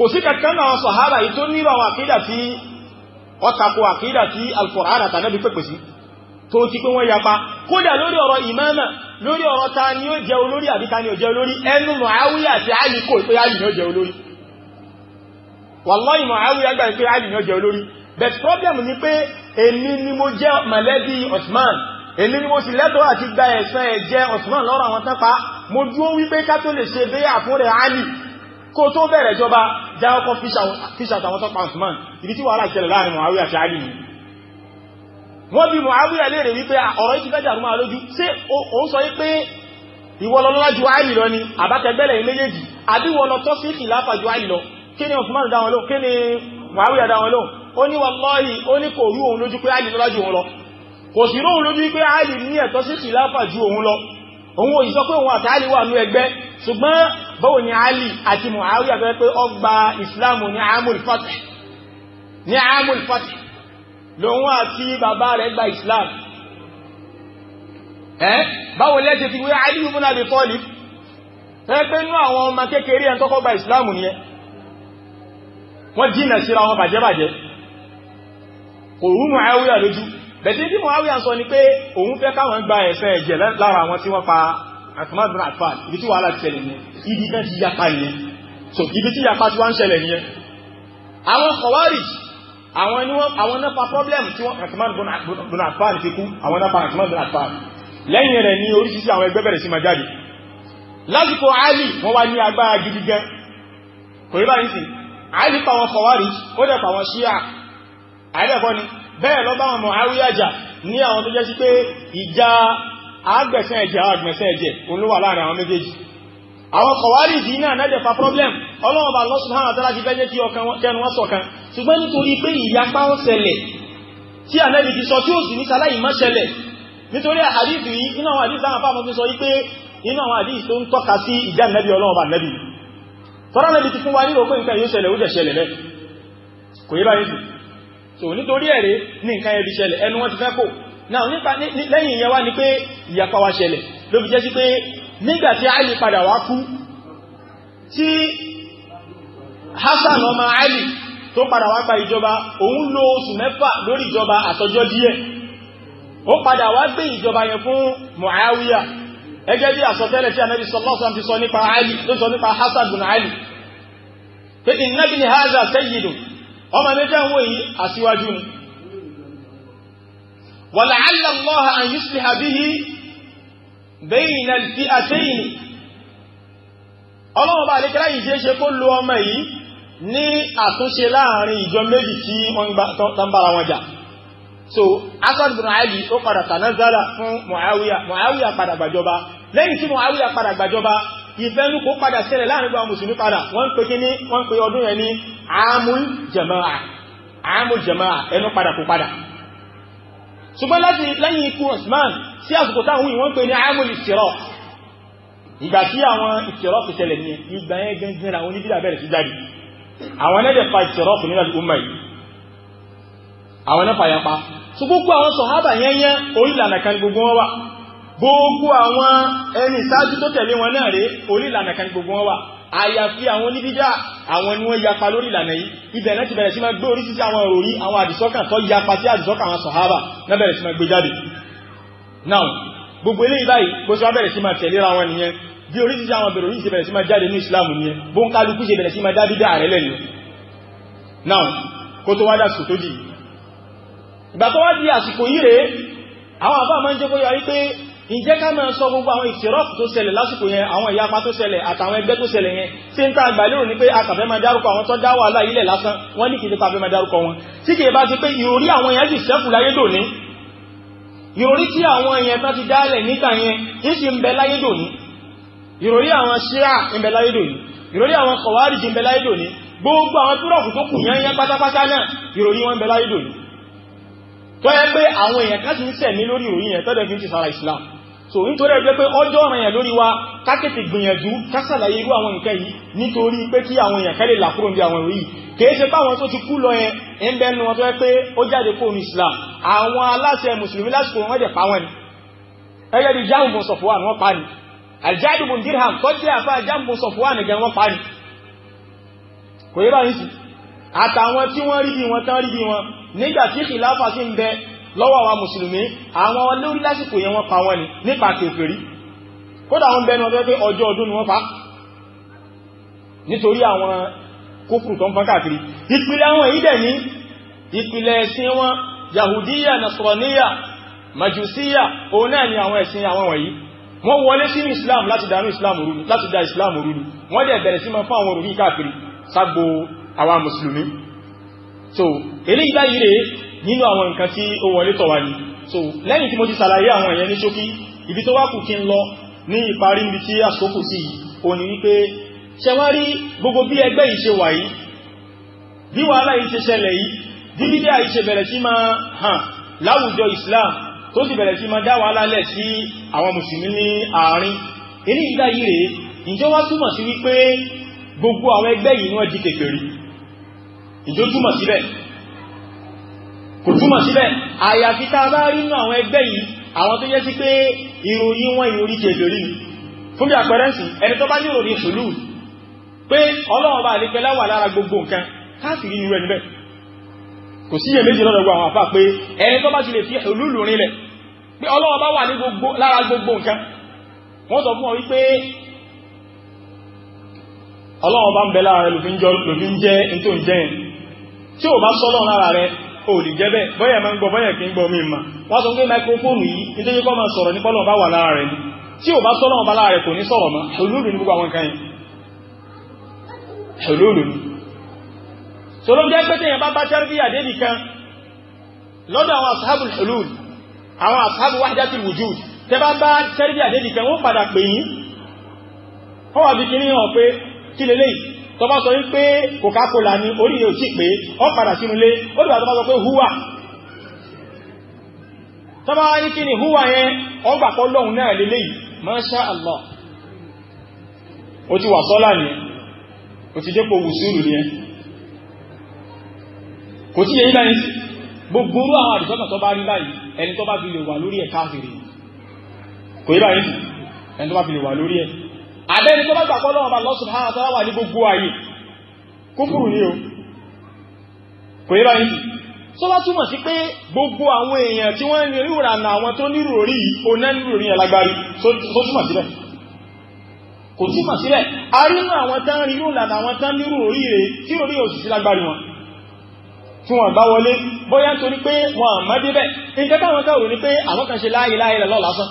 kò sí kankan náà sọ̀hábà yìí tó nílò àwọn àkídà tí wọ́n tako àkídà tí alkùnrin àtànẹ́bí pèpè sí tó ti pé wọ́n yapa kódà lórí ọ̀rọ̀ ìmáàmà lórí ọ̀rọ̀ ta ni ó jẹ olórí àbí ta ni ó jẹ olórí ẹnu Muawiya àti Àlì kò pé Àlì ni ó jẹ olórí wallahi Muawiya gbà pé Àlì ni ó jẹ olórí èmi ni mo sì lẹ́tọ̀ọ́ àti gba ẹ̀san ẹ̀jẹ̀ Osman lọ́rọ̀ àwọn tápa mo dúró wípé ká tó lè ṣe bẹ́ẹ̀ àfúnrẹ̀ Àlì kó tó bẹ̀rẹ̀ jọba jáwọ́kọ́ fíṣà àtàwọn tọ́pa Usman ibi tí wàhálà ìṣẹ̀lẹ̀ láàrin Muawiya àti Ali ni wọ́n bí Muawiya léèrè wípé ah, ọ̀rọ̀ yìí ti lójú ṣé ó ń sọ wípé ìwọ lọ lọ ni àbákẹgbẹ́lẹ̀ yìí méjèèjì àbí wọ́n lọ tọ́ sí ìlàfà ju Ali lọ kí ni Usman dá wọn lóhùn kí ni Muawiya dá wọn lóhùn ó ní wallahi ó ní kò rú òun lójú pé Ali lọ́lá ju òun lọ kò sì róhun lójú pé Ali ní ẹ̀tọ́ sí ìlàfà ju òun lọ òun ò sì sọ báwo ni Ali àti Muawiya àti pé ọgbà ìsìláàmù ní amul fatih ní amul fatih lòun àti bàbá rẹ̀ gba ìsìláàmù ẹ́ báwo lẹ́ṣe ti wé Ali ibn Abi Talib ẹ́ pé inú àwọn ọmọ kékeré ẹ̀ tọ́kọ́ gba ìsìláàmù ni ẹ́ wọ́n jìnà síra wọn bàjẹ́bàjẹ́ kò rú Muawiya lójú bẹ̀tí tí Muawiya sọ ni Usman bin Affan ibi tí wàhálà ti ṣẹlẹ̀ yẹn ibi náà ti yapa yẹn so ibi tí yapa ti wá ń ṣẹlẹ̀ yẹn àwọn kọ̀wárì àwọn ni wọ́n àwọn nápa problem tí wọ́n Usman bin Affan ti kú àwọn nápa Usman bin Affan lẹ́yìn rẹ̀ ní oríṣiríṣi àwọn ẹgbẹ́ bẹ̀rẹ̀ sí máa jáde lásìkò Ali wọ́n wá ní agbára gidi gan kò rí báyìí sí Ali pa àwọn kọ̀wárì ó dẹ̀ pa àwọn ṣíà àìdẹ̀kọ́ ni bẹ́ẹ̀ lọ bá àwọn mọ̀ àríyàjà ní àwọn tó jẹ́ sí pé ìjà àgbẹ̀sẹ̀ ẹ̀jẹ̀ àgbẹ̀sẹ̀ ẹ̀jẹ̀ olówà láàrin àwọn méjèèjì àwọn kọ̀wárì yìí náà nẹ́jẹ̀ fa problem ọlọ́run bá lọ́sùn hàn àtàlá ti fẹ́jẹ́ kí ọkàn kẹnu wọn sọ̀kan ṣùgbọ́n nítorí pé ìyapa ó ṣẹlẹ̀ tí ànẹ́bì ti sọ tí ó sì ní sáláì má ṣẹlẹ̀ nítorí àdìsì yìí inú àwọn àdìsì àwọn fáwọn fi sọ wípé inú àwọn àdìsì tó ń tọ́ka sí ìjà nẹ́bì ọlọ́run bá nẹ́bì tọ́lá nẹ́bì ti fún wa nílò so nítorí ẹ̀rẹ́ ní nǹkan ẹbí ṣẹlẹ̀ ẹnu wọn ti fẹ́ kò náà nípa lẹ́yìn ìyẹn wá ni pé ìyapa wá ṣẹlẹ̀ ló fi jẹ́ sí pé nígbà tí Ali padà wá kú tí Hassan ọmọ Ali tó padà wá gba ìjọba òun lò oṣù mẹ́fà lórí ìjọba àtọjọ́ díẹ̀ ó padà wá gbé ìjọba yẹn fún Muawiya ẹgẹ́ bí àsọtẹ́lẹ̀ tí Ànábì sallallahu alaihi sọ nípa Hassan bin Ali pé inna ibni hadha sayyidun ọmọ méjì àwọn ولعل الله أن يصلح به بين الفئتين ọlọ́wọ́ bá alékẹ́lá yìí jẹ́ ṣe kó lo ọmọ yìí ní àtúnṣe láàrin ìjọ méjì tí wọ́n ń bára wọn jà so Asad bin Ali ó padà tànázàlà fún Muawiya Muawiya padà gbàjọba lẹ́yìn tí Muawiya padà gbàjọba ìfẹ́nukò padà ṣẹlẹ̀ láàrin gbà mùsùlùmí padà wọ́n ń pè kí ní wọ́n ń pè ọdún yẹn ní amul jama'a amul jama'a ẹnu padà kò padà ṣùgbọ́n láti lẹ́yìn ikú Usman sí àsìkò táwọn yìí wọ́n pè ní amúlì ìṣẹ̀rọ̀ ìgbà tí àwọn ìṣẹ̀rọ̀ fi ṣẹlẹ̀ ní ìgbà yẹn gẹ́gẹ́ àwọn oníbílà bẹ̀rẹ̀ sí jáde àwọn ẹ̀dẹ̀ fa ìṣẹ̀rọ̀ fún nílẹ̀ umma yìí àwọn ẹ̀fà yẹn pa so gbogbo àwọn sọ̀hábà yẹn yẹn orí ìlànà kan gbogbo wọn wà gbogbo àwọn ẹni ìṣáájú tó tẹ̀lé wọn náà rèé orí kan gbogbo wọn wà àyàfi àwọn oníbídà àwọn ni wọ́n yapa lórí ìlànà yìí ibẹ̀ náà ti bẹ̀rẹ̀ sí máa gbé oríṣiríṣi àwọn òrí àwọn àdìsọ́kàn tó yapa sí àdìsọ́kàn àwọn sọ̀hábà náà bẹ̀rẹ̀ sí máa gbé jáde now gbogbo eléyìí báyìí bó ṣe wá bẹ̀rẹ̀ sí máa tẹ̀léra wọn nìyẹn bí oríṣiríṣi àwọn bẹ̀rẹ̀ oríṣiríṣi bẹ̀rẹ̀ sí máa jáde ní ìsìláàmù nìyẹn bó ń kálukú ṣe bẹ̀rẹ̀ sí máa dábídà ààrẹ lẹ́nu now kó tó wá dàsùkò tó dì ìgbà tó wá di àsìkò yìí rèé àwọn àbá máa ń jẹ́ kó yọ wípé ǹjẹ́ ká máa sọ gbogbo àwọn ìṣẹ́rọ́fù tó ṣẹlẹ̀ lásìkò yẹn àwọn ìyapa tó ṣẹlẹ̀ àtàwọn ẹgbẹ́ tó ṣẹlẹ̀ yẹn ṣé ń ta àgbàlérò ni pé a kàn fẹ́ máa dárúkọ àwọn tó dá wàhálà ilẹ̀ lásán wọ́n ní kì í ṣe pa fẹ́ máa dárúkọ wọn tí kì í bá ti pé ìròrí àwọn yẹn sì ṣẹ́kù láyé dòní ìròrí tí àwọn yẹn bá ti dálẹ̀ níta yẹn ń sì ń bẹ láyé dòní ìròrí àwọn ṣíà ń láyé dòní ìròrí àwọn kọ̀wárìjì ń bẹ láyé dòní gbogbo àwọn túrọ̀kù tó kù yán yán pátápátá náà ìròrí wọn ń láyé dòní tó yẹ pé àwọn èèyàn kan sẹ̀mí lórí ìròyìn yẹn tọ́dẹ̀ fi ń ti sára Islam so nítorí ẹgbẹ́ pé ọjọ́ ọ̀ràn yẹn lórí wa kákètè gbìyànjú kásàlàyé irú àwọn nǹkan yìí nítorí pé kí àwọn èèyàn kẹ́lẹ̀ làkúrò ní àwọn ìròyìn kìí ṣe báwọn tó ti kú lọ yẹn ń wọn tó yẹ pé ó jáde kó ní Islam àwọn aláṣẹ mùsùlùmí lásìkò wọn dẹ̀ pa wọn ni ẹgbẹ́ bíi jáàmù bùn sọ̀fọ̀ wọn pa ni àjáàdù bùn dirham tó jẹ́ àfa jáàmù bùn sọ̀fọ̀ wọn gan wọn pa ni kò yẹ báyìí sí àtàwọn tí wọ́n rí bí wọn tán rí bí wọn nígbà tí kìláfà sí ń bẹ lọ́wọ́ àwọn mùsùlùmí àwọn olórí lásìkò yẹn wọ́n pa wọ́n ni nípa kèfèrí kódà wọ́n bẹnu ọdún pé ọjọ́ ọdún ni wọ́n pa nítorí àwọn kófùrù tó ń fọ́n káàkiri ìpìlẹ̀ àwọn èyí dẹ̀ ní ìpìlẹ̀ ẹ̀sìn wọn yahudiya nasraniya majusiya òun náà ni àwọn ẹ̀sìn àwọn wọ̀nyí wọ́n wọlé sínú islam láti dànù islam rú ni da islam rú ni wọ́n dẹ̀ bẹ̀rẹ̀ sí máa fún so eléyìí báyìí rèé nínú àwọn nǹkan tí ó wọlé tọ̀ wá so lẹ́yìn tí mo ti ṣàlàyé àwọn ìyẹn ní ṣókí ibi tó wá kù kí n lọ ní ìparí níbi tí àsìkò sí yìí ó ní wípé ṣe wá rí gbogbo bí ẹgbẹ́ yìí ṣe wà yìí bí wàhálà yìí ṣe ṣẹlẹ̀ yìí bí bídíà yìí ṣe bẹ̀rẹ̀ sí máa hàn láwùjọ Islam tó sì bẹ̀rẹ̀ sí máa dá wàhálà lẹ̀ sí àwọn mùsùlùmí ní àárín ilé ìdá yìí rèé ǹjẹ́ wá túmọ̀ sí wípé gbogbo àwọn ẹgbẹ́ yìí ni wọ́n di kékeré ìjó túmọ̀ síbẹ̀ kò túmọ̀ síbẹ̀ àyàfi tá a bá rí inú àwọn ẹgbẹ́ yìí àwọn tó jẹ́ sí pé ìròyìn wọn ìròyìn kèfèrí ni fún bí àpẹẹrẹ ń sìn ẹni tó bá ní ìròyìn sùlù pé ọlọ́run bá àlefẹ́ láwà lára gbogbo nǹkan káàkiri irú ẹni bẹ́ẹ̀ kò sí iye méjì lọ́dọ̀ gbogbo àwọn àfà pé ẹni tó bá ti lè fi hululu rinlẹ̀ pé ọlọ́run bá wà lára gbogbo nǹkan wọ́n sọ fún ọ wípé ọlọ́run bá ń bẹ lára rẹ lòfin jẹ́ ní tó ń jẹ́ tí ò bá sọ́lọ́run lára rẹ o lè jẹ́ bẹ́ẹ̀ bọ́yà máa ń gbọ́ bọ́yà kí ń gbọ́ mi mà wọ́n sọ pé máikrófóònù yìí nítorí kọ́ máa sọ̀rọ̀ nípa Ọlọ́run bá wà lára rẹ̀ ni tí ò bá sọ Ọlọ́run bá lára rẹ̀ kò ní sọ̀rọ̀ mọ́ hululu ní gbogbo àwọn nǹkan yẹn hululu ni sọlọ́ jẹ́ pé téèyàn bá bá tẹ́rìbíyà débì kan lọ́dọ̀ àwọn ashabul hulul àwọn ashabu wahdatul wujud tẹ́ bá bá tẹ́rìbíyà débì tó bá sọ wípé coca-cola ni orí yóò tí pé ọ padà sínú lé ó dìbà tó sọ pé húwà tó bá kí ni húwà yẹn ọgbà pọ̀ lọ́hun náà lélẹ̀ yìí masha allah ó ti wà sọ́là ni ó ti dépò wùsùlù ni kò tí yẹ yí báyìí gbogbo orú àwọn àdìsọ́nà tó bá rí báyìí ẹni tó bá fi lè wà lórí ẹ̀ káàkiri kò yí báyìí ẹni tó fi lè wà lórí ẹ̀ àbẹ́ni tó bá gbà pọ́ lọ́wọ́ bá Allah subhanahu wa ta'ala wà ní gbogbo ayé kúfùrù ní o kò yí báyìí tó bá túmọ̀ sí pé gbogbo àwọn èèyàn tí wọ́n ní ríra na àwọn tó nírò rí onẹ́nìrò rí alágbárí tó túmọ̀ sílẹ̀ kò túmọ̀ sílẹ̀ a rí nú àwọn tán rí ríra na àwọn tán nírò rí rẹ̀ tí orí òsì sí lágbárí wọn tí wọ́n bá wọlé bóyá nítorí pé wọ́n àmọ́ débẹ̀ nǹkan táwọn káwò ní pé àwọn kan ṣe la ilaha illallah lásán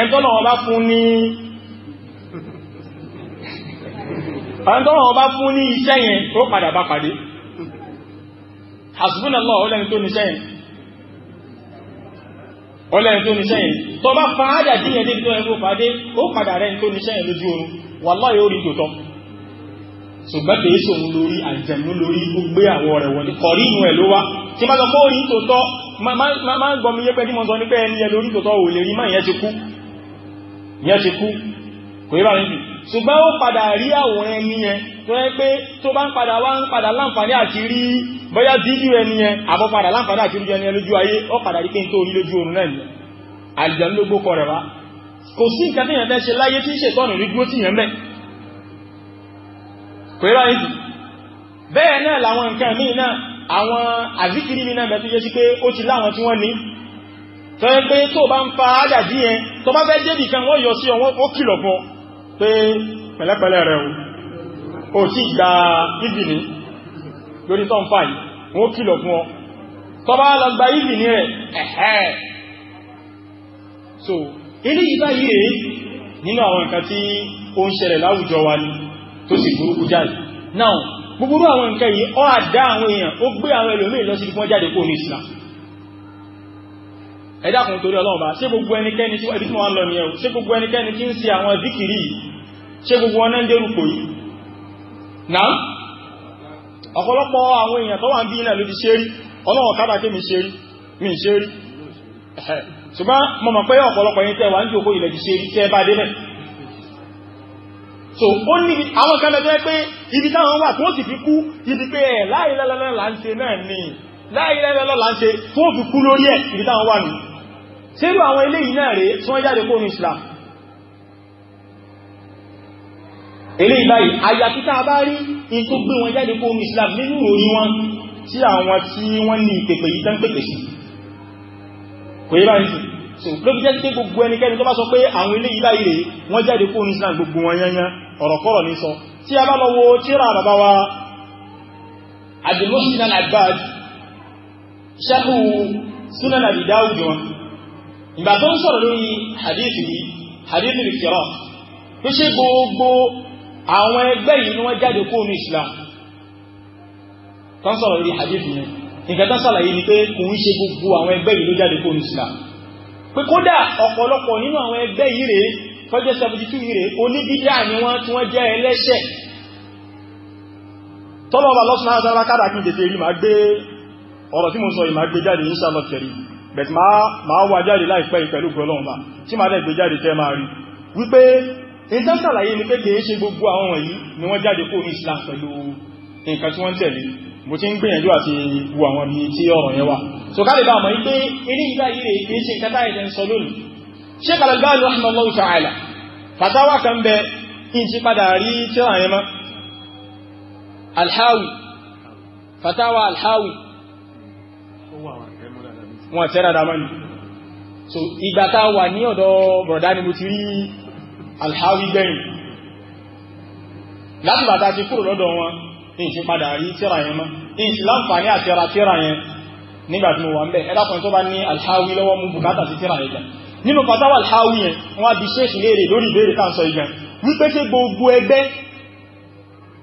ẹ̀ntọ́nà ọba fún ní iṣẹ́ yẹn tó padà bá pàdé hasbunallah ọlẹ́ni tó níṣẹ́ yẹn ọlẹ́ni tó níṣẹ́ yẹn tó bá fa ájá tí yẹn débi tó ẹgbó pàdé ó padà rẹ̀ tó níṣẹ́ yẹn lójú oorun wallahi orí tòótọ́ ṣùgbọ́n kìí ṣòun lórí àjẹ̀mú lórí gbogbo àwọn rẹ̀ wọ̀nyí kọ̀rí inú ẹ̀ ló wá tí má sọ pé orí tòótọ́ má gbọmiyé pé tí mo sọ ní pé ẹni ẹ lórí tòótọ́ ò lè rí má yẹn ti kú ìyẹn ti kú kò yẹ bá mi bì ṣùgbọ́n ó padà rí àwòrán ẹni yẹn tó yẹ pé tó bá ń padà wá ń padà láǹfààní àti rí bóyá fídíò ẹni yẹn àbọ̀ padà láǹfààní àti rí ẹni yẹn lójú ayé ó padà rí pé n tó rí lójú oorun náà nìyẹn àlìjáde ló gbókọ rẹ̀ wá kò sí nǹkan tí yẹn fẹ́ ṣe láyé tí ń ṣètọ́nù rí dúró tì yẹn mẹ́ kò yẹ bá mi bì bẹ́ẹ̀ náà làwọn nǹkan míì tó yẹ pé tó bá ń fa ájàdí yẹn tó bá fẹ́ débì kan wọ́n yọ sí ọ wọ́n kìlọ̀ fún pé pẹ̀lẹ́pẹ̀lẹ́ rẹ̀ o ò tí gba ìbì ní lórí tó ń fa yìí wọ́n fún ọ tó so ilé yìí báyìí rèé nínú àwọn nǹkan tí ó ń ṣẹlẹ̀ láwùjọ wa ni tó sì burúkú now búburú àwọn nǹkan yìí ó àdá àwọn èèyàn ó gbé àwọn ẹlòmíì lọ sí ibi wọ́n jáde kó ní Islam ẹ dákun torí Ọlọ́run bá ṣé gbogbo ẹnikẹ́ni tí ibi tí wọ́n lọ nìyẹn ṣé gbogbo ẹnikẹ́ni tí ń ṣe àwọn díkìrì yìí ṣé gbogbo wọn náà ń dérú pò yìí náà ọ̀pọ̀lọpọ̀ àwọn èèyàn tó wà ń bí iná ló ti ṣe rí Ọlọ́run kádà kémi ṣe rí mi ṣe rí ṣùgbọ́n mo mọ̀ pé ọ̀pọ̀lọpọ̀ yín tẹ́ wà ń jòkó ilẹ̀ ti ṣe rí tẹ́ bá débẹ̀ so ó ní àwọn kan lọ́jọ́ pé ibi táwọn wà tó sì fi kú ibi pé ẹ̀ láìlẹ́lẹ́lẹ́ là ń ṣe náà ni láìlẹ́lẹ́lẹ́ là ń ṣe tó fi kú lórí ẹ̀ ibi táwọn wà nù sírù àwọn ilé yìí náà rẹ̀ tí wọ́n jáde kó ní Islam ilé ìbáyìí àyàkítà bá rí in tó gbé wọn jáde kó ní Islam nínú orí wọn tí àwọn tí wọ́n ní ìpèpè yìí tán pèpè sí kò yí báyìí so ló fi jẹ́ pé bá sọ tí a bá lọ wo tíra bàbá wa Abdul Muhsin Al-Abbad Sheikh Sunan Abi Dawud wọn ìgbà tó ń sọ̀rọ̀ lórí hadith yìí hadith al-firaq tó ṣe gbogbo àwọn ẹgbẹ́ yìí ni wọ́n jáde kó ní islam tó ń sọ̀rọ̀ lórí hadith yìí nǹkan tó sàlàyé ni pé kò ń ṣe gbogbo àwọn ẹgbẹ́ yìí ló jáde kó ní islam pé kódà ọ̀pọ̀lọpọ̀ nínú àwọn ẹgbẹ́ yìí rèé tọ́jẹ́ seventy two yìí rèé oníbídà ni wọ́n tí wọ́n jẹ́ ẹlẹ́ṣẹ̀ tọ́lọ́ ọba lọ́sùn náà sára kádà kí n tètè rí màá gbé ọ̀rọ̀ tí mo sọ yìí màá gbé jáde insha Allah kẹrin but máa wà jáde láìpẹ́ ìpẹ̀lú gọlọ́ọ̀bá tí máa dẹ̀gbẹ̀ jáde tẹ́ máa rí wípé ìtàn ṣàlàyé ni pé kìí ṣe gbogbo àwọn wọ̀nyí ni wọ́n jáde kó ní Islam pẹ̀lú nǹkan tí wọ́n tẹ̀lé mo ti so ká lè bá àmọ́ wípé eré ìgbà yìí rè kìí ṣe nǹkan táyẹ̀ ń sọ lónìí Sheikh Al-Albani rahimahullahu ta'ala fatawa wọn tẹ́ dáadáa mọ́ so ìgbà tá a wà ní ọ̀dọ̀ bọ̀dá ni mo ti rí alhawi gbẹ̀yìn láti bàtà ti kúrò lọ́dọ̀ wọn ní ìfi padà rí tíra yẹn mọ́ ní ìfi láǹfààní àti ara tíra yẹn ní alhawi lọ́wọ́ mú bùkátà sí tíra yẹn nínú fatawa alhawi yẹn wọ́n á bi ṣéèkì léèrè lórí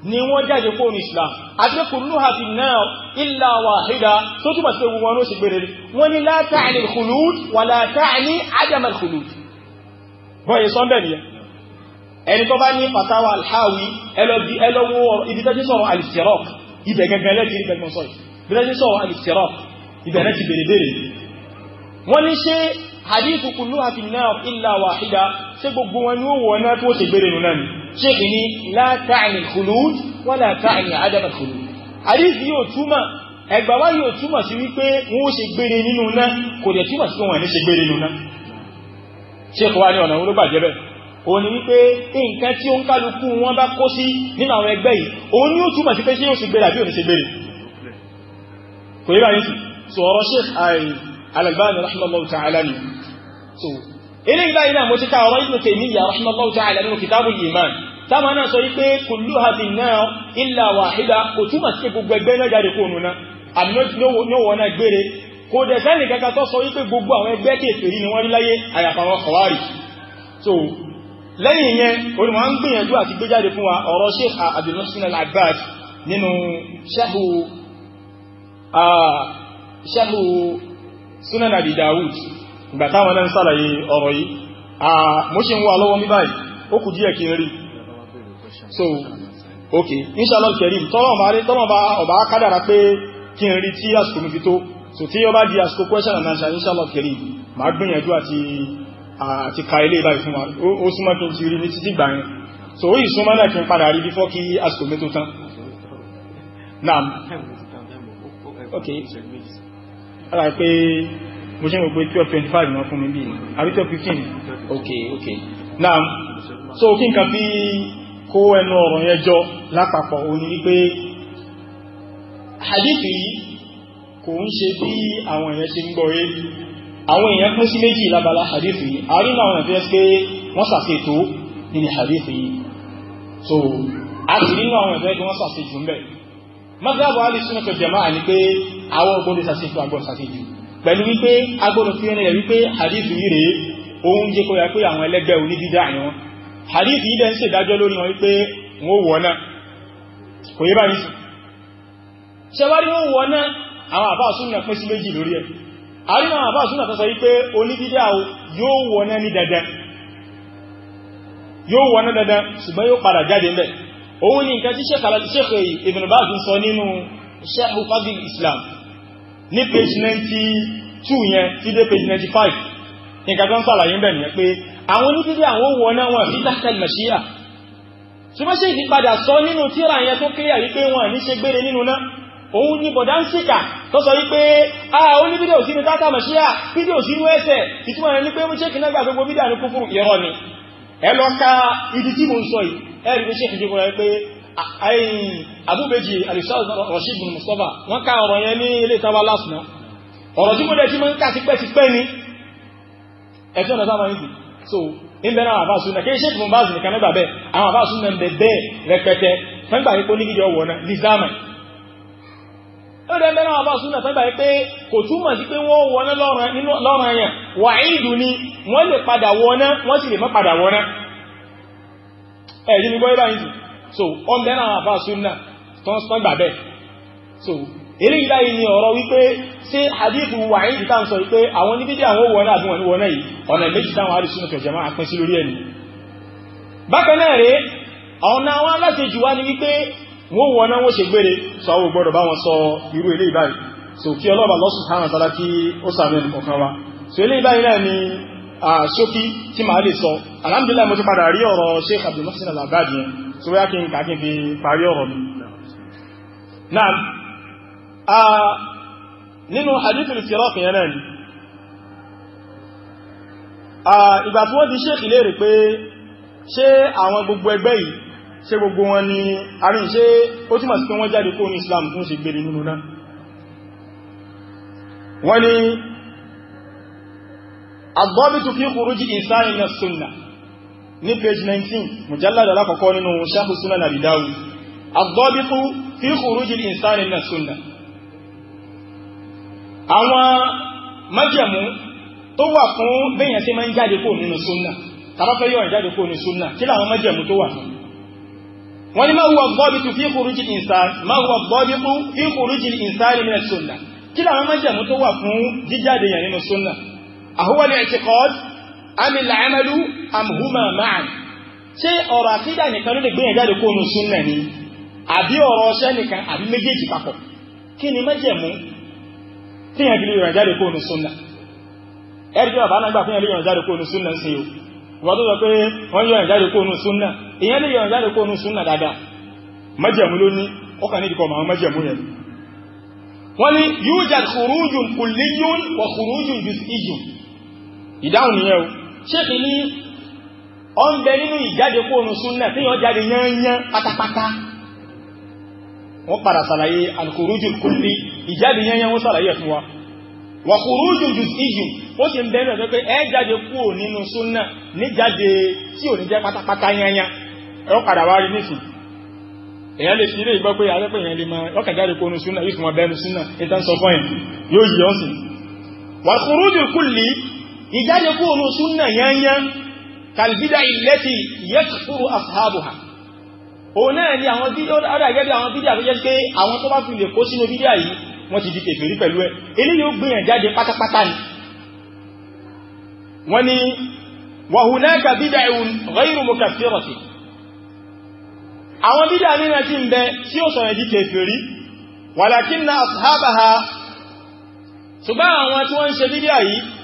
ni wọ́n jáde kó ní islam àti kulluha fi náà illa wahida tó túbà sí ewu wọn ó sì gbèrè wọ́n ni la ta'ni al-khulud wà la ta'ni adam al-khulud bọ́yẹ sọ́ndẹ̀ ni ẹni tó bá ní fatawa alhawi ẹlọ́bí ẹlọ́wọ́ ibi tẹ́jú sọ̀rọ̀ al hadithu kulluha fi an-nar illa wahida ṣé gbogbo wọn ni ó wọ̀ náà tó ṣe gbére nù náà ni ṣé kì ní la ta'ni al-khulud wa la ta'ni adam al-khulud hadith yóò túmọ̀ ẹgbà wá yóò túmọ̀ sí wípé wọ́n ó ṣe gbére nínú náà kò dẹ̀ túmọ̀ sí pé wọ́n ní ṣe gbére nínú náà ṣé kò wá ní ọ̀nà olóbàjẹ́ ta'ala ni so eléyìí báyìí náà mo ti ka ọ̀rọ̀ Ibn Taymiyyah rahimahullahu ta'ala nínú kitabul iman táwọn náà sọ yí pé kulluha fin nar illa wahida kò túmọ̀ sí gbogbo ẹgbẹ́ náà jáde kó nùnà àmì ní òwò náà gbére kò dẹ̀ kankan tó sọ yí pé gbogbo àwọn ẹgbẹ́ kèfèrí ni wọ́n rí láyé àyàfà so lẹ́yìn yẹn olùmọ̀ ń gbìyànjú àti gbé jáde fún wa ọ̀rọ̀ Sheikh Abdul Muhsin Al-Abbad nínú sẹ́hù ah, Sunan Abi Dawud ìgbà táwọn sàlàyé ọ̀rọ̀ yìí à mo ṣe ń wà lọ́wọ́ mi báyìí ó kù díẹ̀ kí n rí so ok inshallah kerim tọ́lọ̀ ọba kádàrà pé kí n rí tí àsìkò mi fi tó so tí ó bá di àsìkò question and inshallah kerim màá gbìyànjú àti àti ka ilé ìbáyìí fún wa ó so ó yìí súnmọ́ náà kí n padà rí bífọ́ kí ok ara pé mo ṣe ń wò twelve twenty five náà fún mi bí àbí twelve fifteen ok ok now so kí nǹkan fi kó ẹnu ọ̀rọ̀ yẹn jọ lápapọ̀ òní wípé hadith yìí kò ń ṣe bí àwọn èèyàn ṣe ń gbọ́ yé àwọn èèyàn pín sí méjì lábala hadith yìí àárín àwọn èèyàn fi ẹ́ pé wọ́n ṣàṣètò nínú hadith yìí so a sì nínú àwọn èèyàn pé wọ́n ṣàṣejù ń bẹ̀ mọ́tàbọ̀ alìsúnà tó jẹ̀máà ni pé àwọn ògbóni ṣàṣètò àgbọ̀ ṣàṣejù pẹ̀lú wípé agbọ́dọ̀ fi ẹni rẹ̀ wípé hadith yìí rèé òun jẹ́ kó yà pé àwọn ẹlẹ́gbẹ́ òní dídá ni wọn hadith yìí dẹ̀ ń ṣèdájọ́ lórí wọn wípé wọn ò wọ̀ náà kò yé báyìí sùn ṣe wá rí wọn wọ̀ náà àwọn àbá súnà pín sí méjì lórí ẹ̀ àárín àwọn àbá súnà tó sọ wípé náà ní Islam ní page ninety two yẹn sí dé page ninety five nǹkan tó ń sàlàyé ń bẹ̀ nìyẹn pé àwọn onídídé àwọn owó ọ̀nà wọn sí dákẹ́ mẹ̀ṣíà ṣùgbọ́n ṣe ìpadà sọ nínú tíra yẹn tó kílíà wípé wọn ní ṣe gbére nínú náà òun ní bọ̀dá ń síkà tó sọ wípé àà ó ní bídẹ̀ òsínú tátà mẹ̀ṣíà bídẹ̀ òsínú ẹsẹ̀ ìtumọ̀ rẹ̀ ní pé mú ṣe kìí náà gbogbo bídẹ̀ àní kúfùrù ìrọ́ ni ẹ lọ ka ibi tí mo ń sọ yìí ẹ rí pé ṣe kìí ayi abubeji alishaz rashid bin mustapha wọ́n ká ọ̀rọ̀ yẹn ní ilé ìtawà lásìnà ọ̀rọ̀ tí mo dẹ̀ tí mo ń ká ti pẹ́ ti pẹ́ ni ẹ̀tí ọ̀nà sáwọn ìdí so ń bẹ̀rẹ̀ àwọn àbáṣú náà kí ṣe fún báàzì nìkan nígbà bẹ́ẹ̀ àwọn àbáṣú náà bẹ̀ bẹ́ẹ̀ rẹpẹtẹ fẹ́ngbà yìí kó ní gidi ọwọ́ náà lizama ó dẹ̀ bẹ̀rẹ̀ àwọn àbáṣú náà fẹ́ngbà yìí pé kò túmọ̀ sí pé wọ́n wọná lọ́rùn ẹ̀yàn wà ìdù ni wọ́n lè padà wọná wọ́n sì lè má padà wọná ẹ̀yìn ni gbọ́ so wọ́n bẹ́ẹ̀ náà àfa sunna tó ń sọ́gbà bẹ́ẹ̀ so eléyìí báyìí ni ọ̀rọ̀ wípé ṣé hadith wàáyé ìta ń sọ wípé àwọn níbi tí àwọn wọ̀nà àti wọn wọ̀nà yìí ọ̀nà méjì táwọn àdìsúnà tó jẹ́ máa pín sí lórí ẹni bákan náà rèé ọ̀nà àwọn aláṣejù wá ní wípé wọ́n wọ̀nà wọ́n ṣe gbére sọ àwọn gbọ́dọ̀ bá wọn sọ irú eléyìí báyìí so kí ọlọ́ba lọ́sùn táwọn àtàlá kí ó sàmì ẹnì kọ̀ọ̀kan wa so eléyìí báyìí náà ni ṣókí tí màá lè sọ alhamdulillah mo ti padà rí ọ̀rọ̀ Sheikh Abdul Muhsin Al-Abbad yẹn so wá kí n kàkí fi parí ọ̀rọ̀ mi náà a nínú hadithul sirat yẹn náà ni a ìgbà tí wọ́n di ṣe ìlérè pé ṣé àwọn gbogbo ẹgbẹ́ yìí ṣé gbogbo wọn ni àrin ṣé ó túnmọ̀ sí pé wọ́n jáde kó ní Islam tún ṣe gbèrè nínú náà wọ́n ni agbọ́bìtù fi kúrú jí ìsáyìn náà sunnah ní page 19 mujallada alákọ̀ọ́kọ́ nínú sharh sunan Abi Dawud ad-dabitu fi khuruj al-insani min as-sunnah àwọn májẹ̀mú tó wà fún bẹ́yàn sí máa ń jáde kó nínú súnnà tàbáfẹ́ yọ ìjáde kó nínú súnnà kí láwọn májẹ̀mú tó wà fún wọ́n ni máa huwa ad fi khuruj al-insan máa huwa kí láwọn májẹ̀mú tó wà fún jíjáde yàn nínú súnnà ahuwa al àmì làámẹ́lú àmhúmà máà ṣé ọ̀rọ̀ àkídà nìkan ló lè gbé yẹn jáde kó nu súnnà ni àbí ọ̀rọ̀ ọṣẹ́ nìkan àbí méjèèjì papọ̀ kí ni májẹ̀mú tí yẹn fi lè yọ̀rọ̀ jáde kó nu súnnà ẹ̀rí pé bàbá náà gbà fún yẹn lè yọ̀rọ̀ jáde kó nu súnnà sí o wọ́n tó sọ pé wọ́n yọ̀rọ̀ jáde kó kùlíyùn wà kùrújùn jùsíyùn ìdáhùn nìyẹn o ṣéèkì ní ọ̀nbẹ nínú ìjáde kóòrùn súnnà tí yọ jáde yányán pátápátá wọ́n padà sàlàyé alkùrújù kùnlé ìjáde yányán wọ́n sàlàyé fún wa wà kùrújù jùsíjù ó sì ń bẹ̀rẹ̀ pé ẹ jáde kúrò nínú súnnà ní jáde tí ò ní jẹ́ pátápátá yányán ẹ̀rọ padà wá rí nísìn èyàn lè fi ilé ìgbọ́ pé arẹ́pẹ̀ èyàn lè máa ọkà jáde kó orin súnà yóò fi wọn bẹ́ẹ̀nu ìjáde kúrò ní súnnà yányán kàlbídà ìlẹ́tì yẹ́kùrù ashabuha òun náà ni àwọn bídíà ọ̀dà gẹ́gẹ́ bí àwọn bídíà tó jẹ́ pé àwọn tó bá fi lè kó sínú bídíà yìí wọ́n ti di kèfèrí pẹ̀lú ẹ̀ eléyìí ó gbìyàn jáde pátápátá ni wọ́n ni wa hunaka bídà ìwùn àwọn bídíà mìíràn ti ń bẹ tí ó sọ̀rọ̀ di kèfèrí walakinna ashabaha ṣùgbọ́n àwọn tí wọ́n ń ṣe bídíà yìí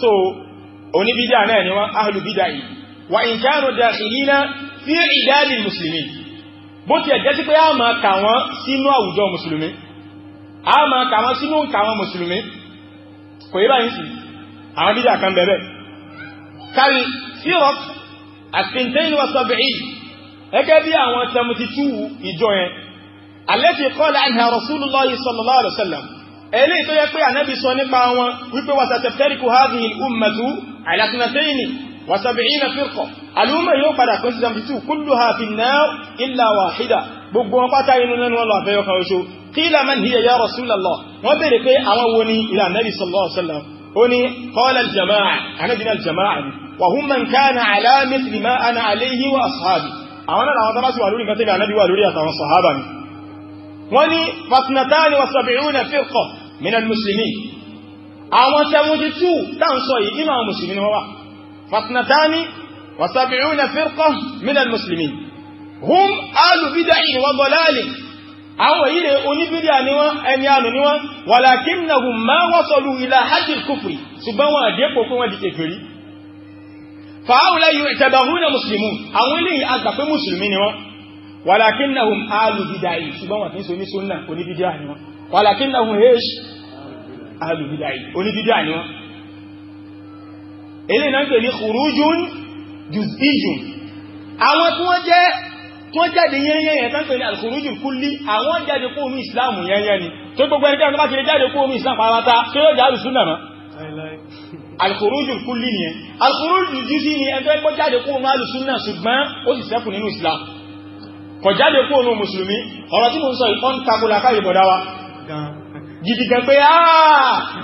so oníbídà náà ni wọ́n ahlu bídà yìí wà in kanu dakhilina fi ìdádi mùsùlùmí bó ti ẹ̀jẹ́ sí pé a máa kà wọ́n sínú àwùjọ mùsùlùmí a máa kà wọ́n sínú nǹkan àwọn mùsùlùmí kò yí báyìí sí àwọn bídà kan bẹ̀rẹ̀ kàrí sirat àtìntẹ́yìn wa sab'i gẹ́gẹ́ bí àwọn 72 ìjọ yẹn alẹ́ ti kọ́ lẹ́yìn Rasulullahi sallallahu alaihi eléyìí tó yẹ pé ànábì sọ nípa wọn wípé wasatafariqu hadhihi al-ummatu ala ithnatayni wa sab'ina firqa al-ummah yóò padà pín sí seventy two kulluha fi an-nar illa wahida gbogbo wọn pátá inú nínú wọn lọ àfẹ́yọ kan oṣù qila man hiya ya rasulallah wọ́n bèèrè pé àwọn wo àwọn náà làwọn wà lórí nǹkan tẹ́lẹ̀ ànábì wà lórí àtàwọn sahaba ni wọ́n ní fasnatani wa sabi'una firqa min al-muslimin àwọn 72 tán sọ yìí nínú àwọn musulmi wọ́n wà fasnatani wa sabi'una firqa min al-muslimin hum alu bid'in wa dalalin àwọn yìí oníbídíà ni wọ́n ẹni ànù ni wọ́n walakinnahum ma wasalu ila hadd al-kufri ṣùgbọ́n wọn àdépò fún walakinnahum alu bidai ṣùgbọ́n wọn kì í so ní sunna oníbídíà ni wọn walakinnahum hesh alu bidai oníbídíà ni wọn eléyìí náà ń pè ní khurujun juz'iyun àwọn tí wọ́n jẹ́ tí wọ́n jáde yẹ́nyẹ́ yẹn tán pè ní al-khurujul kulli àwọn jáde kó omi ìsìláàmù yẹ́nyẹ́ ni tó gbogbo ẹni tẹ́wọ́n bá ti lè jáde kó omi ìsìláàmù pàápàá tó yóò jáde súnà mọ́ al kulli ni ẹ al juz'i ni ẹgbẹ́ gbọ́ jáde omi alùsúnà ṣùgbọ́n ó sì sẹ́kù nínú ìsìláàmù kọ̀ jáde kú òun mùsùlùmí ọ̀rọ̀ tí mo ń sọ ìfọ́n takola káyè bọ̀dá wa gidi gan pé àà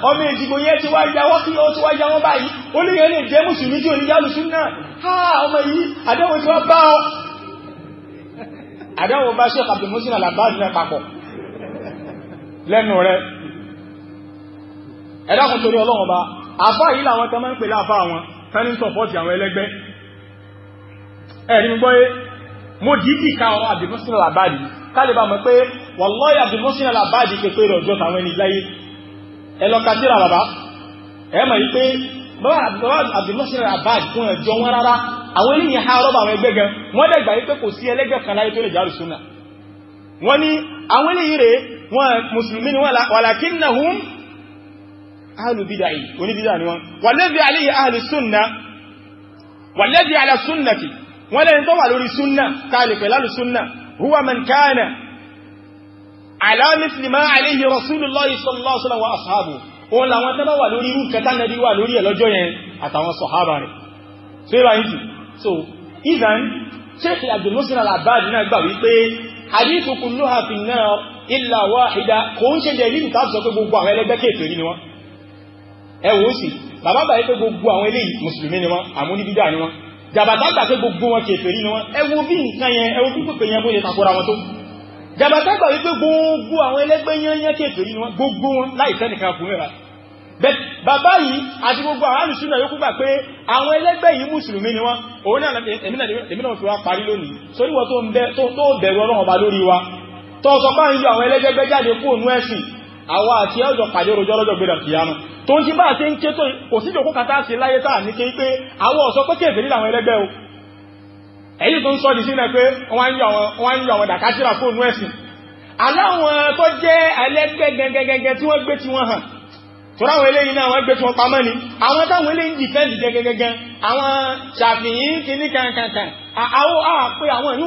ọmọ ìdìbò yẹn ti wá yàwó kí ó ti wá yàwó báyìí ó lè yẹn lè jẹ́ mùsùlùmí tí ò ní yálù sún náà àà ọmọ yìí àdánwò tí wọ́n bá ọ àdánwò bá ṣe kàbí mùsùlùmí àlàbáàdì náà papọ̀ lẹ́nu rẹ̀ ẹ̀dákùn torí ọlọ́wọ́n bá àfá yìí làwọn tẹ́ máa ń pè láàfá àwọn mo dìídì ka ọ̀rọ̀ abdulmusin alabadi kálí bá mọ̀ pé wallahi abdulmusin alabadi kékeré rẹ̀ ọjọ́ tàwọn ẹni láyé ẹ lọ ka síra bàbá ẹ mọ̀ yìí pé bàbá abdulmusin alabadi fún ẹjọ́ wọn rárá àwọn ènìyàn ha rọ́bà àwọn ẹgbẹ́ gan wọ́n dẹ̀ gbà yìí pé kò sí ẹlẹ́gbẹ́ kan láyé tó lè wọ́n lẹ́ni tó wà lórí súnnà káàlẹ̀ pẹ̀lú súnnà huwa man kana ala misli ma alayhi rasulullahi sallallahu alaihi wasallam wa ashabu òun làwọn tẹ́bá wà lórí irú kẹta so even sheikh abdul musin al-abad náà gbà wípé hadithu kulluha fin nar illa wahida kò ń ṣe dẹ̀lí nǹkan sọ pé gbogbo àwọn ẹlẹgbẹ́ kéèkéèrí ni wọ́n ẹ wò ó jàbàtà gbà pé gbogbo wọn kèfèrí ni wọn ẹ wo bí nǹkan yẹn ẹ wo bí pèpè yẹn bó lè takora wọn tó jàbàtà gbà wípé gbogbo àwọn ẹlẹgbẹ́ yẹn yẹn kèfèrí ni wọn gbogbo wọn láì fẹ́ nìkan fún mẹ́ra bẹ́ẹ̀ bàbá yìí àti gbogbo àwọn alùsùnà yókù gbà pé àwọn ẹlẹgbẹ́ yìí mùsùlùmí ni wọn òun náà èmi náà fi wá parí lónìí sórí wọn tó bẹ̀rù ọlọ́run ọba lórí wa tó sọ pé à ń yọ àwọn ẹlẹgbẹ́ jáde kúrò nú ẹ̀sìn awo àti ọjọ́ pàdé orojọ́ lọ́jọ́ gbéra kìyàmù tó ń ti bá àti ń ké tó kò sí ìjòkó kàtà sí láyé tá ní ké pé àwọn ọ̀sọ́ pé ẹlẹ́gbẹ́ o èyí tó ń sọ di na pé wọ́n ń yọ àwọn dàkátìrà fóònù ẹ̀sìn aláwọn tó jẹ́ ẹlẹ́gbẹ́ gẹ́gẹ́gẹ́gẹ́ tí wọ́n gbé tí wọ́n hàn tọ́rọ àwọn eléyìn náà wọ́n gbé tí wọ́n pamọ́ ni àwọn táwọn eléyìn dìfẹ́ǹdì gẹ́gẹ́gẹ́gẹ́ àwọn ṣàfihìn kìíní kankankan àwọn àpé àwọn ní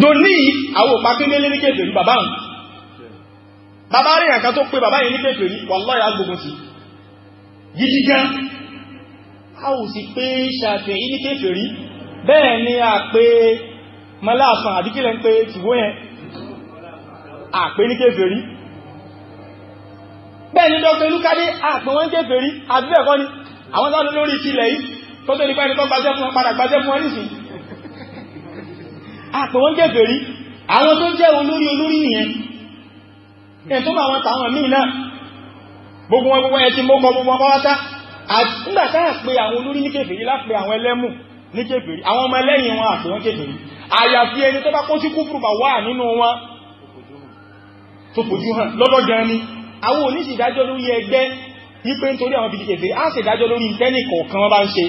Doni àwọn òpàpínlẹ̀ ní kèfèrí bàbá hùn bàbá rí àkà tó pé bàbá yìí ní kèfèrí wallahi agbógun sí gidi gan a ò sì pé Ṣàfi'í ní kèfèrí bẹ́ẹ̀ ni a pé mọ́láàfàn àdíkílẹ̀ ń pé tìwó yẹn a pé ní kèfèrí bẹ́ẹ̀ ni Dr. Lukade a pé wọ́n kèfèrí àbíbẹ̀kọ́ ni àwọn sáré lórí ìkìlẹ̀ yìí tó tó nípa ẹni tó gbajẹ́ fún padà gbajẹ́ fún àpè wọ́n kèfèrí àwọn tó jẹ́ olórí olórí nìyẹn ẹ̀ tó bá wọn tàwọn míì náà gbogbo wọn gbogbo ẹtí mọ́kọ gbogbo ọpọ́wátá nígbàtá àpè àwọn olórí ní kèfèrí lápè àwọn ẹlẹ́mù ní kèfèrí àwọn ọmọ ẹlẹ́yìn wọn àpè wọ́n kèfèrí àyàfi ẹni tó bá kó sí kúfùrù bà wà nínú wọn tó fojú hàn lọ́dọ̀ gan ni àwọn oníṣìdájọ́ lórí ẹgbẹ́ wípé nítorí àwọn bìdìkèfèrí á ṣèdájọ́ lórí tẹ́nì kọ̀ọ̀kan wọn bá ń ṣe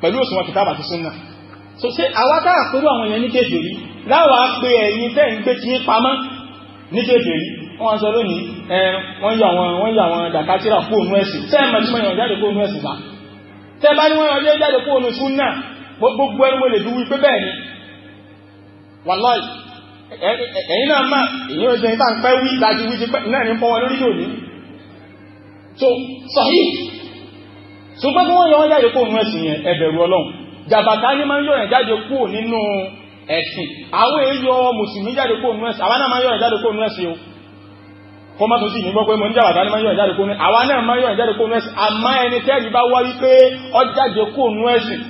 pẹ̀lú òṣùwọ̀n kìtàbà ti súnnà so ṣe àwa tá à pẹ̀lú àwọn èèyàn ní kéferì láwa pé ẹ̀yin tẹ́ ń gbé tí ń pamọ́ ní kéferì wọ́n sọ lónìí ẹ wọ́n yọ àwọn wọ́n yọ àwọn dàkátìrà fóònù ẹ̀sìn tẹ́ ẹ̀ mọ̀ tí wọ́n yàn jáde fóònù ẹ̀sìn sá tẹ́ bá ní wọ́n yàn jáde fóònù súnà gbogbo ẹni mo lè dúró pé bẹ́ẹ̀ ni wàlọ́ọ̀lì ẹ̀yin náà máa èyí ò ṣe ń tàn pẹ́ wí láti wí ti pẹ́ náà ní fọwọ́ lórí lónìí so sọ̀yí ṣùgbọ́n tí wọ́n yọ wọ́n jáde fóònù ẹ̀sìn yẹn ẹ bẹ̀rù Ọlọ́run jàbàtà ni máa ń yọ̀yàn jáde kúrò nínú ẹ̀sìn àwọn èèyàn mùsùlùmí jáde kúrò nínú ẹ̀sìn àwa náà máa ń yọ̀yàn jáde kúrò nínú ẹ̀sìn o kó má tó sì ní gbọ́ pé mo ní jàbàtà ni máa ń yọ̀yàn jáde kúrò nínú àwa náà máa ń yọ̀yàn jáde kúrò nínú ẹ̀sìn àmọ́ ẹni tẹ́ẹ̀lì bá wá wípé ó jáde kúrò nínú ẹ̀sìn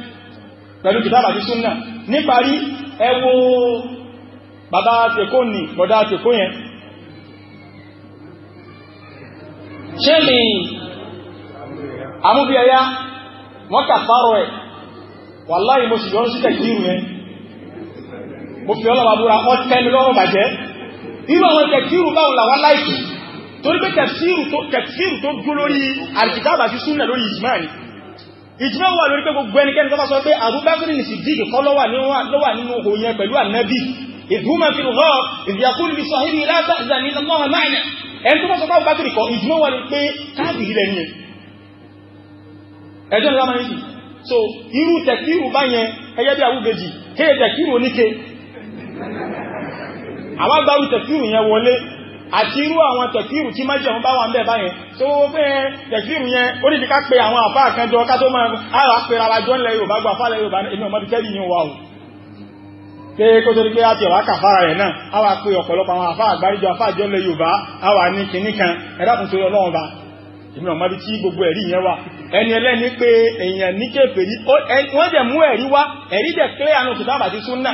pẹ̀lú kìtàbà ti súnà níparí ẹ wo bàbá tèkó nì bọ̀dá tèkó yẹn ṣé mi àmúbíẹ̀yá wọ́n kà fárọ̀ ẹ̀ wàláhì mo sì yọ́n sí tẹ̀kírù yẹn mo fi ọlọ́wà búra ọtẹ́ mi lọ́rùn bàjẹ́ irú àwọn tẹ̀kírù báwọn làwọn láìkì torí pé tẹ̀kírù tó tẹ̀kírù tó dúró lórí àrìkìtàbà sí súnà lórí ìjìmá ni ìjìmá wà lórí pé gbogbo ẹnikẹ́ni tó bá sọ pé àbúbákùnrin ní sìdíkì kọ́ lọ́wà nínú òhun yẹn pẹ̀lú ànábì ìdúmọ̀ fi rọ̀ ìdíyàkúrú ní sọ̀hìn ní látà ìzàní lọ́wọ́ so irú tẹ̀kírù báyẹn ẹgẹ́ bí àwúgbèjì kéè tẹ̀kírù oníke àwọn agbárù tẹ̀kírù yẹn wọlé àti irú àwọn tẹ̀kírù tí má jẹun bá wà ń bẹ̀ báyẹn so wọ́n fẹ́ tẹ̀kírù yẹn ó ní ká pe àwọn àfá àkànjọ ká tó máa ara pé ara jọ ńlẹ̀ Yorùbá gba fálẹ̀ Yorùbá èmi ọmọdé tẹ́lì yìí wà o pé kó tó ní pé àti ọ̀wá kàfàrà rẹ̀ náà a wà pé ọ̀pọ̀lọpọ̀ àwọn àfá àgbáríjọ àfá àjọ ńlẹ̀ Yorùbá a wà ní kinní kan ẹ̀dá tuntun Ọlọ́run ba èmi ọ̀mọ́ bí tí gbogbo ẹ̀rí yẹn wà ẹni ẹlẹ́ni pé èèyàn ní kèfèrí wọ́n dẹ̀ mú ẹ̀rí wá ẹ̀rí dẹ̀ clear àánú tó dábàá ti súnà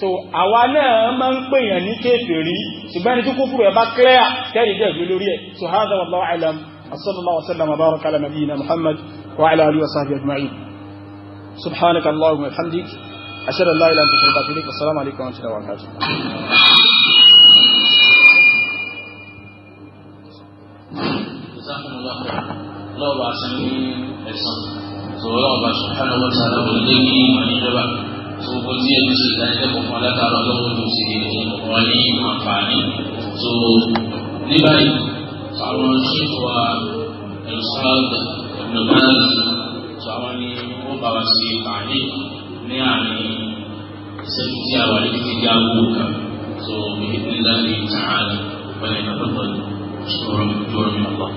so àwa náà máa ń pè èèyàn ní kèfèrí ṣùgbọ́n ẹni tó kú fúru ẹ̀ bá clear kẹ́rì dẹ̀ gbé lórí ẹ̀ so hadha wallahu a'lam sallallahu alaihi wa sallam wa baraka ala nabiyyina muhammad wa ala alihi wa sahbihi ajma'in subhanaka allahumma wa bihamdik ashhadu an la ilaha illa lọ́wọ́ bá san ní ẹ̀sán sọ̀rọ̀ lọ́wọ́ bá sùn fún ọlọ́wọ́ sáré wọlé ní ìmọ̀ níjọba tó gbogbo tí ẹni sì dánilẹ́kọ̀ọ́ fún alátàrọ̀ lọ́wọ́ tó sì wọ́n ní àǹfààní tó ní báyìí àwọn ṣètò wa ẹ̀rọ̀sáàdà ẹ̀rọ̀máàlì tó àwọn ní ó bá wa sí pàdé ní àárín ìṣẹ́jú tí a wà ní di aago kan tó ìdílé láti tàn án wọlé ìdàgbàsókè ṣòro ìjọba.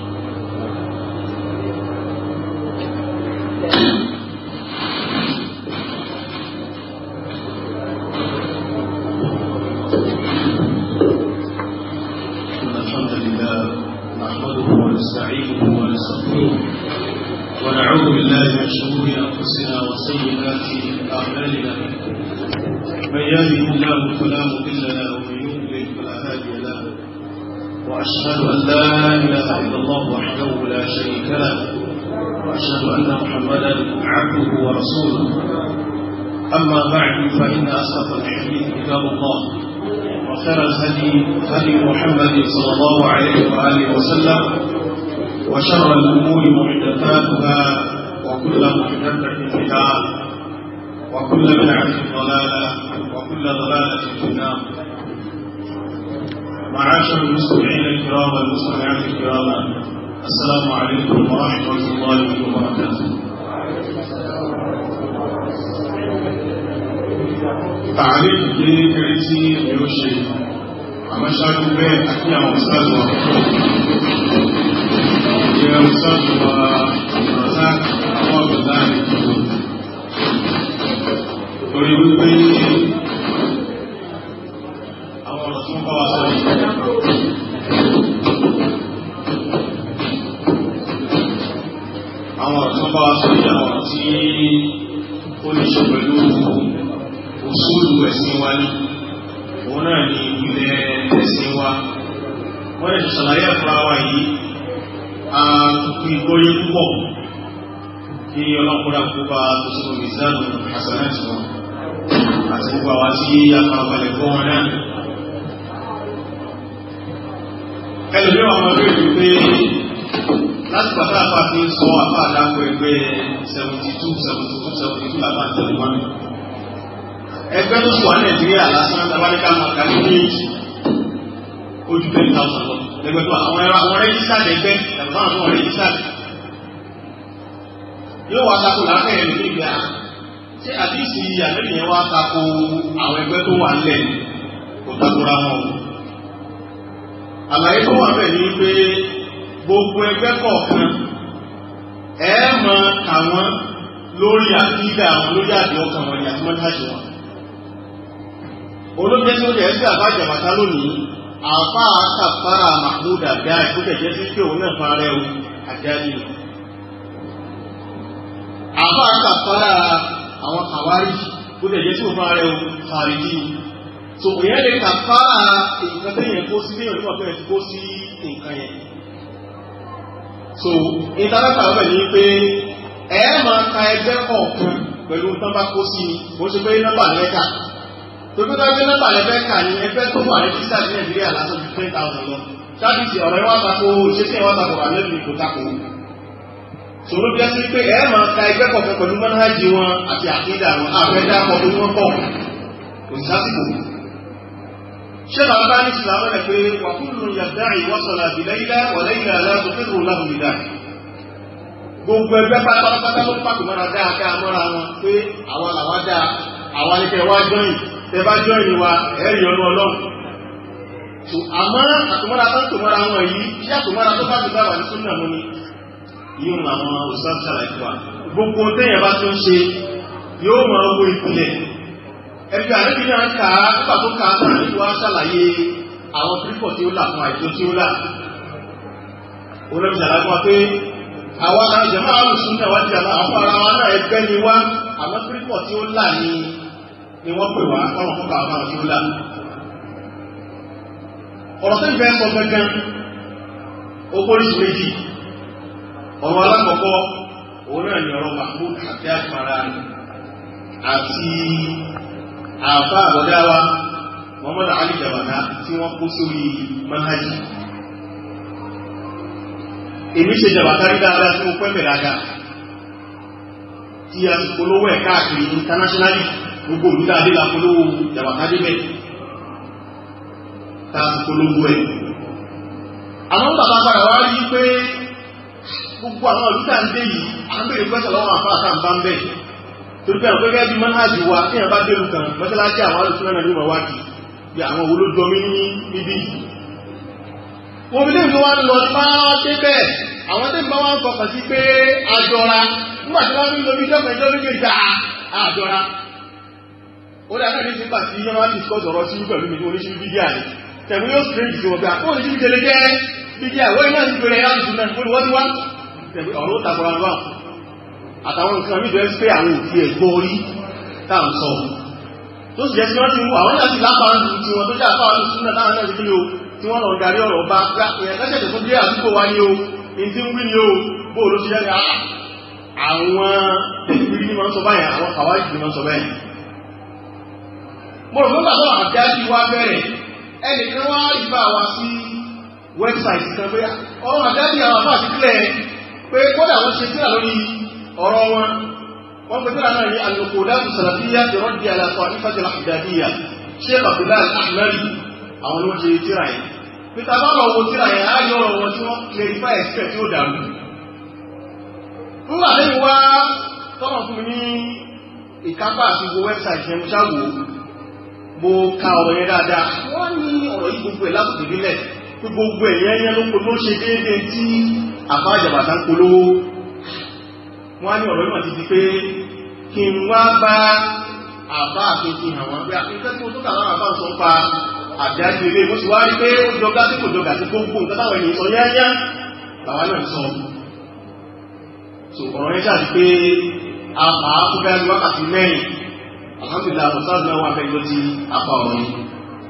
أصدق الحديث كتاب الله وخير الهدي هدي محمد صلى الله عليه وآله وسلم وشر الأمور محدثاتها وكل محدثة بدعة وكل بدعة ضلالة وكل ضلالة في النار معاشر المستمعين الكرام والمستمعات الكرام السلام عليكم ورحمة الله وبركاته tààrí kékeré tí èmi ó ṣe àmọ́ ṣáájú bẹ́ẹ̀ àti àwọn ìsáàlù wa ìrìn ìsáàlù wa àtà àwọn ọ̀gbọ̀dá lórí wípé àwọn ọ̀rọ̀ tí wọ́n bá wa sọ àwọn ọ̀rọ̀ tí wọ́n bá ó lè ṣe pẹ̀lú òṣòlù ẹ̀sìn wa ní òun náà ni ilẹ̀ ẹ̀sìn wa wọ́n lè ṣàlàyé àfúrà wa yìí a tuntun ìgbóyé púpọ̀ kí ọlọ́pàá kó bá tó sínú ìsìláàmù àṣàlẹ́sì wọn àti gbogbo àwa tí afarabalẹ̀ fún wọn náà ẹlòmí àwọn ọmọdé ìlú pé láti pàtó àpá fi ń sọ àpá àdáko ẹgbẹ́ seventy two seventy two seventy two àbá tẹ̀lé wọn ẹgbẹ́ tó sì wà ní nàìjíríà lásán tabalẹ́ka máa kà ní méjì ojú ten thousand lọ lẹ́gbẹ́ tó àwọn ẹ̀rọ àwọn registered ẹgbẹ́ tàbí fáwọn àwọn registered yóò wá sako láfẹ́ ẹ̀ lórí ìgbà ṣé àdìsí àbẹ̀yẹn wá sako àwọn ẹgbẹ́ tó wà lẹ̀ kò takora wọn o àlàyé tó wà bẹ́ẹ̀ ni pé gbogbo ẹgbẹ́ kọ̀ọ̀kan ẹ máa kà wọ́n lórí àtìgbà àwọn lórí àdìọ́kàn wọn ni àti mọ́tàjì wọn olóńgbé tó lè ẹgbẹ́ àbá jàbàtà lónìí àbá kàfàrà mahmood abdul tó tẹ̀jẹ́ sí pé òun náà fara rẹ̀ o àjáde nù. àbá kàfàrà àwọn kàwárí tó tẹ̀jẹ́ sí òun fara rẹ̀ o kàrídì nù. so òyìn lè kàfàrà nǹkan tẹ̀yìn kó sí léyìn onímọ̀ tẹ̀yìn kó sí nǹkan yẹn. so ìtàlẹ́sà ọ̀bẹ̀ ni pé ẹ máa ka ẹgbẹ́ kọ̀ọ̀kan pẹ̀lú tán bá kó sí ni kó ṣe pé nọ́mbà lẹ́ka tóbi tó ẹgbẹ́ mẹ́ta lẹ́fẹ́ kà ní ẹgbẹ́ tó wà ní títà ní nàìjíríà lásán ju twenty thousand lọ sábìsì ọ̀rọ̀ ìwà tako ìṣesí ìwà tako wà lẹ́nu ìkó tako sòrò bí a pé ẹ máa ka ẹgbẹ́ kọ̀ọ̀kan pẹ̀lú mẹ́nájì wọn àti àkídà wọn àfẹ́dá ọdún wọn pọ̀ kò sí sásìkò ṣé bàbá bá ní ìsìlámù rẹ̀ pé wàkúlù yàtá ìwọ́sọ̀lá gbogbo ẹgbẹ́ pátápátá ló pàtó mọ́ra dáadáa mọ́ra wọn pé àwa làwa dáa àwa ní kẹ́ wá jọ́yìn tẹ́bá jọ ìwà ẹ̀rí ọ̀nà ọlọ́run tó àmọ́ àtòmọ́ra tó tòmọ́ra wọn yìí kí àtòmọ́ra tó bá ti dáwà ní súnà mú ni yóò mọ àwọn òṣìṣẹ́ ṣàlàyé wa gbogbo téèyàn bá tún ṣe yóò mọ owó ìpìlẹ̀ ẹgbẹ́ àdébí náà kà á nígbà tó kà á tó àdébí wa ṣàlàyé àwọn pípọ̀ tí ó là fún àìjọ tí ó là olóòtú àlàfà pé àwa náà wá di àwọn afọ ni wọ́n pè wá ọ̀rọ̀ fún bàbá àwọn ṣúlá ọ̀rọ̀ tó ń fẹ́ sọ gẹ́gẹ́ ó kórìí méjì ọ̀rọ̀ alákọ̀ọ́kọ́ òun náà ni ọ̀rọ̀ mahmood àti àfàrà àti àbá àbọ̀dáwa muhammad ali jabata tí wọ́n kó sórí manhaji èmi ṣe jabata rí dáadáa tí mo pẹ́ mẹ́rẹ̀ dáadáa tí a sì polówó ẹ̀ káàkiri internationally gbogbo òdúdá adéla polówó jàbàtà débẹ̀ tá a ti polówó ẹ̀. àwọn bàbá padà wá rí pé gbogbo àwọn òdúdá ń dé yìí à ń béèrè pẹ́sẹ̀ lọ́wọ́ àfa àtà ń bá ń bẹ̀. torí pé àwọn gẹ́gẹ́ bí mọ́nájì wa tí yẹn bá dé lùkàn mọ́sálásí àwọn àlùsùn náà ní ìmọ̀wá kì bí àwọn wo ló jọ mí ní níbí. wọ́n fi léèkó wá lọ bá débẹ̀ àwọn tẹ́lifíà wá ń fọkàn sí pé àjọra nígbà tí wọ́n ń lo bí ó dàbí ní nígbà tí yọ́n máa ń ọ̀rọ̀ sí pẹ̀lú mi ní oníṣẹ́ bídíà ni tẹ̀mú yóò strange ti wọ́n pé àpò ah, oníṣẹ́ bídíà jẹ́ bídíà wọ́n iná ti gbèrè láti sùn náà wọ́n ti wá tẹ̀mú ọ̀rọ̀ ó takora lọ́wọ́ àtàwọn nǹkan mi jẹ́ pé àwọn òfin ẹ̀gbọ́ orí tá à ń sọ tó sì jẹ́ sí wọ́n ti mú àwọn náà lápá ah, ah, àwọn sùn sọ báyìí àwọn kàwáyì ni sọ báyìí mo rò lọ́gbà náà àjájú wa bẹ̀rẹ̀ ẹnìkan wá ìgbà wa sí wẹ́bsáìtì kan pé ọ̀rọ̀ àjájú àwọn àbá àtìkílẹ̀ pé kódà wọ́n ṣe sílà lórí ọ̀rọ̀ wọn wọ́n pe sílà náà ní al-Nuqulat as-Salafiyyah ti rọ́ọ̀dì ala Ta'ifa al-Ahmadiyya Sheikh Abdullah al-Ahmadi àwọn ló ṣe tíra yẹn peter bá lọ wo tíra yẹn á yọ ọ̀rọ̀ wọn tí wọ́n clarify expect yóò dàrú nígbà lẹ́yìn wá tọ́nà mo ka ọ̀rọ̀ yẹn dáadáa wọ́n ní ọ̀rọ̀ yìí gbogbo ẹ̀ lásìkò nílẹ̀ pé gbogbo ẹ̀ yẹn yẹn ló kó ló ṣe déédéé tí àbá àjàbàtà ń polówó wọ́n á ní ọ̀rọ̀ yìí wọ́n ti di pé kí n wá bá àbá àkejì àwọn àgbẹ̀ akẹ́kẹ́ tí mo tó kà láwọn àbá sọ pa àjáde ilé mo sì wá rí pé ó jọgá tí kò jọgá sí gbogbo nǹkan táwọn ènìyàn sọ yáyá làwa náà sọ so ọ̀rọ̀ yẹn ṣàti pé àbá kúgbẹ́ wákàtí mẹ́rin alhamdulillah mọ̀sáàdì náà wà bẹ́ẹ̀ ló ti apá ọ̀rọ̀ yìí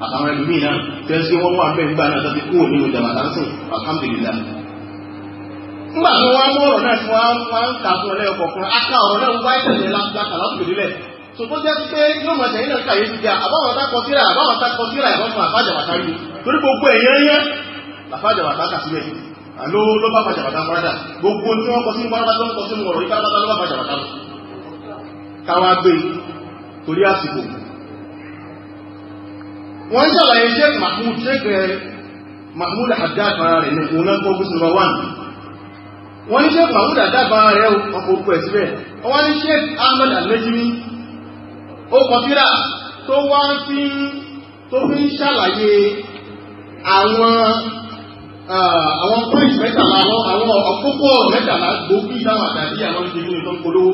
àtàwọn ẹlòmíì náà tẹ́sí wọ́n wà bẹ́ẹ̀ nígbà náà tàbí kúrò nínú ìjàmbá lánsìn alhamdulillah. nígbà tó wá mú ọ̀rọ̀ náà tí wọ́n wá ń kà fún ọlẹ́yọ̀ kọ̀ọ̀kan aká ọ̀rọ̀ náà wá ìṣẹ̀lẹ̀ e lágbàkà lásìkòdílẹ̀ tòtó jẹ́ pé yóò mọ̀ sẹ́yìn náà kàyé jíjà àbáwọn tá kọtíra àbáwọn tá kọtíra ìbọn fún àfájàbàtà yìí torí gbogbo èèyàn yẹn làfájàbàtà kà sílẹ̀ àló ló bá fàjàbàtà mọ́rádà gbogbo tí wọ́n kọ sínú mọ́rádà tó ń kọ sínú ọ̀rọ̀ yìí kálábàtà ló bá fàjàbàtà lọ. káwá gbé e torí àsìkò wọ́n ń ṣàlàyé sheikh mahmoud sheikh eh, mahmoud haddad fara rẹ̀ ní òun náà kọ́kọ́ sí number one wọ́n ní sheikh mahmoud haddad fara rẹ̀ ọkọ̀ òkú ẹ̀ síbẹ̀ wọ́n ní sheikh ahmed al-najmi ó kọfíra tó wá fi ń tó fi ń ṣàlàyé àwọn àwọn pọ́ìntì mẹ́tàlá àwọn ọ̀pọ̀pọ̀ mẹ́tàlá gbòógì táwọn àdàdí àwọn ìṣègùn ìtọ́nkọlówó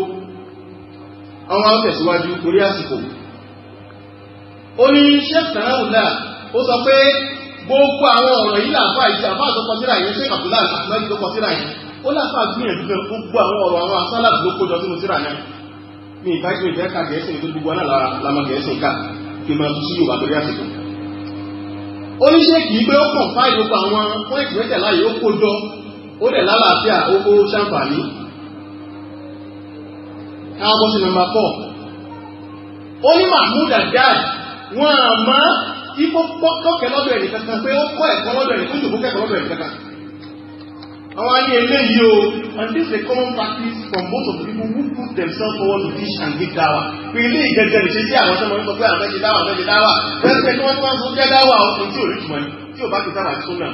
àwọn àtẹ̀síwájú torí àsìkò ó ní sheikh sanahula ó sọ pé gbogbo àwọn ọ̀rọ̀ yìí làǹfà ìṣe àfáà tó kọsíra yẹn sheikh abdullahi tó kọsíra yẹn ó láǹfà gbìyànjú náà gbogbo àwọn ọ̀rọ̀ àwọn asálàbù ló kójọ sínú síra yẹn ní ìbájú ka gẹ̀ẹ́sì ní gbogbo náà lára lámọ ká káwọn bọ́ sí nọmba four ó ní mahmood adad wọn à mọ ikú kọ́kẹ́ lọ́dọ̀ ẹ̀nì kankan pé ó kọ́ ẹ̀kọ́ lọ́dọ̀ ẹ̀nì kó jòkó kẹ́kọ̀ọ́ lọ́dọ̀ ẹ̀nì kankan àwọn ayé eléyìí o and this is a common practice from most of the people who put themselves forward to teach and give dawa pé ilé ìjẹjẹ lè ṣe sí àwọn sọmọ nípa pé àwọn fẹ́ ṣe dáwà fẹ́ ṣe dáwà pẹ́ẹ́sẹ̀ tí wọ́n ti máa ń sọ jẹ́ dáwà ọkùnrin tí ò rí tùmọ̀ tí ò bá ti sábà tún náà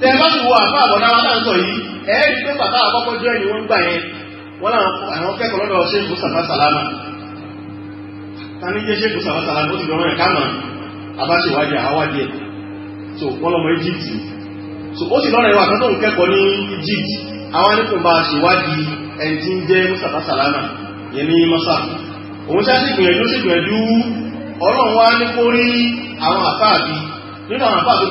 tẹ bá ti wo àfa àbọ̀dá wa náà sọ yìí ẹ̀ẹ́dì pé bàbá àkọ́kọ́ jọ ẹ̀yìn wọn gbà yẹn wọ́n àwọn kẹ́kọ̀ọ́ lọ́dọ̀ ṣe Mùsàfà Sàlámà ta ní jẹ́ ṣe Mùsàfà Sàlámà ó ti so wọ́n lọ́mọ Egypt so ó sì lọ́rọ̀ ẹ̀wà kan tó ń kẹ́kọ̀ọ́ ní Egypt àwọn anìkùnbà ṣèwádìí ẹni tí ń jẹ́ Mùsàfà Sàlámà yẹn ní mọ́sà òun ṣá sì gbìyànjú sì gbìyànjú Ọlọ́run wá ní kó rí àwọn àfáàbí nínú àwọn àfáàbí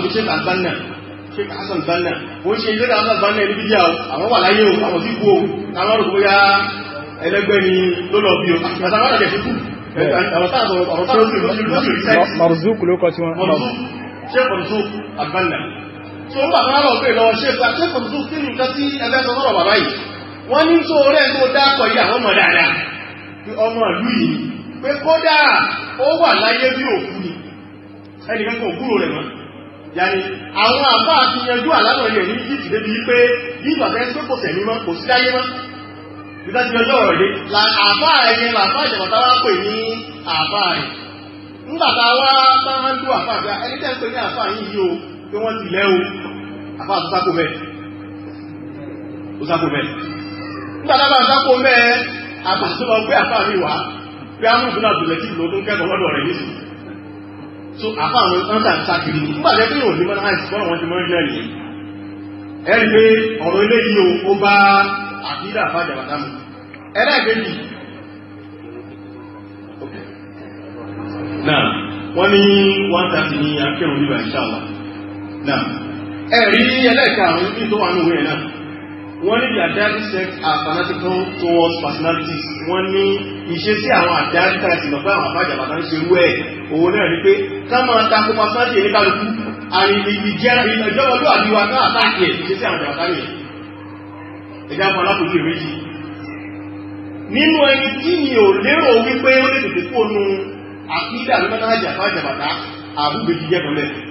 sheik hasan banna ó ṣe ilé hasan banna ní bídíà o àwọn wà láyé o àwọn sí kú o àwọn ọ̀rọ̀ bóyá ẹlẹ́gbẹ́ ni ló lọ bí o àti bàtà wọn àjẹsí kú àwọn táàbọ̀ ọ̀rọ̀ tó ń sè lóṣù rìsẹ́ẹ̀tì Marzuk ló kọ tí wọ́n Marzuk sheik Marzuk albanna tó ń bàbá lọ pé lọ sheik Marzuk kí ni nǹkan tí ẹgbẹ́ sọ sọ̀rọ̀ bàbá yìí wọ́n ní tó rẹ̀ tó dákọ̀ yìí àwọn ọmọ dáadáa ọmọ ìlú yìí pé kódà ó wà láyé bí òkú ni ẹnìkan kò kúrò rẹ̀ mọ́ yàní àwọn àbá àti yanjú àlànà yẹn ní egypt débi wípé yíyọ àtẹ́sí pé kò sẹ̀mí mọ́ kò sí láyé mọ́ la àbá ẹ̀yẹn la àbá ìjàmbá wa pè ní àbá rẹ̀ nígbà tá a wá bá ń dún àbá àgbà ẹni tẹ́ ń pè o pé wọ́n ti lẹ́ o àbá tó nígbà tá a bá àbá tó lọ àbá mi wá pé so àfa àwọn ọ̀tá ń sákiri nígbà tẹ́ pé òní mọ́nà àìsí bọ́ọ̀lù wọn ti mọ́ ilé ẹ̀yìn ẹ rí pé ọ̀rọ̀ ilé yìí ó bá àbídà àfájà bàtà mu ẹlẹ́ẹ̀kejì náà wọ́n ní one thirty ní akẹ́rùn-ún nígbà ìṣàlá náà ẹ̀rí ẹlẹ́ẹ̀ka àwọn ibi tó wà ní òwe yẹn náà wọ́n ní the adarí sect are fanatical towards personalities wọ́n ní ìṣe sí àwọn adarí tá a sì mọ̀ pé àwọn àbájá bàtà ń ṣerú ẹ̀ òun náà ni pé ká máa takò personality ní kálukú àìlèyí jẹ́ ìjọba ló àbíwá ká àtàkì ẹ̀ ìṣe sí àwọn àbájá nìyẹn ẹ̀dá fún alákòókè méjì nínú ẹni tí mi ò lérò wípé ó lè tètè kó nu àkídà lọ́mọdé àjàfà àjàbàtà àbúgbèjì jẹ́ pẹ̀lẹ́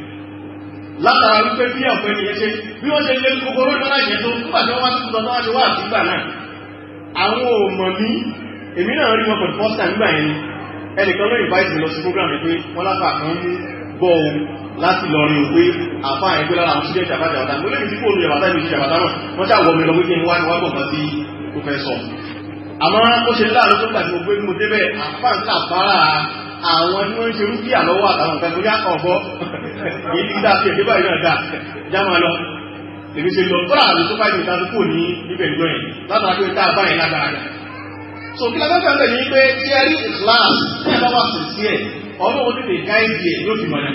látara wípé bí ọ̀pẹ ni ẹṣẹ́ bí wọ́n ṣe lé gbogbo olóòtọ́lá ìyẹn tó nígbà tí wọ́n wá sí tuntun tó wá ṣe wá àtúgbà náà àwọn ò mọ̀ mí èmi náà rí wọn pẹ̀lú fọ́sítà nígbà yẹn ni ẹnìkan ló invite mi lọ sí program yìí pé wọ́n láfa kan ní bọ́ ohun láti lọ rin òwe àfa yẹn pé lára àwọn sílẹ̀ ìjàmbájà ọ̀tá mo lébi tí kò lu ìjàmbáta mi ìjàmbáta náà wọ́n ṣàwọ̀ mi lọ pé kí n wá ní wá gbọ̀ngàn sí professor àmọ́ ó ṣe láàrín tó gbàgbé mo gbé mo débẹ̀ àfa ń kà àwọn tí wọ́n ń ṣe rúbíà lọ́wọ́ àtàwọn nǹkan tó yá ọ̀gbọ́ èyí ti dá sí ẹ̀dẹ́bà ìrìn àdá jáma lọ èmi ṣe lọ bọ́ra àmì tó bá ìrìn àdá kò ní ibẹ̀ ìlú ẹ̀ látara pé tá a bá yẹn lágbára rẹ̀. so kí lọ́dọ̀ fẹ́ẹ́ ní pé tí ẹ rí ìsìláàsì tí ẹ bá wà sí sí ẹ ọmọ òun tètè ká ẹ di ẹ ló fi mọ̀nà.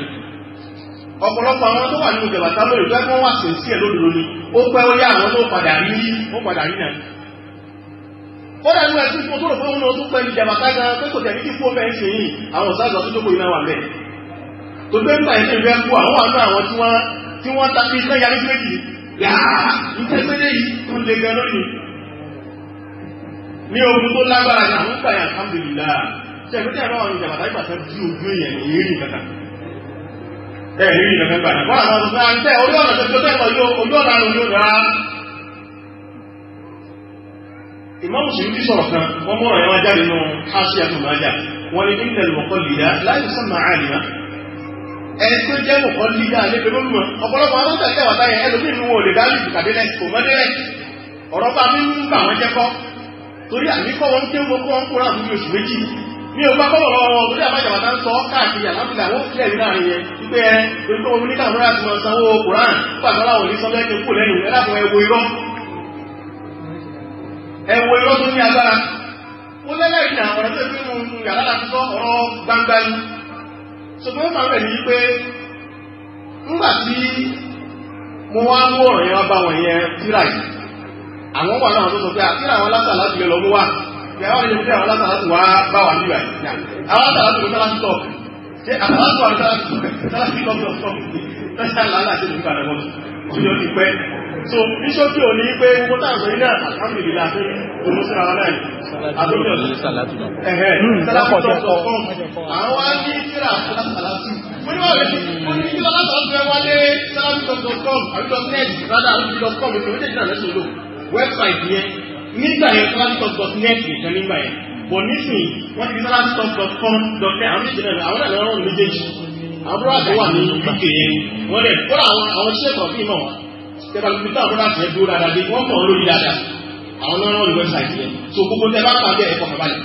ọ̀pọ̀lọpọ̀ àwọn tó wà nínú ìjọba tábọ̀ kódà nínú ẹ̀sùn tó rò fún ọdún pẹ̀lú jàbàtà gan pé kò tẹ̀lé kí fún ọmọ ẹ̀ṣẹ̀ yìí àwọn ọ̀sáàgbà tó jókòó iná wà mẹ́ tó gbé ń pàṣẹ ìfẹ́ kú àwọn àánú àwọn tí wọ́n tí wọ́n ta fi iṣẹ́ yarí méjì yàá ìtẹ́sẹ́lẹ̀ yìí tó le gan lónìí ní ogun tó lágbára ní àwọn pààyàn alhamdulilá ṣe ìpínlẹ̀ àwọn àwọn ìjàbàtà ìpàṣẹ tí ìmáàmù sí ní sọ̀rọ̀ kan wọ́n mọ́rọ̀ ẹ̀wọ́n jáde nù káṣí àtùmájà wọ́n ní nílẹ̀ lọ́kọ́ lìdá láì sọ́mà àlìmá ẹni tó jẹ́ lọ́kọ́ lìdá lépe lónìí ọ̀pọ̀lọpọ̀ àwọn tẹ̀lé wà táyà ẹlòmíì nù wọ́n lè dá lùdù kàdélẹ̀ kò mọ́délẹ̀ ọ̀rọ̀ bá mi ń bà wọ́n jẹ́ kọ́ torí àmìkọ́ wọn ké wọn kó wọn kó láàbù oṣù méjì mi ò bá kọ́ wọ̀rọ̀ wọn torí àbájá bàtà ń sọ káàkiri àlábìlà wọn fi ẹ̀rí láàrin yẹn wípé ẹ torí pé wọn ní káwọn náà ti máa sanwó kùrán pàtàkì àwọn òní sọ lẹ́yìn kù lẹ́yìn ẹ̀dá kan ẹ̀wọ̀ ìró tó ní agbára ó lẹ́lẹ́rìí ní àwọn ọ̀rọ̀ tó ń mú yàrá láti sọ ọ̀rọ̀ gbangba ni ṣùgbọ́n máa rẹ̀ ní pé nígbà tí mo wá mú ọ̀rọ̀ yẹn wá bá wọn yẹn tíra yìí àwọn wà náà tó sọ pé àtìrà àwọn lásà láti lè lọ mú wá yàrá wọn yẹn pé àwọn lásà láti wá bá wà níbà yìí àwọn lásà láti wọ́n láti tọ̀ ṣé àwọn lásà láti wọ́n láti tọ̀ ṣé àlàálà ṣe nípa rẹ̀ wọ́n so bíṣọ́pì ò ní pé gbogbo táàsọ iná alhamdulillah tó tó mú síra wọn náà àdúgbò ẹ̀hẹ́ sálátù tó fún àwọn wá ní síra sálátù wọ́n ní wọ́n rẹ̀ wọ́n ní síra sálátù ẹ̀ wálé sálátù tó com àbíjọ net rádà àbíjọ com ètò méjèèjì náà lẹ́sìn lò wẹ́bsáìtì yẹn nígbà yẹn sálátù tó net nìkan nígbà yẹn bọ̀ nísìnyí wọ́n ti sálátù tó com dọ̀tẹ́ àwọn méjèèjì náà àwọn náà lọ́rùn méjèèjì àwọn búrọ́dà tó wà ní uk yẹn wọ́n rẹ̀ kó àwọn àwọn ṣẹ́kọ̀ọ́ tẹ́lá lóbi tá àbúrò àti dáadáa dé wọ́n kàn án lórí dáadáa àwọn náà rán wẹ́bsáìtì yẹn so gbogbo tẹ́ bá pàdé ẹ̀kọ́ kàbálẹ̀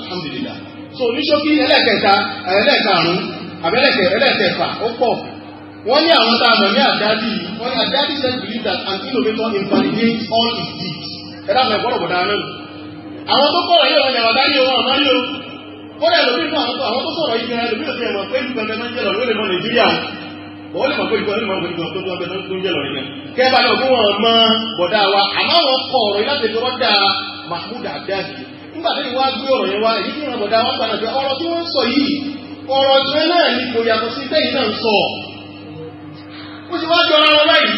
alhamdulillah so oníṣókí ẹlẹ́kẹta ẹlẹ́karùn-ún abẹ́lẹ́kẹ ẹlẹ́kẹfà ó pọ̀ wọ́n ní àwọn tá a mọ̀ ní àdáàdì wọ́n ní àdáàdì self believe that an innovator invalidates all his deeds ẹ̀dá mi ẹ̀gbọ́n ọ̀bọ̀dá àwọn tó kọ̀rọ̀ yìí ọ̀nà àbáyé o àbáyé o kọ́dà lóbi fún àwọn tó sọ̀rọ̀ yìí gan-an lóbi òfin ẹ̀mọ̀ pé ìgbàgbẹ́ máa ń jẹ́ lọ́wọ́ lè mọ Nàìjíríà wọ́n lè mọ̀ pé ìtọ́ ní mọ̀ pé ìtọ́ tó tó tó ń jẹ́ lọ́rin náà. kẹ́ẹ̀bá náà fún wọn mọ bọ̀dá wa àmọ́ wọn kọ ọ̀rọ̀ yìí láti fi rọ́dà Mahmood Abdullahi nígbà tó ìwà gbé ọ̀rọ̀ yẹn wá èyí tí wọn bọ̀dá wọn gbà náà ọ̀rọ̀ tí wọ́n ń sọ yìí ọ̀rọ̀ tí wọ́n náà ní kò yàtọ̀ sí tẹ́yìn náà ń sọ. ó sì wá jọra wọn báyìí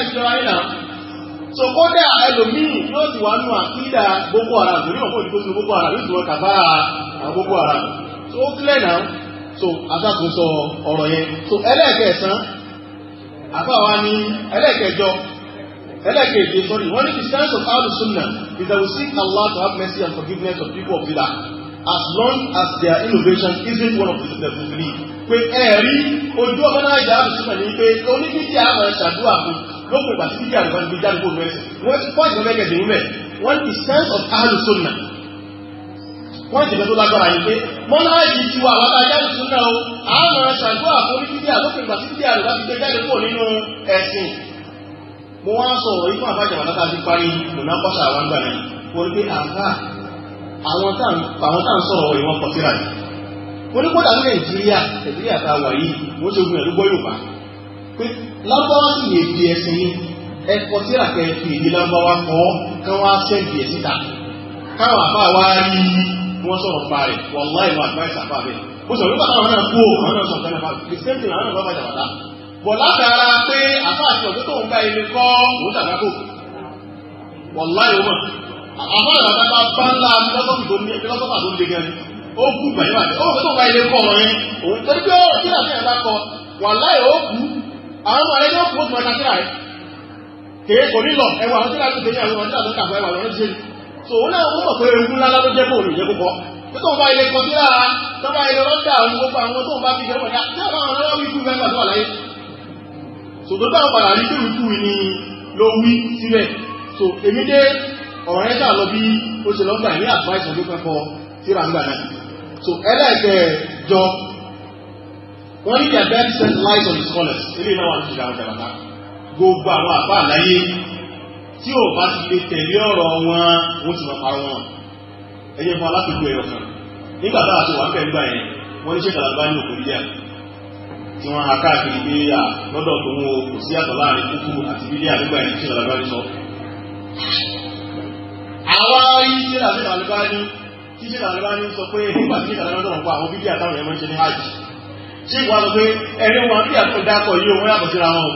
wọ́n ní so kódà ẹlòmíì yóò ti wà nù àkídà boko haram torí òkú òdìbò sí boko haram yóò ti wọn kàfà àwọn boko haram so ó kílẹ̀ náà so adákùn sọ ọ̀rọ̀ yẹn so ẹlẹ́ẹ̀kẹsàn àbá wa ní ẹlẹ́ẹ̀kẹjọ ẹlẹ́ẹ̀kẹjẹ sorry wọ́n ní the sense of how to sunna is that we seek Allah to have mercy and forgiveness of people of Bida as long as their innovation isn't one of the things that the belief pé ẹ̀rí ojú ọmọ náà yà á lùsùn náà ní pé oníkìkì àwọn ṣàdúrà fún lópin ìgbà tí bíbí àgbà gbé jáde kó lọ ẹsẹ̀ wọ́n ti pọ́ ìgbà mẹ́gẹ̀dẹ̀ wúmẹ̀ wọ́n ti sense of ahlu sunna wọ́n ti gbẹ́tọ́ lágbára yìí pé mọ́nájì ti wà wá lájà sunna o àwọn ṣàgbọ́ àforí bíbí àlópin ìgbà tí bíbí àgbà ti gbé jáde kó nínú ẹ̀sìn mo wá sọ̀rọ̀ ikú àbájá bàtà ti parí lọ́nà pọ́ṣà àwọn gbà náà wọ́n gbé àfà àwọn tá à ń sọ̀rọ̀ ìwọ̀n pọ̀ síra yìí. wọ́n ní kódà ní nàìjíríà nàìjíríà tá a wà yìí wọ́n ṣe ogun ẹ̀rú gbọ́ yorùbá pé lábáwá sì lè di ẹ̀sìn yìí ẹ̀kọ́ sí àkẹ́yẹ̀fì èdè lábáwá kọ́ kán wá sẹ́ẹ̀dì ẹ̀ síta káwọn àbá wa rí wọn sọ̀rọ̀ pa rẹ̀ wọ́n láì wọ́n àgbáyé sàfà bẹ́ẹ̀ ó sọ̀rọ̀ nípa táwọn náà kú o àwọn náà sọ̀rọ̀ tẹ́lẹ̀ fáwọn kìrìsìtẹ́ntì làwọn náà bá bàjẹ́ bàtà bọ̀ látara pé àfa àti ọ̀dọ́ tó ń bá ilé kọ́ òun tàbí àkókò wọ́n láì wọ́n àfa àti ọ̀dọ́ bá ńlá lọ́sọ̀tì tó ní ẹgbẹ́ lọ́sọ̀tà tó ń le gan ó kú gbàyẹ̀wàjẹ́ ó tó ń bá ilé kọ́ ọ̀rọ̀ àwọn ọmọ rẹ yóò fún ọmọ nàìjíríà rẹ kèé kò nílọ ẹwà àwọn tíra tó tẹ̀lé àwọn ọmọ tíra tó kàwé ẹwà lọ́rọ́ so òun náà wọ́n mọ̀ pé ewu ńlá ló jẹ́ bóòlù jẹ́ púpọ̀ pé tóun bá ilé kan síra tóun bá ilé rọ́dà òun gbogbo àwọn tóun bá fi jẹ́ pọ̀dà tí àwọn ọmọ náà wí kú mẹ́fà tó wà láyé sòtò padà rí pé wíkú ni ló wí síbẹ̀ so èmi dé ọ̀rọ̀ yẹn dà lọ bí ó ṣe lọ́gbà ní advice ọdún so ẹlẹ́ẹ̀kẹ́ jọ wọ́n ní their best sense lies on the scholars eléyìí náà wà ní ìdáhùn jàmbá gbogbo àwọn àbá àláyé tí ò bá ti lè tẹ̀lé ọ̀rọ̀ wọn wọ́n ti máa parọ́ wọn ẹ̀yẹ fún alákòókò ẹ̀rọ kan nígbà tá a ti wà pẹ̀lú gbà yẹn wọ́n ní ṣé kàlàbá ní òkú bíyà tí wọ́n ha káàkiri pé à lọ́dọ̀ tó wọn kò sí àtọ̀ láàrin kúkú àti bíyà nígbà yẹn ṣé kàlàbá ní sọ. àwa rí ṣé kàlàbá ní ṣé kàlàbá ní sọ pé nígbà tí kàlàbá ní sọ̀rọ̀ pa àwọn bíyà táwọn yẹn máa ń ṣe ní hajj tí ìwà sọ pé ẹni wọn bí àkọjákọ yìí òun yàtọ̀ síra wọn.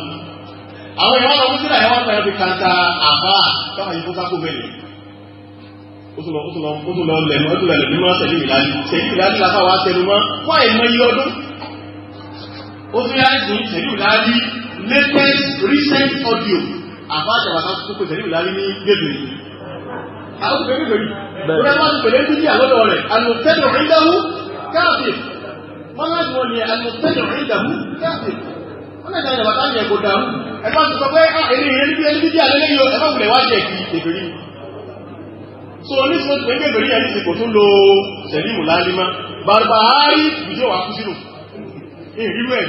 àwọn ìwà ọ̀hún sílẹ̀ ẹ̀wọ̀n náà fi kàńtà àbá káwọn yìí fún sáko bẹ́ẹ̀ ó tún lọ ó tún lọ ó tún lọ lẹnu ó tún lọ lẹnu mímọ sẹyìn ìlàjì sẹyìn ìlàjì làbá wa tẹnu mọ wọn àìmọ iye ọdún ó tún yára sùn sẹyìn ìlàjì latest recent audio àbá àjàbàtà tó pè sẹyìn ìlàjì ní gbèdùn yìí àwọn tó pè é gbèdùn yìí ó dá má tó pèlè ń wọ́n láti wọ́n ní alùpùpù ìdàmú káàkiri wọ́n lè dáná bàtà ní ẹ̀kọ́ dàmú ẹ̀fọ́ ti sọ pé èrè yẹn níbi ẹni bíbí àlẹ́ lẹ́yìn ẹ̀fọ́ wùlẹ̀ wá jẹ́ kí èbèrè so oníṣòwò pé kébèrè yẹn ti kò tún lo sẹ̀límù lálímá barbahari ìjọ wà kú sínú ìrírú ẹ̀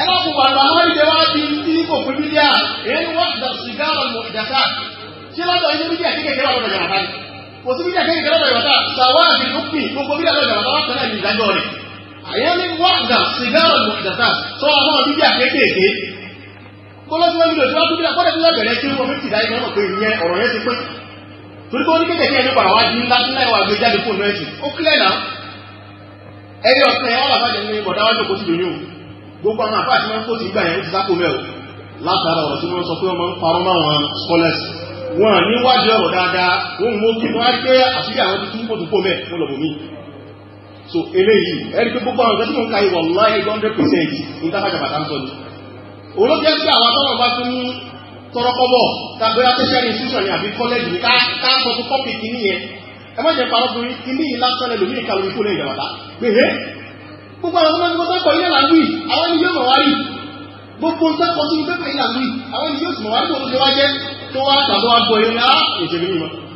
ẹ bá fún barbahari jẹ́ wá di tí kò pé bíbí à èyí wọ́n ti sìgá ọ̀nà ìdàkà ṣé lọ́dọ̀ ilé bíbí àkékèké wà lọ́dọ̀ yàrá kò sí bíbí àkékèké lọ́dọ̀ yàrá sàwọn àbí lópin àyẹ́ ní wáàdà sìgáàrọ̀ ìdàtà tó wà fún ọdún bí àkékèké kọ́lọ́síwọ́n mi lò tí wọ́n tún bí akọ́dẹ̀ tó lọ́bẹ̀rẹ̀ tí wọ́n fi ti dáyé mọ́ pé ìyẹn ọ̀rọ̀ yẹn ti pín torí pé oníkékèké ẹni pàrọ̀ wá di ńlá ńlá ìwà gbé jáde fún ẹ̀sìn ó kílẹ̀ náà ẹni ọ̀sẹ̀ ẹ̀ wọ́n làbájẹ́ ní bọ̀dá wájú kó ti dòyún o gbogbo àwọn àfáà tí wọ́n kó ti gbà yẹn ó ti sáko mẹ́o látara ọ̀rọ̀ tí wọ́n sọ pé wọ́n máa ń parọ́ mọ́ àwọn scholars wọn níwájú ọ̀rọ̀ dáadáa wọn mú kí wọ́n á gbé àṣírí àwọn tuntun kó tó kó mẹ́ fún lọ́bùnmí so eléyìí ẹni pé gbogbo àwọn ìgbésí mò ń ka yìí wọ̀ láyé hundred percent ní tábàjàbàtà ń sọ ni òun jẹ́ pé àwọn tọ́lọ̀ bá tún ní tọrọkọ́bọ̀ tàbíyá tẹ́ṣẹ́ ní institution ní àbí college ní ká sọ fún kọ́pì kìíní yẹn ẹ má jẹ́ pa ọkùnrin kìíní yìí lásán lẹ́nu ní ìkàwé ikú lẹ́yìn ìjàmbá gbèhé gbogbo àwọn ọmọ ẹgbẹ́ sẹ́kọ̀ọ́ ilé làlú yìí àwọn ẹni yóò mọ̀ wá rí gbogbo sẹ́kọ̀ọ́ sínú pépà ilé làlú yìí àwọn ẹni yóò sì mọ̀ wá rí gbogbo ṣe wá jẹ́ tó wá tàbí